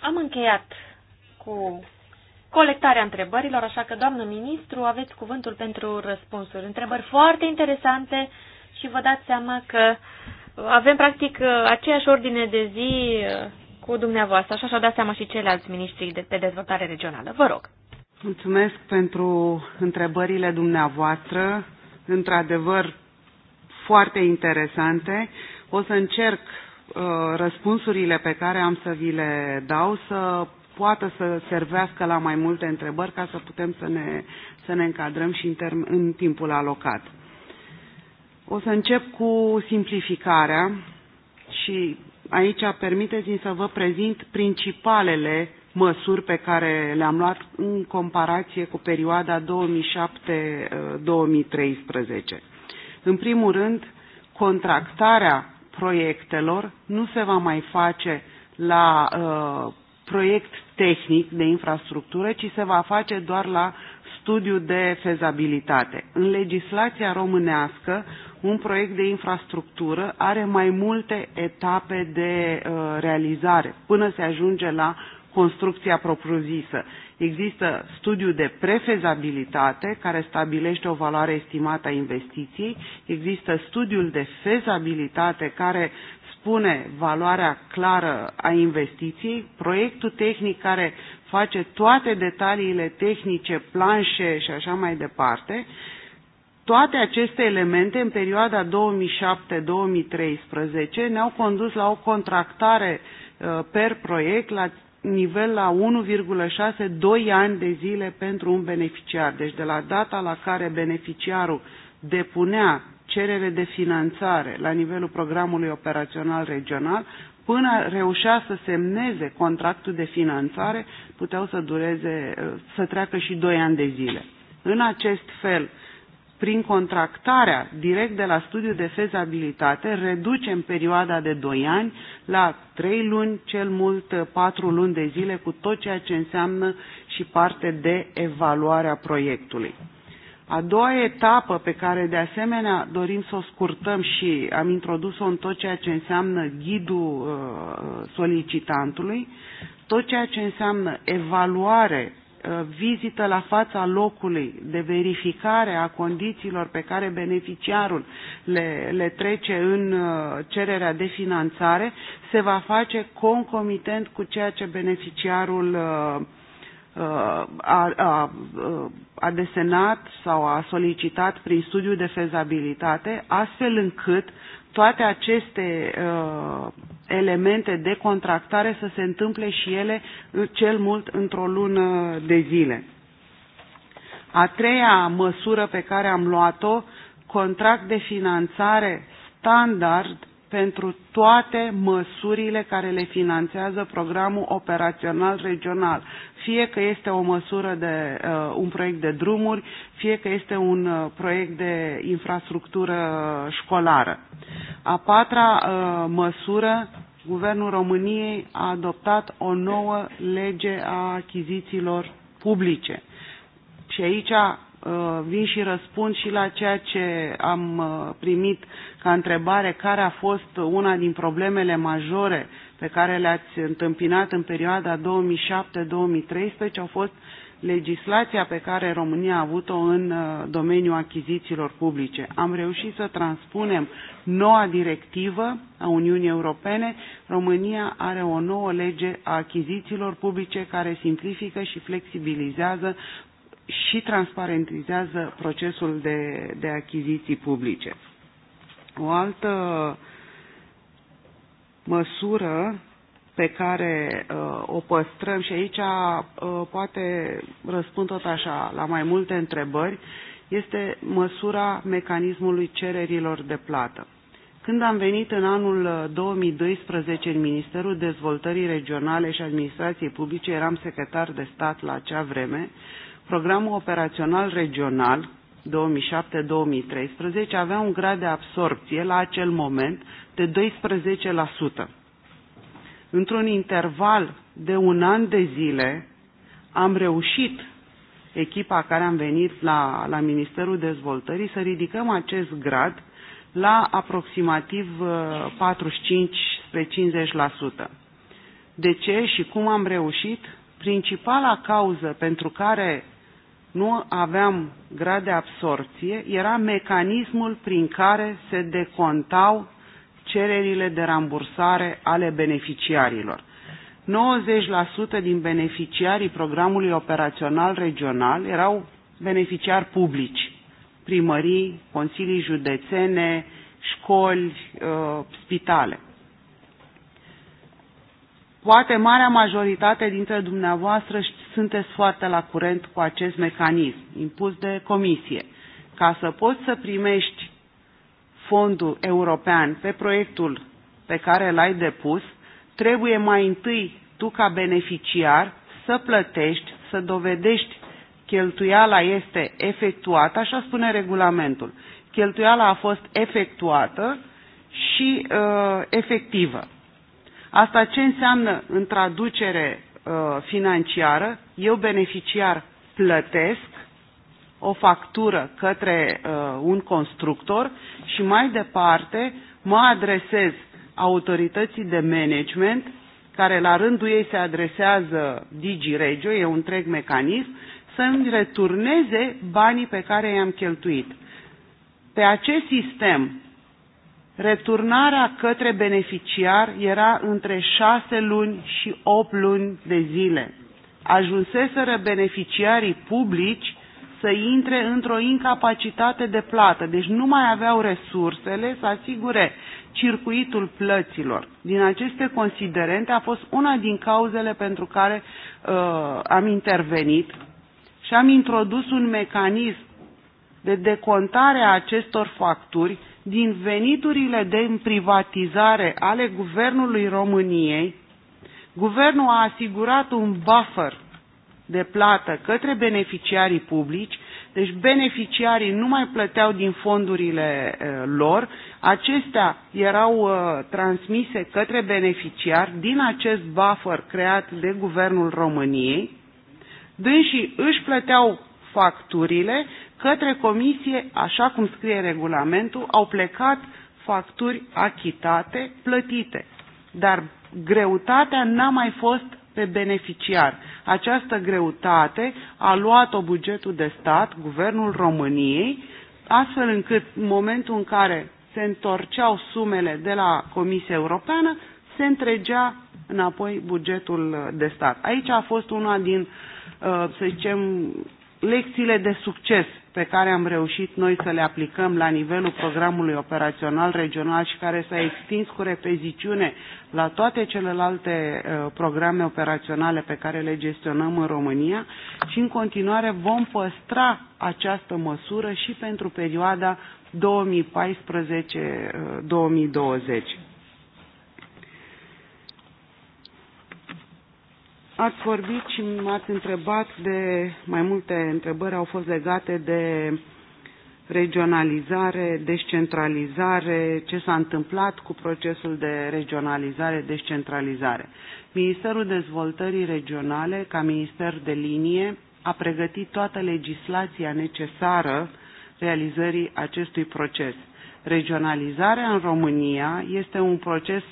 Am încheiat cu colectarea întrebărilor, așa că, doamnă ministru, aveți cuvântul pentru răspunsuri. Întrebări foarte interesante și vă dați seama că avem, practic, aceeași ordine de zi cu dumneavoastră, așa și-au dat seama și ceilalți ministri de, pe dezvoltare regională. Vă rog. Mulțumesc pentru întrebările dumneavoastră, într-adevăr foarte interesante. O să încerc Uh, răspunsurile pe care am să vi le dau să poată să servească la mai multe întrebări ca să putem să ne, să ne încadrăm și în, term, în timpul alocat. O să încep cu simplificarea și aici permiteți-mi să vă prezint principalele măsuri pe care le-am luat în comparație cu perioada 2007-2013. Uh, în primul rând, contractarea proiectelor nu se va mai face la uh, proiect tehnic de infrastructură, ci se va face doar la studiu de fezabilitate. În legislația românească, un proiect de infrastructură are mai multe etape de uh, realizare până se ajunge la construcția propriu-zisă. Există studiu de prefezabilitate care stabilește o valoare estimată a investiției, există studiul de fezabilitate care spune valoarea clară a investiției, proiectul tehnic care face toate detaliile tehnice, planșe și așa mai departe. Toate aceste elemente în perioada 2007-2013 ne-au condus la o contractare uh, per proiect la nivel la 1,6 2 ani de zile pentru un beneficiar. Deci de la data la care beneficiarul depunea cerere de finanțare la nivelul programului operațional regional, până reușea să semneze contractul de finanțare, puteau să dureze, să treacă și 2 ani de zile. În acest fel, prin contractarea direct de la studiu de fezabilitate, reducem perioada de 2 ani la 3 luni, cel mult 4 luni de zile, cu tot ceea ce înseamnă și parte de evaluarea proiectului. A doua etapă pe care de asemenea dorim să o scurtăm și am introdus-o în tot ceea ce înseamnă ghidul uh, solicitantului, tot ceea ce înseamnă evaluare Uh, vizită la fața locului de verificare a condițiilor pe care beneficiarul le, le trece în uh, cererea de finanțare se va face concomitent cu ceea ce beneficiarul uh, a, a, a desenat sau a solicitat prin studiu de fezabilitate, astfel încât toate aceste uh, elemente de contractare să se întâmple și ele uh, cel mult într-o lună de zile. A treia măsură pe care am luat-o, contract de finanțare standard pentru toate măsurile care le finanțează programul operațional regional, fie că este o măsură de uh, un proiect de drumuri, fie că este un uh, proiect de infrastructură școlară. A patra uh, măsură, Guvernul României a adoptat o nouă lege a achizițiilor publice. Și aici Uh, vin și răspund și la ceea ce am uh, primit ca întrebare, care a fost una din problemele majore pe care le-ați întâmpinat în perioada 2007-2013, au fost legislația pe care România a avut-o în uh, domeniul achizițiilor publice. Am reușit să transpunem noua directivă a Uniunii Europene. România are o nouă lege a achizițiilor publice care simplifică și flexibilizează și transparentizează procesul de, de achiziții publice. O altă măsură pe care uh, o păstrăm și aici uh, poate răspund tot așa la mai multe întrebări, este măsura mecanismului cererilor de plată. Când am venit în anul 2012 uh, în Ministerul Dezvoltării Regionale și Administrației Publice, eram secretar de stat la acea vreme, uh, programul operațional regional 2007-2013 avea un grad de absorpție la acel moment de 12%. Într-un interval de un an de zile am reușit, echipa care am venit la, la Ministerul Dezvoltării, să ridicăm acest grad la aproximativ 45 uh, spre 50%. De ce și cum am reușit? Principala cauză pentru care nu aveam grad de absorție, era mecanismul prin care se decontau cererile de rambursare ale beneficiarilor. 90% din beneficiarii programului operațional regional erau beneficiari publici, primării, consilii județene, școli, ă, spitale. Poate marea majoritate dintre dumneavoastră sunteți foarte la curent cu acest mecanism impus de comisie. Ca să poți să primești fondul european pe proiectul pe care l-ai depus, trebuie mai întâi tu ca beneficiar să plătești, să dovedești cheltuiala este efectuată, așa spune regulamentul. Cheltuiala a fost efectuată și uh, efectivă. Asta ce înseamnă în traducere Uh, financiară, eu beneficiar plătesc o factură către uh, un constructor și mai departe mă adresez autorității de management care la rândul ei se adresează DigiRegio, e un întreg mecanism, să-mi returneze banii pe care i-am cheltuit. Pe acest sistem Returnarea către beneficiar era între șase luni și opt luni de zile. Ajunseseră beneficiarii publici să intre într-o incapacitate de plată, deci nu mai aveau resursele să asigure circuitul plăților. Din aceste considerente a fost una din cauzele pentru care uh, am intervenit și am introdus un mecanism de decontare a acestor facturi din veniturile de privatizare ale Guvernului României, Guvernul a asigurat un buffer de plată către beneficiarii publici, deci beneficiarii nu mai plăteau din fondurile eh, lor, acestea erau eh, transmise către beneficiari din acest buffer creat de Guvernul României, dânsii își plăteau facturile, către comisie, așa cum scrie regulamentul, au plecat facturi achitate, plătite, dar greutatea n-a mai fost pe beneficiar. Această greutate a luat-o bugetul de stat, guvernul României, astfel încât în momentul în care se întorceau sumele de la Comisia Europeană, se întregea înapoi bugetul de stat. Aici a fost una din, uh, să zicem, lecțiile de succes pe care am reușit noi să le aplicăm la nivelul programului operațional regional și care s-a extins cu repeziciune la toate celelalte uh, programe operaționale pe care le gestionăm în România și în continuare vom păstra această măsură și pentru perioada 2014-2020. Ați vorbit și m-ați întrebat de mai multe întrebări au fost legate de regionalizare, descentralizare, ce s-a întâmplat cu procesul de regionalizare, descentralizare. Ministerul Dezvoltării Regionale, ca minister de linie, a pregătit toată legislația necesară realizării acestui proces. Regionalizarea în România este un proces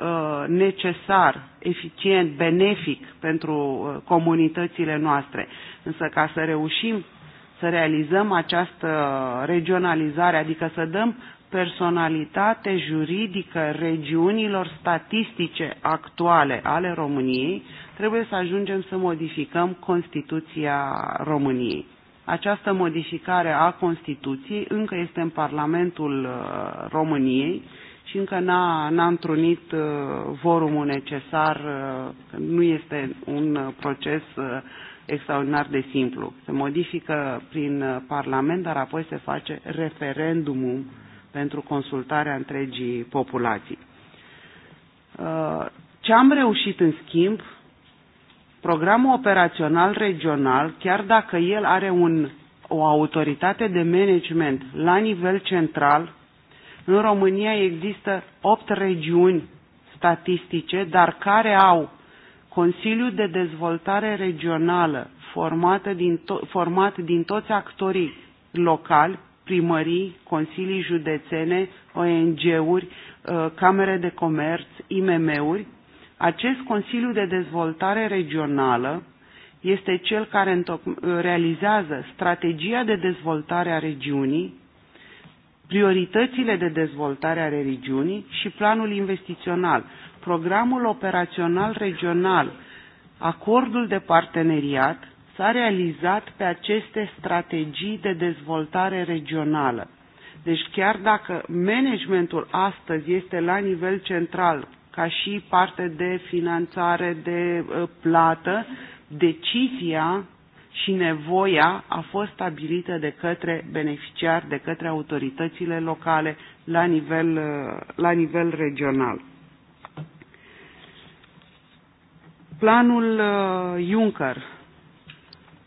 Uh, necesar, eficient, benefic pentru uh, comunitățile noastre. Însă ca să reușim să realizăm această regionalizare, adică să dăm personalitate juridică regiunilor statistice actuale ale României, trebuie să ajungem să modificăm Constituția României. Această modificare a Constituției încă este în Parlamentul uh, României, și încă n-a, n-a întrunit uh, vorumul necesar, uh, nu este un uh, proces extraordinar de simplu. Se modifică prin Parlament, dar apoi se face referendumul pentru consultarea întregii populații. Ce am reușit, în schimb, programul operațional regional, chiar dacă el are un, o autoritate de management la nivel central, în România există opt regiuni statistice, dar care au Consiliul de Dezvoltare Regională formată din to- format din toți actorii locali, primării, consilii județene, ONG-uri, ă, camere de comerț, IMM-uri. Acest Consiliu de Dezvoltare Regională este cel care realizează strategia de dezvoltare a regiunii, prioritățile de dezvoltare a regiunii și planul investițional, programul operațional regional, acordul de parteneriat s-a realizat pe aceste strategii de dezvoltare regională. Deci chiar dacă managementul astăzi este la nivel central, ca și parte de finanțare, de uh, plată, decizia și nevoia a fost stabilită de către beneficiari, de către autoritățile locale la nivel, uh, la nivel regional. Planul uh, Juncker.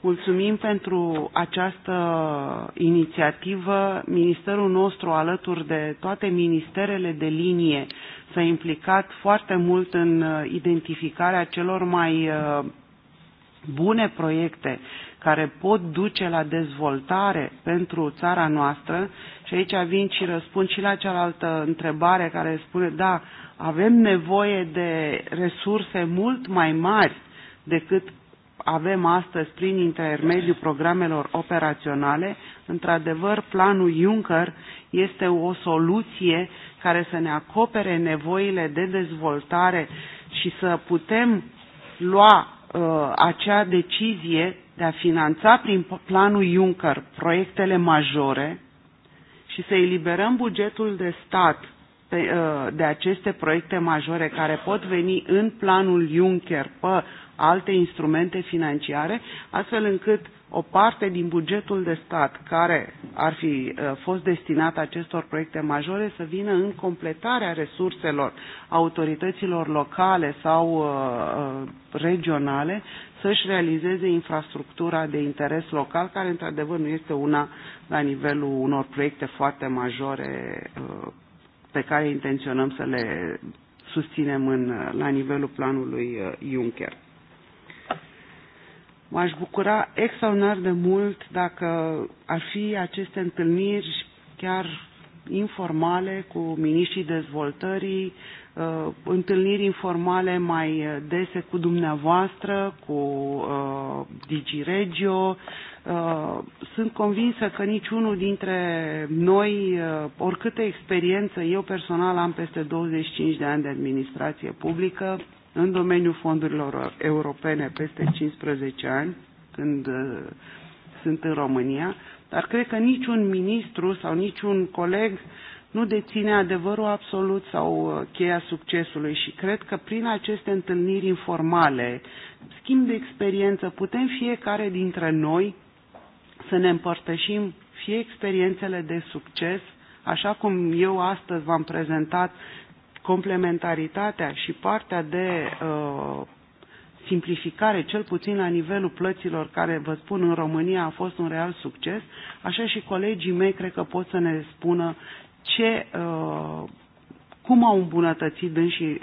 Mulțumim pentru această inițiativă. Ministerul nostru, alături de toate ministerele de linie, s-a implicat foarte mult în uh, identificarea celor mai uh, bune proiecte care pot duce la dezvoltare pentru țara noastră și aici vin și răspund și la cealaltă întrebare care spune, da, avem nevoie de resurse mult mai mari decât avem astăzi prin intermediul programelor operaționale, într-adevăr, planul Juncker este o soluție care să ne acopere nevoile de dezvoltare și să putem lua Uh, acea decizie de a finanța prin planul Juncker proiectele majore și să eliberăm bugetul de stat pe, uh, de aceste proiecte majore care pot veni în planul Juncker pe alte instrumente financiare, astfel încât o parte din bugetul de stat care ar fi uh, fost destinat acestor proiecte majore să vină în completarea resurselor autorităților locale sau uh, uh, regionale să-și realizeze infrastructura de interes local, care într-adevăr nu este una la nivelul unor proiecte foarte majore pe care intenționăm să le susținem în, la nivelul planului Juncker. M-aș bucura extraordinar de mult dacă ar fi aceste întâlniri chiar informale cu miniștrii dezvoltării, uh, întâlniri informale mai dese cu dumneavoastră, cu uh, DigiRegio. Uh, sunt convinsă că niciunul dintre noi, oricâtă experiență eu personal am peste 25 de ani de administrație publică, în domeniul fondurilor europene peste 15 ani, când uh, sunt în România, dar cred că niciun ministru sau niciun coleg nu deține adevărul absolut sau uh, cheia succesului și cred că prin aceste întâlniri informale, schimb de experiență, putem fiecare dintre noi să ne împărtășim fie experiențele de succes, așa cum eu astăzi v-am prezentat complementaritatea și partea de uh, simplificare, cel puțin la nivelul plăților care, vă spun, în România a fost un real succes, așa și colegii mei cred că pot să ne spună ce, uh, cum au îmbunătățit dânsii uh,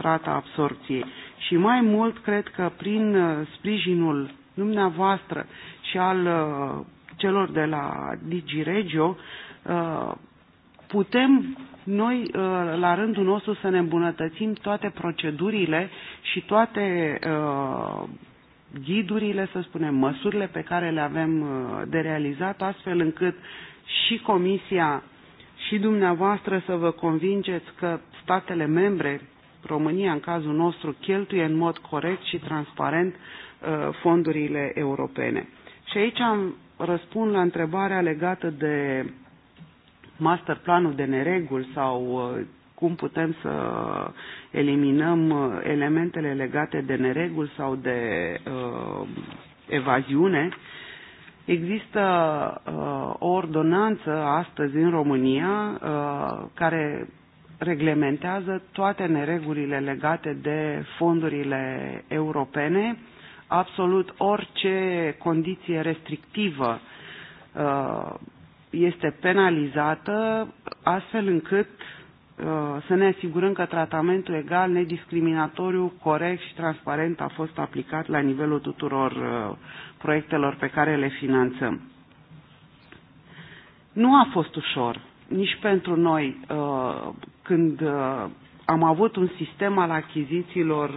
rata absorpției. Și mai mult, cred că prin uh, sprijinul dumneavoastră și al uh, celor de la DigiRegio, uh, putem noi, uh, la rândul nostru, să ne îmbunătățim toate procedurile și toate uh, ghidurile, să spunem, măsurile pe care le avem uh, de realizat, astfel încât și Comisia și dumneavoastră să vă convingeți că statele membre, România în cazul nostru, cheltuie în mod corect și transparent fondurile europene. Și aici am răspund la întrebarea legată de master planul de nereguli sau uh, cum putem să eliminăm uh, elementele legate de nereguli sau de uh, evaziune. Există uh, o ordonanță astăzi în România uh, care reglementează toate neregulile legate de fondurile europene, absolut orice condiție restrictivă uh, este penalizată astfel încât uh, să ne asigurăm că tratamentul egal, nediscriminatoriu, corect și transparent a fost aplicat la nivelul tuturor uh, proiectelor pe care le finanțăm. Nu a fost ușor nici pentru noi uh, când am avut un sistem al achizițiilor,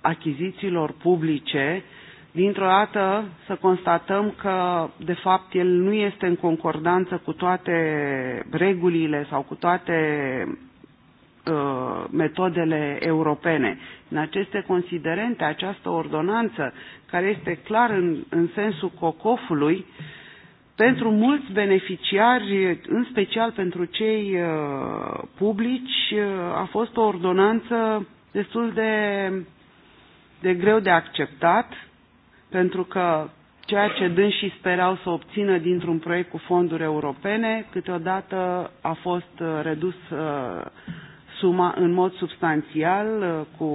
achizițiilor publice dintr-o dată să constatăm că, de fapt, el nu este în concordanță cu toate regulile sau cu toate ă, metodele europene. În aceste considerente, această ordonanță, care este clar în, în sensul cocofului, pentru mulți beneficiari, în special pentru cei uh, publici, uh, a fost o ordonanță destul de, de greu de acceptat, pentru că ceea ce dânsii sperau să obțină dintr-un proiect cu fonduri europene, câteodată a fost uh, redus uh, suma în mod substanțial uh, cu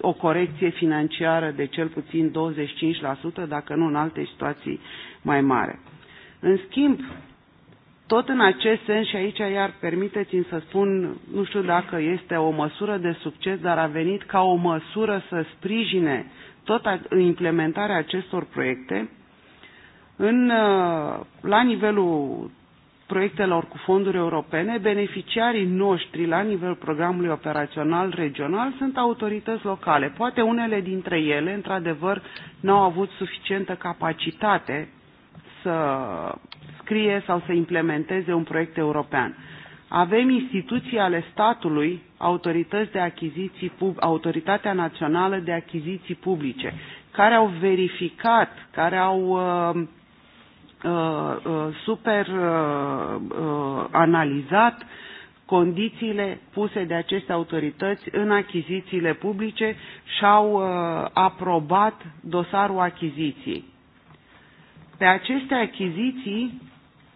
o corecție financiară de cel puțin 25%, dacă nu în alte situații mai mare. În schimb, tot în acest sens, și aici iar permiteți-mi să spun, nu știu dacă este o măsură de succes, dar a venit ca o măsură să sprijine uh, tot implementarea acestor proiecte în, uh, la nivelul proiectelor cu fonduri europene, beneficiarii noștri la nivelul programului operațional regional sunt autorități locale. Poate unele dintre ele, într-adevăr, n-au avut suficientă capacitate să scrie sau să implementeze un proiect european avem instituții ale statului, autorități de achiziții Autoritatea Națională de Achiziții Publice, care au verificat, care au uh, uh, uh, super uh, uh, analizat condițiile puse de aceste autorități în achizițiile publice și au uh, aprobat dosarul achiziției. Pe aceste achiziții,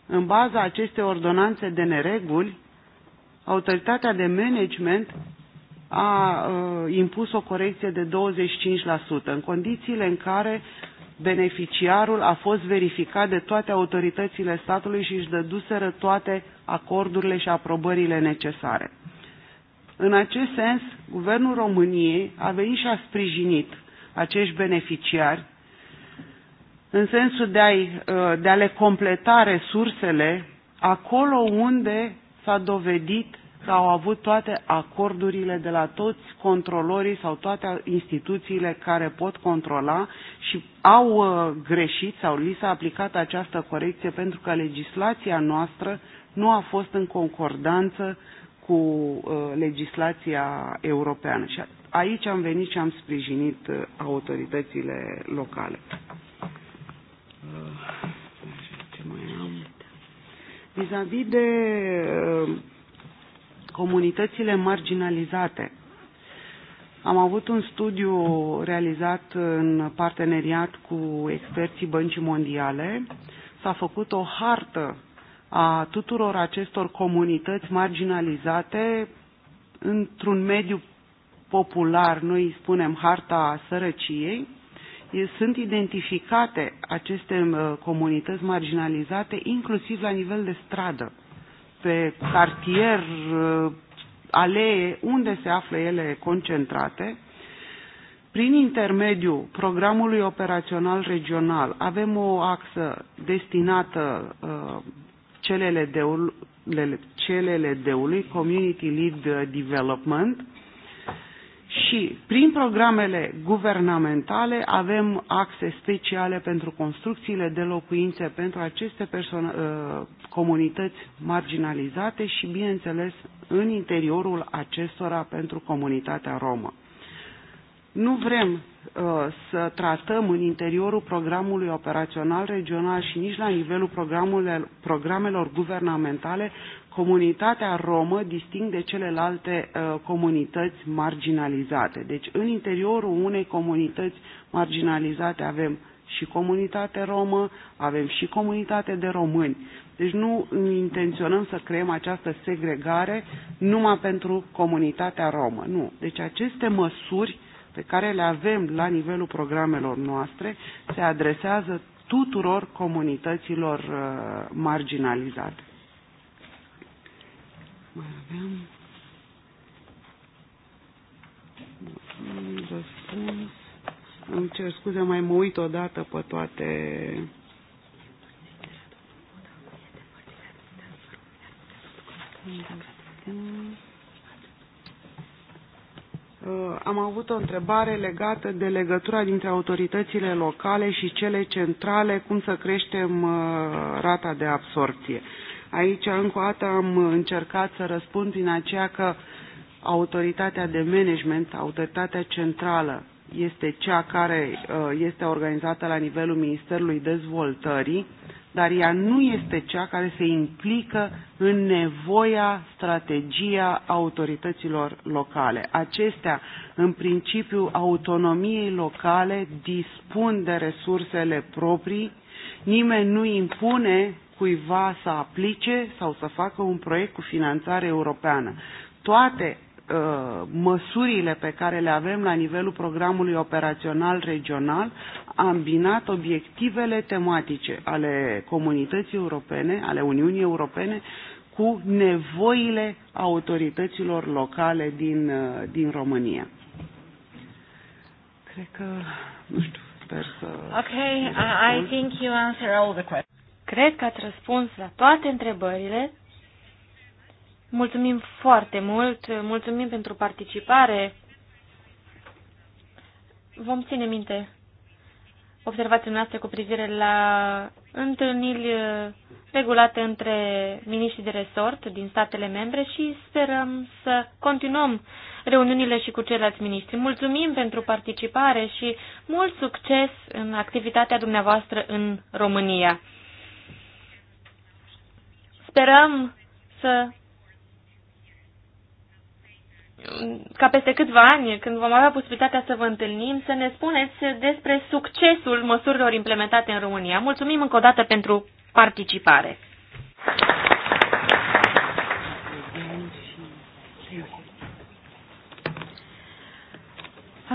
în baza acestei ordonanțe de nereguli, autoritatea de management a uh, impus o corecție de 25% în condițiile în care beneficiarul a fost verificat de toate autoritățile statului și își dăduseră toate acordurile și aprobările necesare. În acest sens, Guvernul României a venit și a sprijinit acești beneficiari în sensul de a, uh, de a le completa resursele acolo unde s-a dovedit că au avut toate acordurile de la toți controlorii sau toate instituțiile care pot controla și au uh, greșit sau li s-a aplicat această corecție pentru că legislația noastră nu a fost în concordanță cu uh, legislația europeană. Și aici am venit și am sprijinit uh, autoritățile locale. Uh, ce mai am? vis-a-vis -vis de uh, comunitățile marginalizate. Am avut un studiu realizat în parteneriat cu experții Băncii Mondiale. S-a făcut o hartă a tuturor acestor comunități marginalizate într-un mediu popular, noi spunem harta sărăciei, sunt identificate aceste uh, comunități marginalizate inclusiv la nivel de stradă, pe cartier, uh, alee, unde se află ele concentrate, prin intermediul programului operațional regional avem o axă destinată uh, celele de celele deului Community Lead Development, și prin programele guvernamentale avem axe speciale pentru construcțiile de locuințe pentru aceste uh, comunități marginalizate și, bineînțeles, în interiorul acestora pentru comunitatea romă. Nu vrem uh, să tratăm în interiorul programului operațional regional și nici la nivelul programelor guvernamentale comunitatea romă distinct de celelalte uh, comunități marginalizate. Deci în interiorul unei comunități marginalizate avem și comunitate romă, avem și comunitate de români. Deci nu intenționăm să creăm această segregare numai pentru comunitatea romă. Nu. Deci aceste măsuri pe care le avem la nivelul programelor noastre se adresează tuturor comunităților uh, marginalizate. Mai avem? răspuns. Îmi cer scuze, mai mă uit odată pe toate Mm-hmm. Uh, am avut o întrebare legată de legătura dintre autoritățile locale și cele centrale, cum să creștem uh, rata de absorpție. Aici, încă o dată, am încercat să răspund prin aceea că autoritatea de management, autoritatea centrală, este cea care uh, este organizată la nivelul Ministerului Dezvoltării, dar ea nu este cea care se implică în nevoia, strategia autorităților locale. Acestea, în principiu autonomiei locale, dispun de resursele proprii, nimeni nu impune cuiva să aplice sau să facă un proiect cu finanțare europeană. Toate uh, măsurile pe care le avem la nivelul programului operațional regional ambinat obiectivele tematice ale comunității europene, ale Uniunii Europene, cu nevoile autorităților locale din, uh, din România. Cred că, nu știu, sper să... Ok, uh, I think you answer all the questions. Cred că ați răspuns la toate întrebările. Mulțumim foarte mult, mulțumim pentru participare. Vom ține minte observații noastre cu privire la întâlniri uh, regulate între miniștrii de resort din statele membre și sperăm să continuăm reuniunile și cu ceilalți miniștri. Mulțumim pentru participare și mult succes în activitatea dumneavoastră în România. Sperăm să ca peste câțiva ani, când vom avea posibilitatea să vă întâlnim, să ne spuneți despre succesul măsurilor implementate în România. Mulțumim încă o dată pentru participare.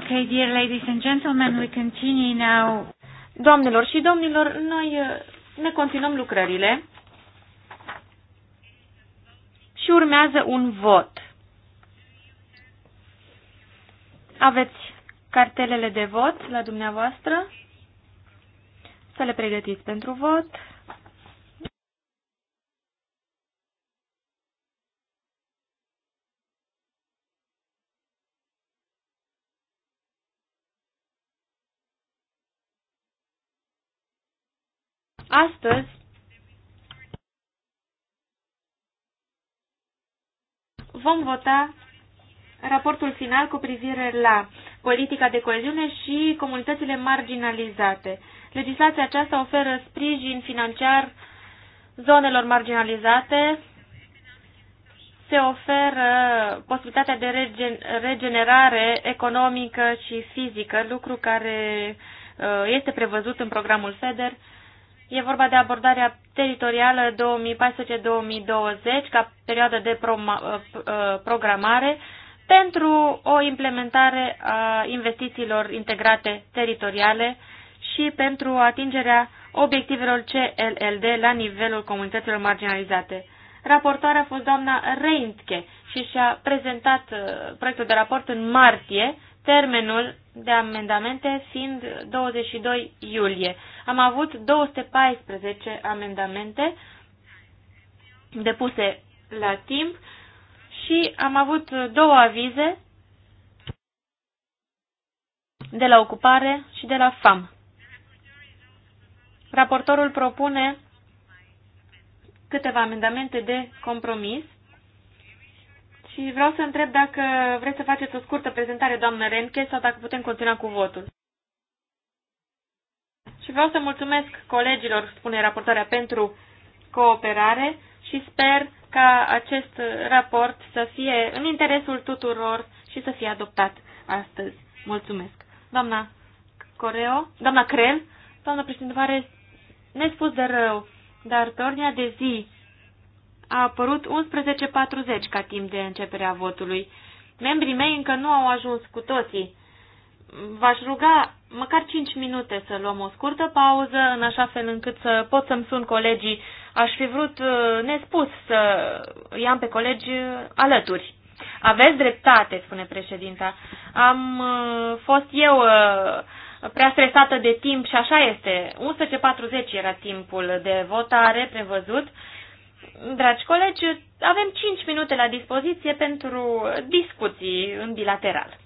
Okay, dear ladies and gentlemen, we continue now. Doamnelor și domnilor, noi uh, ne continuăm lucrările și urmează un vot. Aveți cartelele de vot la dumneavoastră? Să le pregătiți pentru vot. Astăzi vom vota raportul final cu privire la politica de coeziune și comunitățile marginalizate. Legislația aceasta oferă sprijin financiar zonelor marginalizate, se oferă posibilitatea de regen regenerare economică și fizică, lucru care uh, este prevăzut în programul FEDER. E vorba de abordarea teritorială 2014-2020 ca perioadă de uh, uh, programare pentru o implementare a investițiilor integrate teritoriale și pentru atingerea obiectivelor CLLD la nivelul comunităților marginalizate. Raportoarea a fost doamna Reintke și și-a prezentat uh, proiectul de raport în martie, termenul de amendamente fiind 22 iulie. Am avut 214 amendamente depuse la timp și am avut două avize de la ocupare și de la FAM. Raportorul propune câteva amendamente de compromis și vreau să întreb dacă vreți să faceți o scurtă prezentare, doamnă Renche, sau dacă putem continua cu votul. Și vreau să mulțumesc colegilor, spune raportarea, pentru cooperare și sper ca acest raport să fie în interesul tuturor și să fie adoptat astăzi. Mulțumesc. Doamna Coreo, doamna Crel, doamna președinte, ne spus de rău, dar pe ordinea de zi a apărut 11.40 ca timp de începerea votului. Membrii mei încă nu au ajuns cu toții. V-aș ruga măcar 5 minute să luăm o scurtă pauză, în așa fel încât să pot să-mi sun colegii. Aș fi vrut uh, nespus să i-am pe colegi uh, alături. Aveți dreptate, spune președinta. Am uh, fost eu prea stresată de timp și așa este. 11.40 era timpul de votare prevăzut. Dragi colegi, avem 5 minute la dispoziție pentru discuții în bilateral.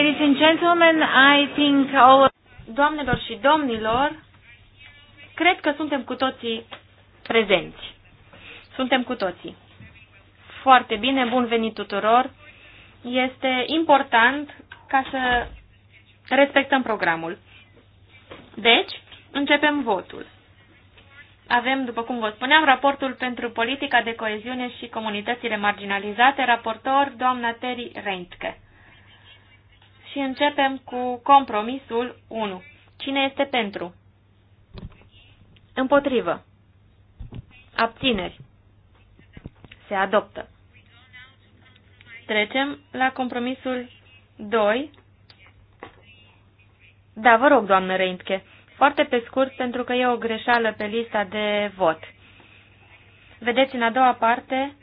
Ladies and gentlemen, I think all... Doamnelor și domnilor, cred că suntem cu toții prezenți. Suntem cu toții. Foarte bine, bun venit tuturor. Este important ca să respectăm programul. Deci, începem votul. Avem, după cum vă spuneam, raportul pentru politica de coeziune și comunitățile marginalizate, raportor doamna Terry Reintke și începem cu compromisul 1. Cine este pentru? Împotrivă. Abțineri. Se adoptă. Trecem la compromisul 2. Da, vă rog, doamnă Reintke. Foarte pe scurt, pentru că e o greșeală pe lista de vot. Vedeți, în a doua parte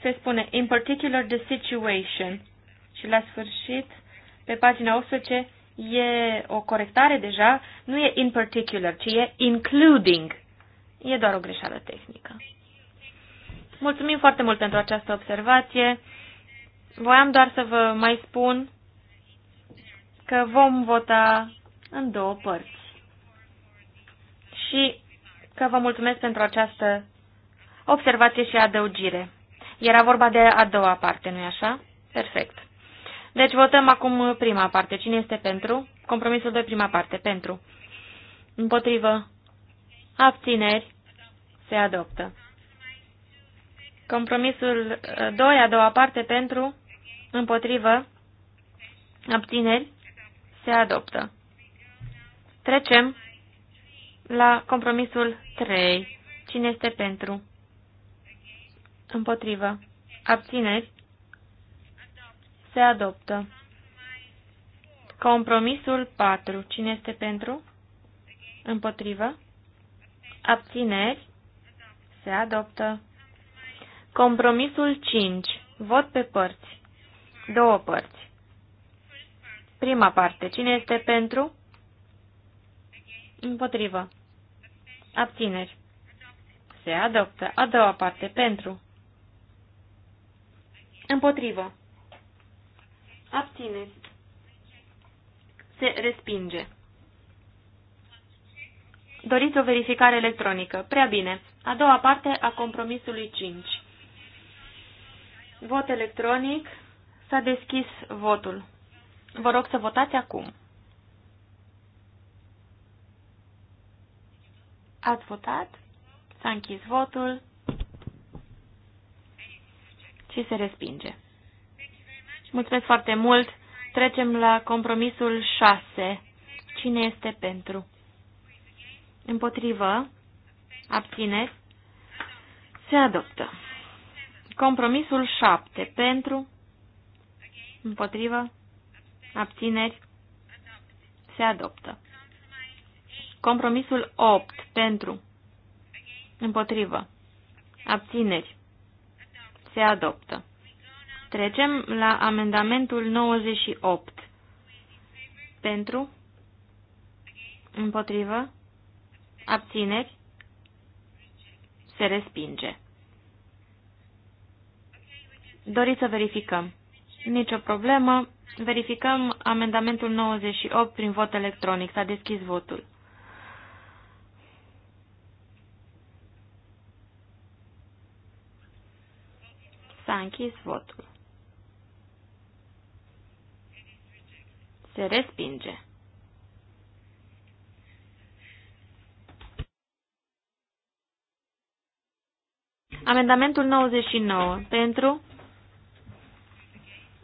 se spune, in particular the situation. Și la sfârșit pe pagina 18 e o corectare deja, nu e in particular, ci e including. E doar o greșeală tehnică. Mulțumim foarte mult pentru această observație. Voiam doar să vă mai spun că vom vota în două părți. Și că vă mulțumesc pentru această observație și adăugire. Era vorba de a doua parte, nu-i așa? Perfect. Deci votăm acum prima parte. Cine este pentru? Compromisul de prima parte. Pentru. Împotrivă. Abțineri. Se adoptă. Compromisul 2, uh, a doua parte, pentru. Împotrivă. Abțineri. Se adoptă. Trecem la compromisul 3. Cine este pentru? Împotrivă. Abțineri. Se adoptă. Compromisul 4. Cine este pentru? Împotrivă. Abțineri. Se adoptă. Compromisul 5. Vot pe părți. Două părți. Prima parte. Cine este pentru? Împotrivă. Abțineri. Se adoptă. A doua parte. Pentru. Împotrivă. Abțineri. Se respinge. Doriți o verificare electronică. Prea bine. A doua parte a compromisului 5. Vot electronic. S-a deschis votul. Vă rog să votați acum. Ați votat? S-a închis votul și se respinge. Mulțumesc foarte mult. Trecem la compromisul 6. Cine este pentru? Împotrivă. Abțineri. Se adoptă. Compromisul 7. Pentru. Împotrivă. Abțineri. Se adoptă. Compromisul 8. Pentru. Împotrivă. Abțineri. Se adoptă. Trecem la amendamentul 98. Pentru? Împotrivă? Abțineri? Se respinge. Doriți să verificăm. Nicio problemă. Verificăm amendamentul 98 prin vot electronic. S-a deschis votul. S-a închis votul. Se respinge. Amendamentul 99. Pentru?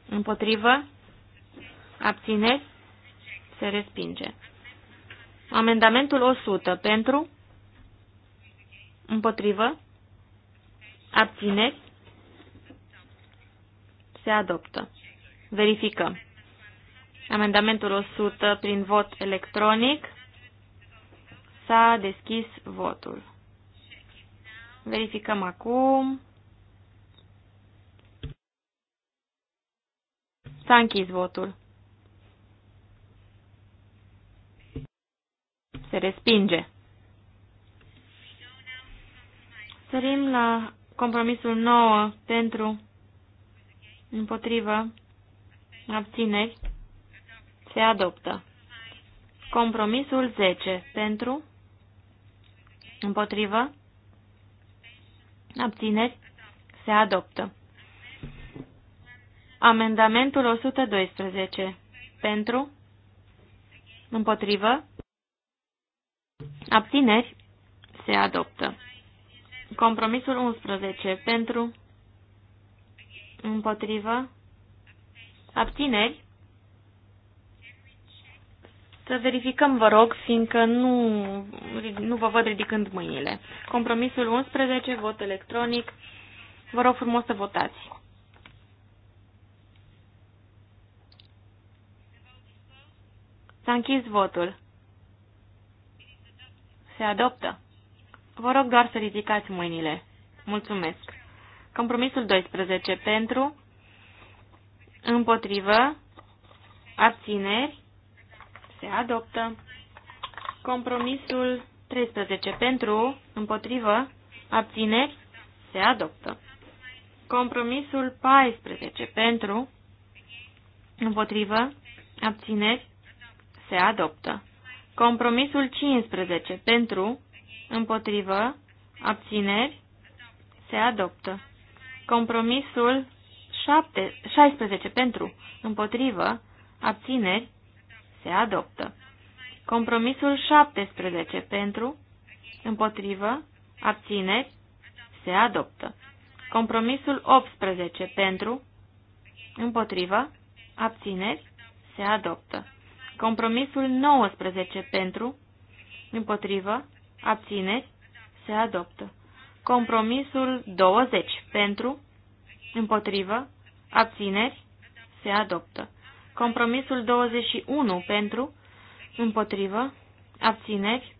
Împotrivă? Abțineri? Se respinge. Amendamentul 100. Pentru? Împotrivă? Abțineri? Se adoptă. Verificăm. Amendamentul 100 prin vot electronic. S-a deschis votul. Verificăm acum. S-a închis votul. Se respinge. Sărim la compromisul 9 pentru împotrivă abțineri se adoptă. Compromisul 10. Pentru? Împotrivă? Abțineri? Se adoptă. Amendamentul 112. Pentru? Împotrivă? Abțineri? Se adoptă. Compromisul 11. Pentru? Împotrivă? Abțineri? Să verificăm, vă rog, fiindcă nu, nu vă văd ridicând mâinile. Compromisul 11, vot electronic. Vă rog frumos să votați. S-a închis votul. Se adoptă. Vă rog doar să ridicați mâinile. Mulțumesc. Compromisul 12 pentru, împotrivă, abțineri, se adoptă. Compromisul 13 pentru, împotrivă, abțineri, se adoptă. Compromisul 14 pentru, împotrivă, abțineri, se adoptă. Compromisul 15 pentru, împotrivă, abțineri, se adoptă. Compromisul 7, 16 pentru, împotrivă, abțineri, se adoptă. Compromisul 17 pentru, împotrivă, abțineri, se adoptă. Compromisul 18 pentru, împotrivă, abțineri, se adoptă. Compromisul 19 pentru, împotrivă, abțineri, se adoptă. Compromisul 20 pentru, împotrivă, abțineri, se adoptă. Compromisul 21 pentru, împotrivă, abțineri,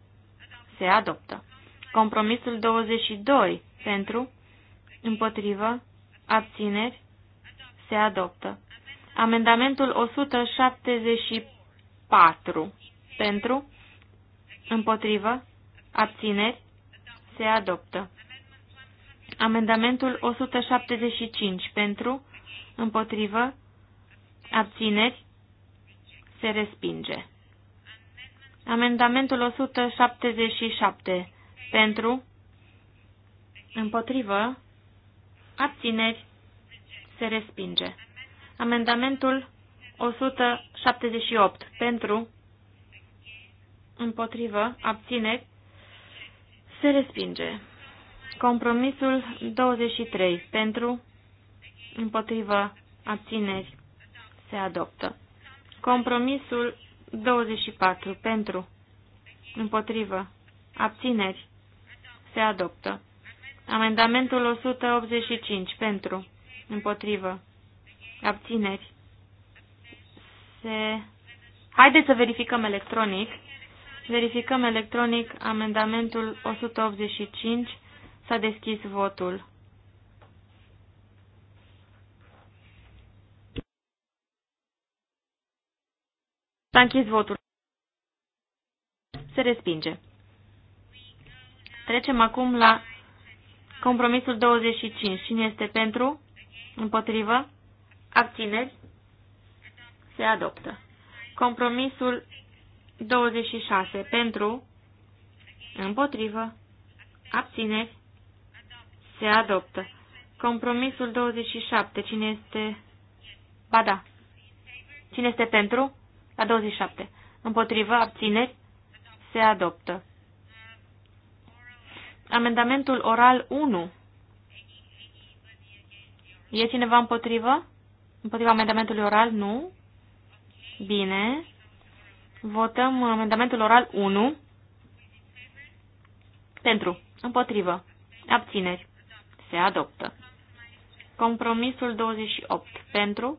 se adoptă. Compromisul 22 pentru, împotrivă, abțineri, se adoptă. Amendamentul 174 pentru, împotrivă, abțineri, se adoptă. Amendamentul 175 pentru, împotrivă, abțineri, se respinge. Amendamentul 177 pentru, împotrivă, abțineri, se respinge. Amendamentul 178 pentru, împotrivă, abțineri, se respinge. Compromisul 23 pentru, împotrivă, abțineri, se adoptă. Compromisul 24. Pentru. Împotrivă. Abțineri. Se adoptă. Amendamentul 185. Pentru. Împotrivă. Abțineri. Se... Haideți să verificăm electronic. Verificăm electronic amendamentul 185. S-a deschis votul. S-a închis votul. Se respinge. Trecem acum la compromisul 25. Cine este pentru? Împotrivă? Abțineri? Se adoptă. Compromisul 26. Pentru? Împotrivă? Abțineri? Se adoptă. Compromisul 27. Cine este... Ba da. Cine este pentru? La 27. Împotrivă, abțineri, se adoptă. Amendamentul oral 1. E cineva împotrivă? Împotriva amendamentului oral? Nu. Bine. Votăm amendamentul oral 1. Pentru. Împotrivă. Abțineri. Se adoptă. Compromisul 28. Pentru.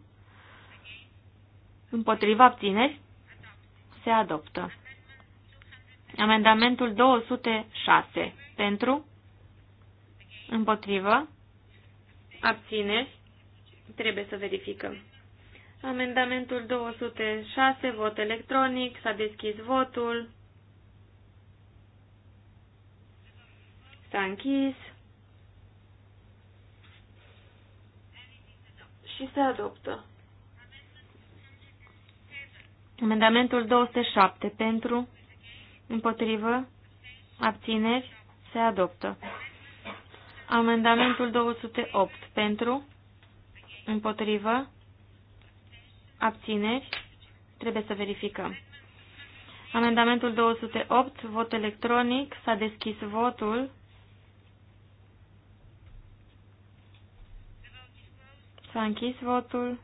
Împotriva abțineri? Se adoptă. Amendamentul 206. Pentru? Împotrivă? Abțineri? Trebuie să verificăm. Amendamentul 206, vot electronic, s-a deschis votul, s-a închis și se adoptă. Amendamentul 207 pentru, împotrivă, abțineri, se adoptă. Amendamentul 208 pentru, împotrivă, abțineri, trebuie să verificăm. Amendamentul 208, vot electronic, s-a deschis votul. S-a închis votul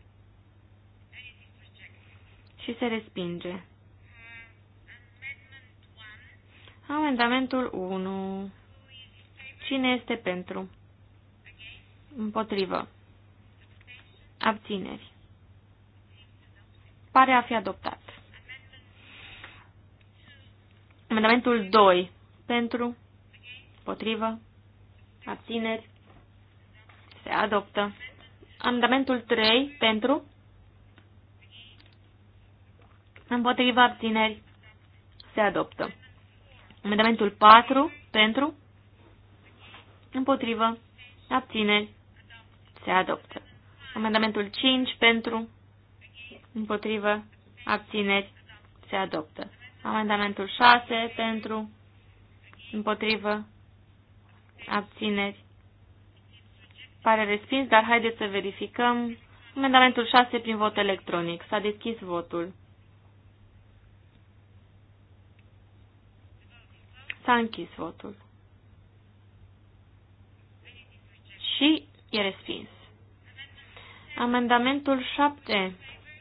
și se respinge. Amendamentul 1. Cine este pentru? Împotrivă. Abțineri. Pare a fi adoptat. Amendamentul 2. Pentru. Împotrivă. Abțineri. Se adoptă. Amendamentul 3. Pentru. Împotriva abțineri se adoptă. Amendamentul 4 pentru. împotriva Abțineri se adoptă. Amendamentul 5 pentru. împotriva Abțineri se adoptă. Amendamentul 6 pentru. împotriva Abțineri. Pare respins, dar haideți să verificăm. Amendamentul 6 prin vot electronic. S-a deschis votul. S-a închis votul. Și e respins. Amendamentul 7.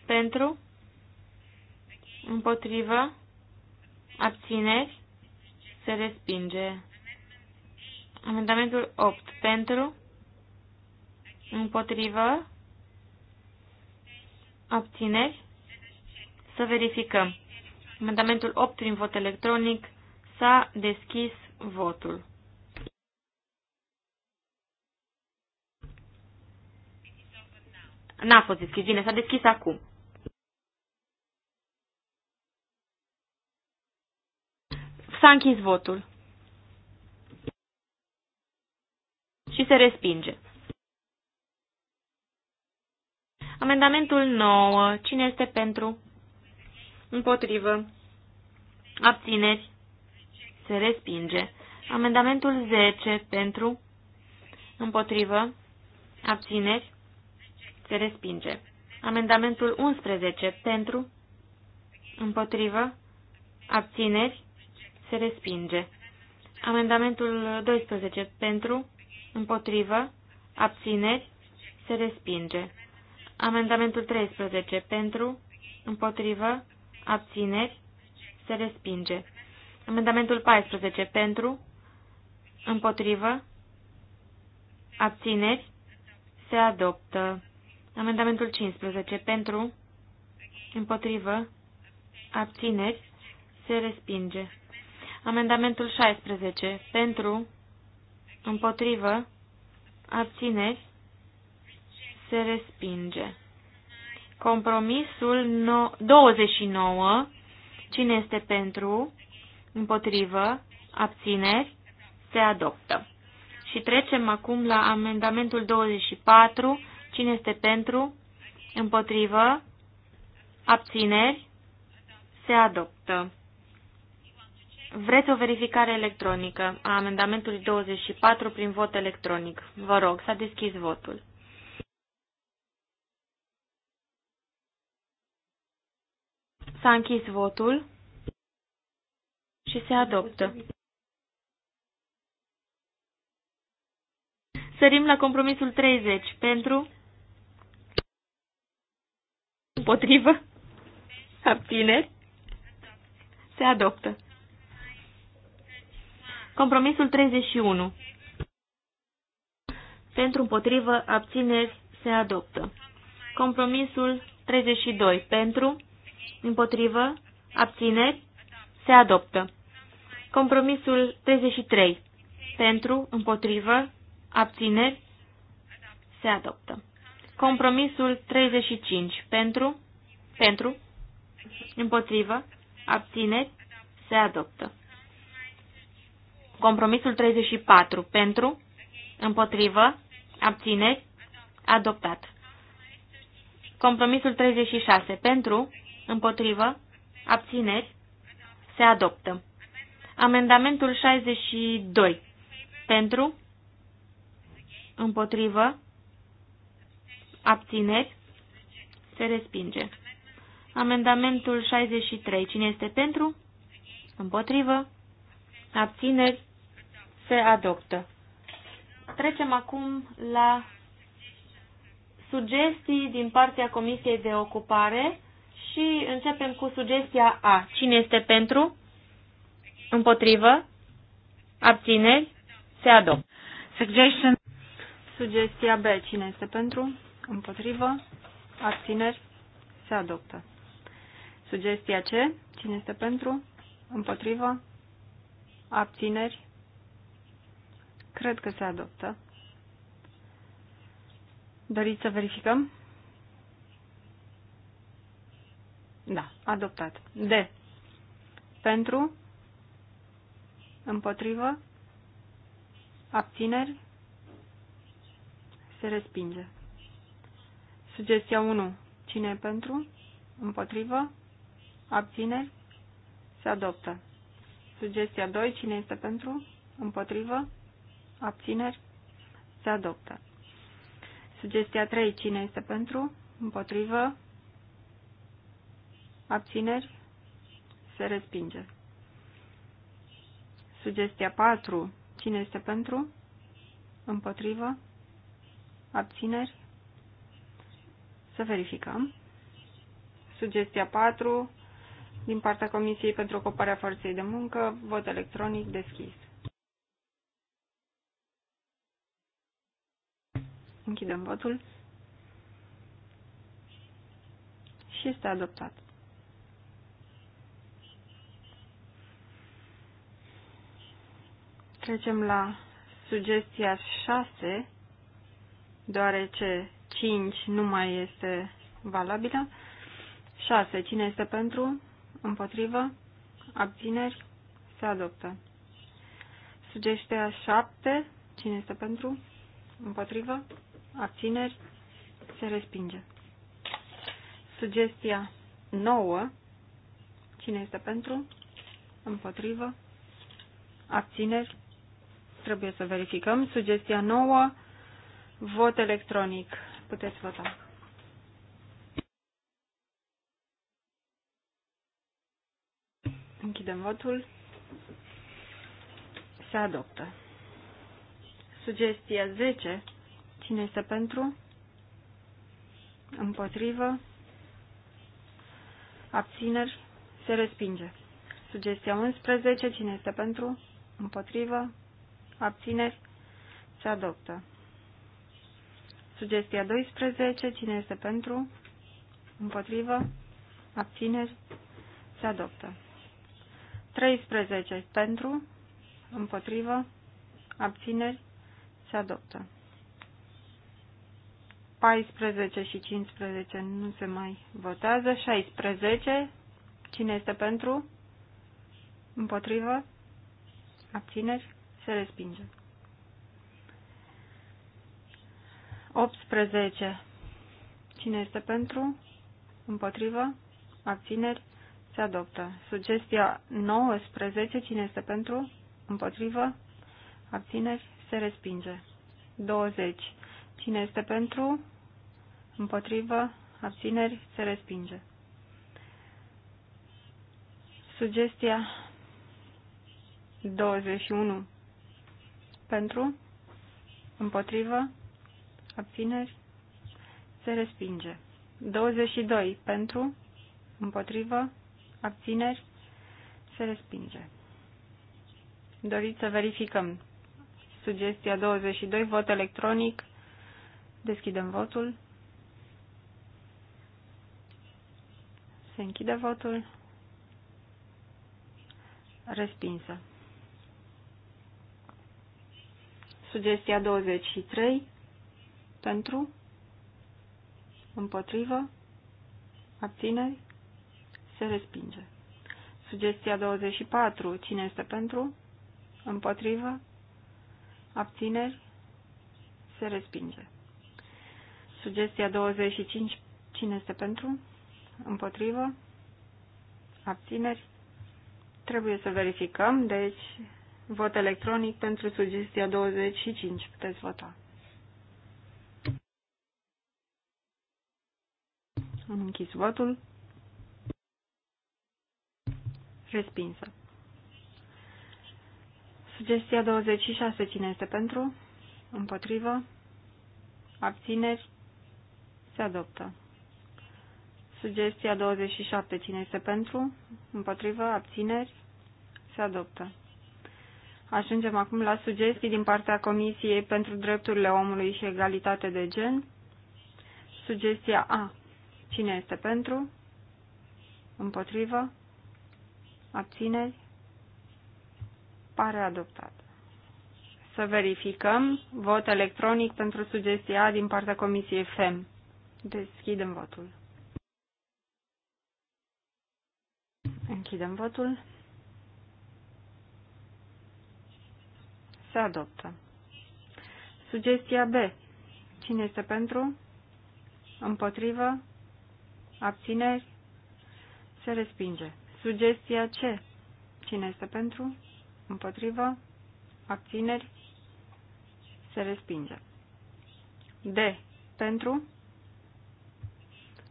Pentru? Împotrivă? Abțineri? Se respinge. Amendamentul 8. Pentru? Împotrivă? Abțineri? Să verificăm. Amendamentul 8 prin vot electronic S-a deschis votul. N-a fost deschis, bine, s-a deschis acum. S-a închis votul. Și se respinge. Amendamentul 9. Cine este pentru? Împotrivă. Abțineri. Se respinge. Amendamentul 10 pentru, împotrivă, abțineri, se respinge. Amendamentul 11 pentru, împotrivă, abțineri, se respinge. Amendamentul 12 pentru, împotrivă, abțineri, se respinge. Amendamentul 13 pentru, împotrivă, abțineri, se respinge. Amendamentul 14. Pentru, împotrivă, abțineri, se adoptă. Amendamentul 15. Pentru, împotrivă, abțineri, se respinge. Amendamentul 16. Pentru, împotrivă, abțineri, se respinge. Compromisul no 29. Cine este pentru? împotrivă, abțineri, se adoptă. Și trecem acum la amendamentul 24. Cine este pentru? Împotrivă? Abțineri? Se adoptă. Vreți o verificare electronică a amendamentului 24 prin vot electronic? Vă rog, s-a deschis votul. S-a închis votul și se adoptă. Sărim la compromisul 30 pentru împotrivă abțineri se adoptă. Compromisul 31 pentru împotrivă abțineri se adoptă. Compromisul 32 pentru împotrivă abțineri se adoptă. Compromisul 33. Pentru, împotrivă, abțineri, se adoptă. Compromisul 35. Pentru, pentru, împotrivă, abțineri, se adoptă. Compromisul 34. Pentru, împotrivă, abțineri, adoptat. Compromisul 36. Pentru, împotrivă, abțineri, se adoptă. Amendamentul 62. Pentru? Împotrivă? Abțineri? Se respinge. Amendamentul 63. Cine este pentru? Împotrivă? Abțineri? Se adoptă. Trecem acum la sugestii din partea Comisiei de Ocupare și începem cu sugestia A. Cine este pentru? Împotrivă? Abțineri? Se adoptă. Suggestion. Sugestia B. Cine este pentru? Împotrivă? Abțineri? Se adoptă. Sugestia C. Cine este pentru? Împotrivă? Abțineri? Cred că se adoptă. Doriți să verificăm? Da, adoptat. D. Pentru? Împotrivă? Abțineri? Se respinge. Sugestia 1. Cine e pentru? Împotrivă? Abțineri? Se adoptă. Sugestia 2. Cine este pentru? Împotrivă? Abțineri? Se adoptă. Sugestia 3. Cine este pentru? Împotrivă? Abțineri? Se respinge. Sugestia 4. Cine este pentru? Împotrivă? Abțineri? Să verificăm. Sugestia 4 din partea Comisiei pentru Ocuparea Forței de Muncă, vot electronic deschis. Închidem votul. Și este adoptat. Trecem la sugestia 6, deoarece 5 nu mai este valabilă. 6. Cine este pentru? Împotrivă? Abțineri? Se adoptă. Sugestia 7. Cine este pentru? Împotrivă? Abțineri? Se respinge. Sugestia 9. Cine este pentru? Împotrivă? Abțineri? Trebuie să verificăm. Sugestia nouă, vot electronic. Puteți vota. Închidem votul. Se adoptă. Sugestia 10. Cine este pentru? Împotrivă? Abțineri? Se respinge. Sugestia 11. Cine este pentru? Împotrivă? abțineri, se adoptă. Sugestia 12, cine este pentru, împotrivă, abțineri, se adoptă. 13, pentru, împotrivă, abțineri, se adoptă. 14 și 15 nu se mai votează. 16. Cine este pentru? Împotrivă? Abțineri? Se respinge. 18. Cine este pentru? Împotrivă? Abțineri? Se adoptă. Sugestia 19. Cine este pentru? Împotrivă? Abțineri? Se respinge. 20. Cine este pentru? Împotrivă? Abțineri? Se respinge. Sugestia 21 pentru, împotrivă, abțineri, se respinge. 22 pentru, împotrivă, abțineri, se respinge. Doriți să verificăm sugestia 22, vot electronic, deschidem votul. Se închide votul. Respinsă. Sugestia 23 pentru, împotrivă, abțineri, se respinge. Sugestia 24, cine este pentru, împotrivă, abțineri, se respinge. Sugestia 25, cine este pentru, împotrivă, abțineri, trebuie să verificăm, deci Vot electronic pentru sugestia 25. Puteți vota. Am închis votul. Respinsă. Sugestia 26. Cine este pentru? Împotrivă? Abțineri? Se adoptă. Sugestia 27. Cine este pentru? Împotrivă? Abțineri? Se adoptă. Ajungem acum la sugestii din partea Comisiei pentru Drepturile Omului și Egalitate de Gen. Sugestia A. Cine este pentru? Împotrivă? Abțineri? Pare adoptat. Să verificăm. Vot electronic pentru sugestia A din partea Comisiei FEM. Deschidem votul. Închidem votul. Se adoptă. Sugestia B. Cine este pentru? Împotrivă? Abțineri? Se respinge. Sugestia C. Cine este pentru? Împotrivă? Abțineri? Se respinge. D. Pentru?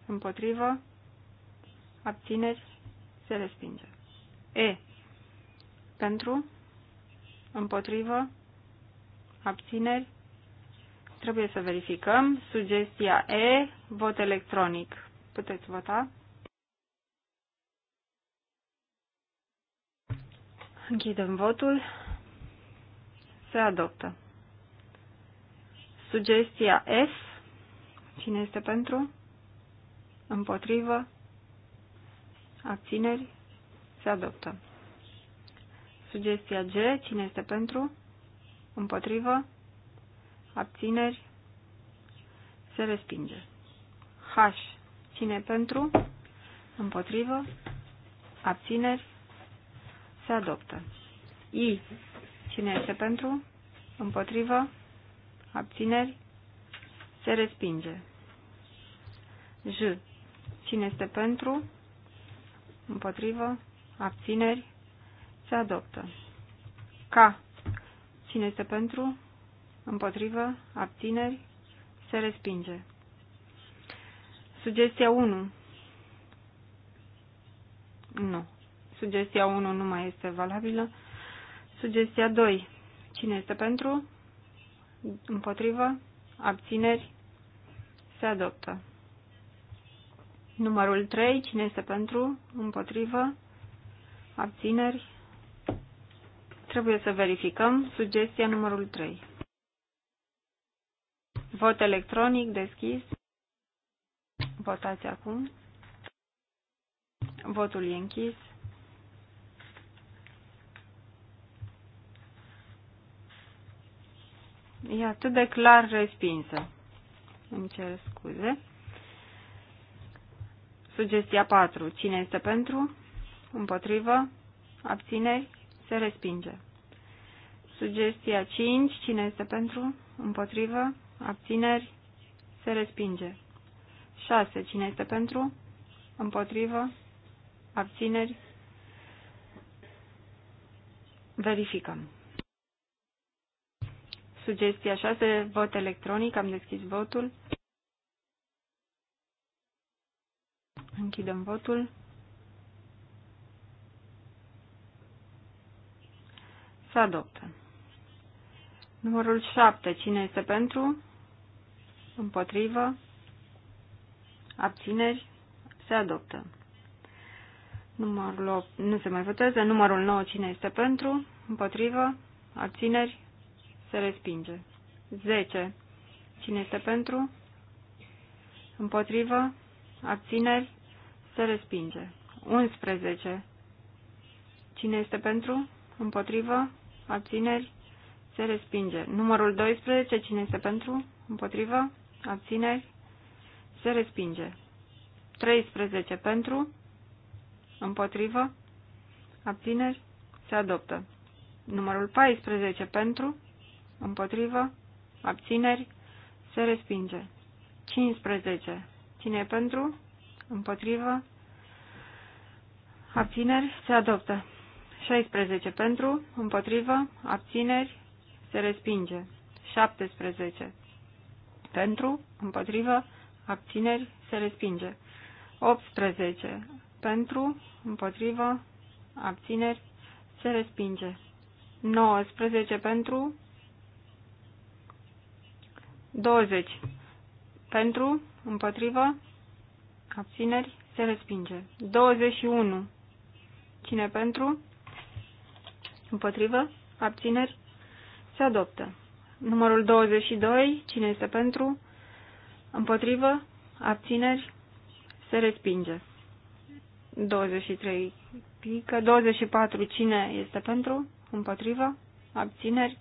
Împotrivă? Abțineri? Se respinge. E. Pentru? Împotrivă? Abțineri? Trebuie să verificăm. Sugestia E, vot electronic. Puteți vota. Închidem votul. Se adoptă. Sugestia S Cine este pentru? Împotrivă? Abțineri? Se adoptă. Sugestia G. Cine este pentru? Împotrivă? Abțineri? Se respinge. H. Cine pentru? Împotrivă? Abțineri? Se adoptă. I. Cine este pentru? Împotrivă? Abțineri? Se respinge. J. Cine este pentru? Împotrivă? Abțineri? Se adoptă. K. Cine este pentru? Împotrivă? Abțineri? Se respinge. Sugestia 1. Nu. Sugestia 1 nu mai este valabilă. Sugestia 2. Cine este pentru? Împotrivă? Abțineri? Se adoptă. Numărul 3. Cine este pentru? Împotrivă? Abțineri? Trebuie să verificăm sugestia numărul 3. Vot electronic deschis. Votați acum. Votul e închis. E atât de clar respinsă. Îmi cer scuze. Sugestia 4. Cine este pentru? Împotrivă? Abțineri? se respinge. Sugestia 5, cine este pentru, împotrivă, abțineri, se respinge. 6, cine este pentru, împotrivă, abțineri, verificăm. Sugestia 6, vot electronic, am deschis votul. Închidem votul. Se adoptă. Numărul 7. Cine este pentru? Împotrivă? Abțineri? Se adoptă. Numărul 8. Nu se mai voteze. Numărul 9. Cine este pentru? Împotrivă? Abțineri? Se respinge. 10. Cine este pentru? Împotrivă? Abțineri? Se respinge. 11. Cine este pentru? Împotrivă? abțineri, se respinge. Numărul 12, cine este pentru, împotrivă, abțineri, se respinge. 13 pentru, împotrivă, abțineri, se adoptă. Numărul 14 pentru, împotrivă, abțineri, se respinge. 15. Cine e pentru? Împotrivă? Abțineri? Se adoptă. 16 pentru, împotrivă, abțineri, se respinge. 17 pentru, împotrivă, abțineri, se respinge. 18 pentru, împotrivă, abțineri, se respinge. 19 pentru, 20 pentru, împotrivă, abțineri, se respinge. 21 cine pentru, Împotrivă? Abțineri? Se adoptă. Numărul 22. Cine este pentru? Împotrivă? Abțineri? Se respinge. 23. Pică. 24. Cine este pentru? Împotrivă? Abțineri?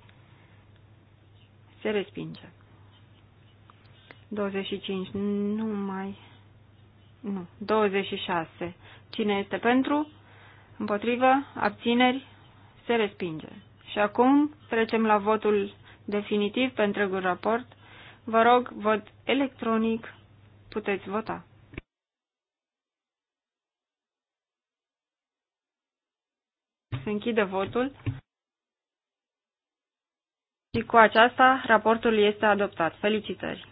Se respinge. 25. Nu mai... Nu. 26. Cine este pentru? Împotrivă? Abțineri? Se respinge. Și acum trecem la votul definitiv pe întregul raport. Vă rog, vot electronic. Puteți vota. Se închide votul. Și cu aceasta, raportul este adoptat. Felicitări!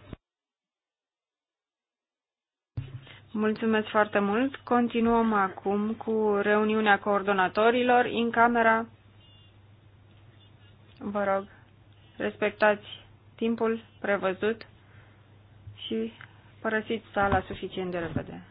Mulțumesc foarte mult. Continuăm acum cu reuniunea coordonatorilor în camera Vă rog, respectați timpul prevăzut și părăsiți sala suficient de repede.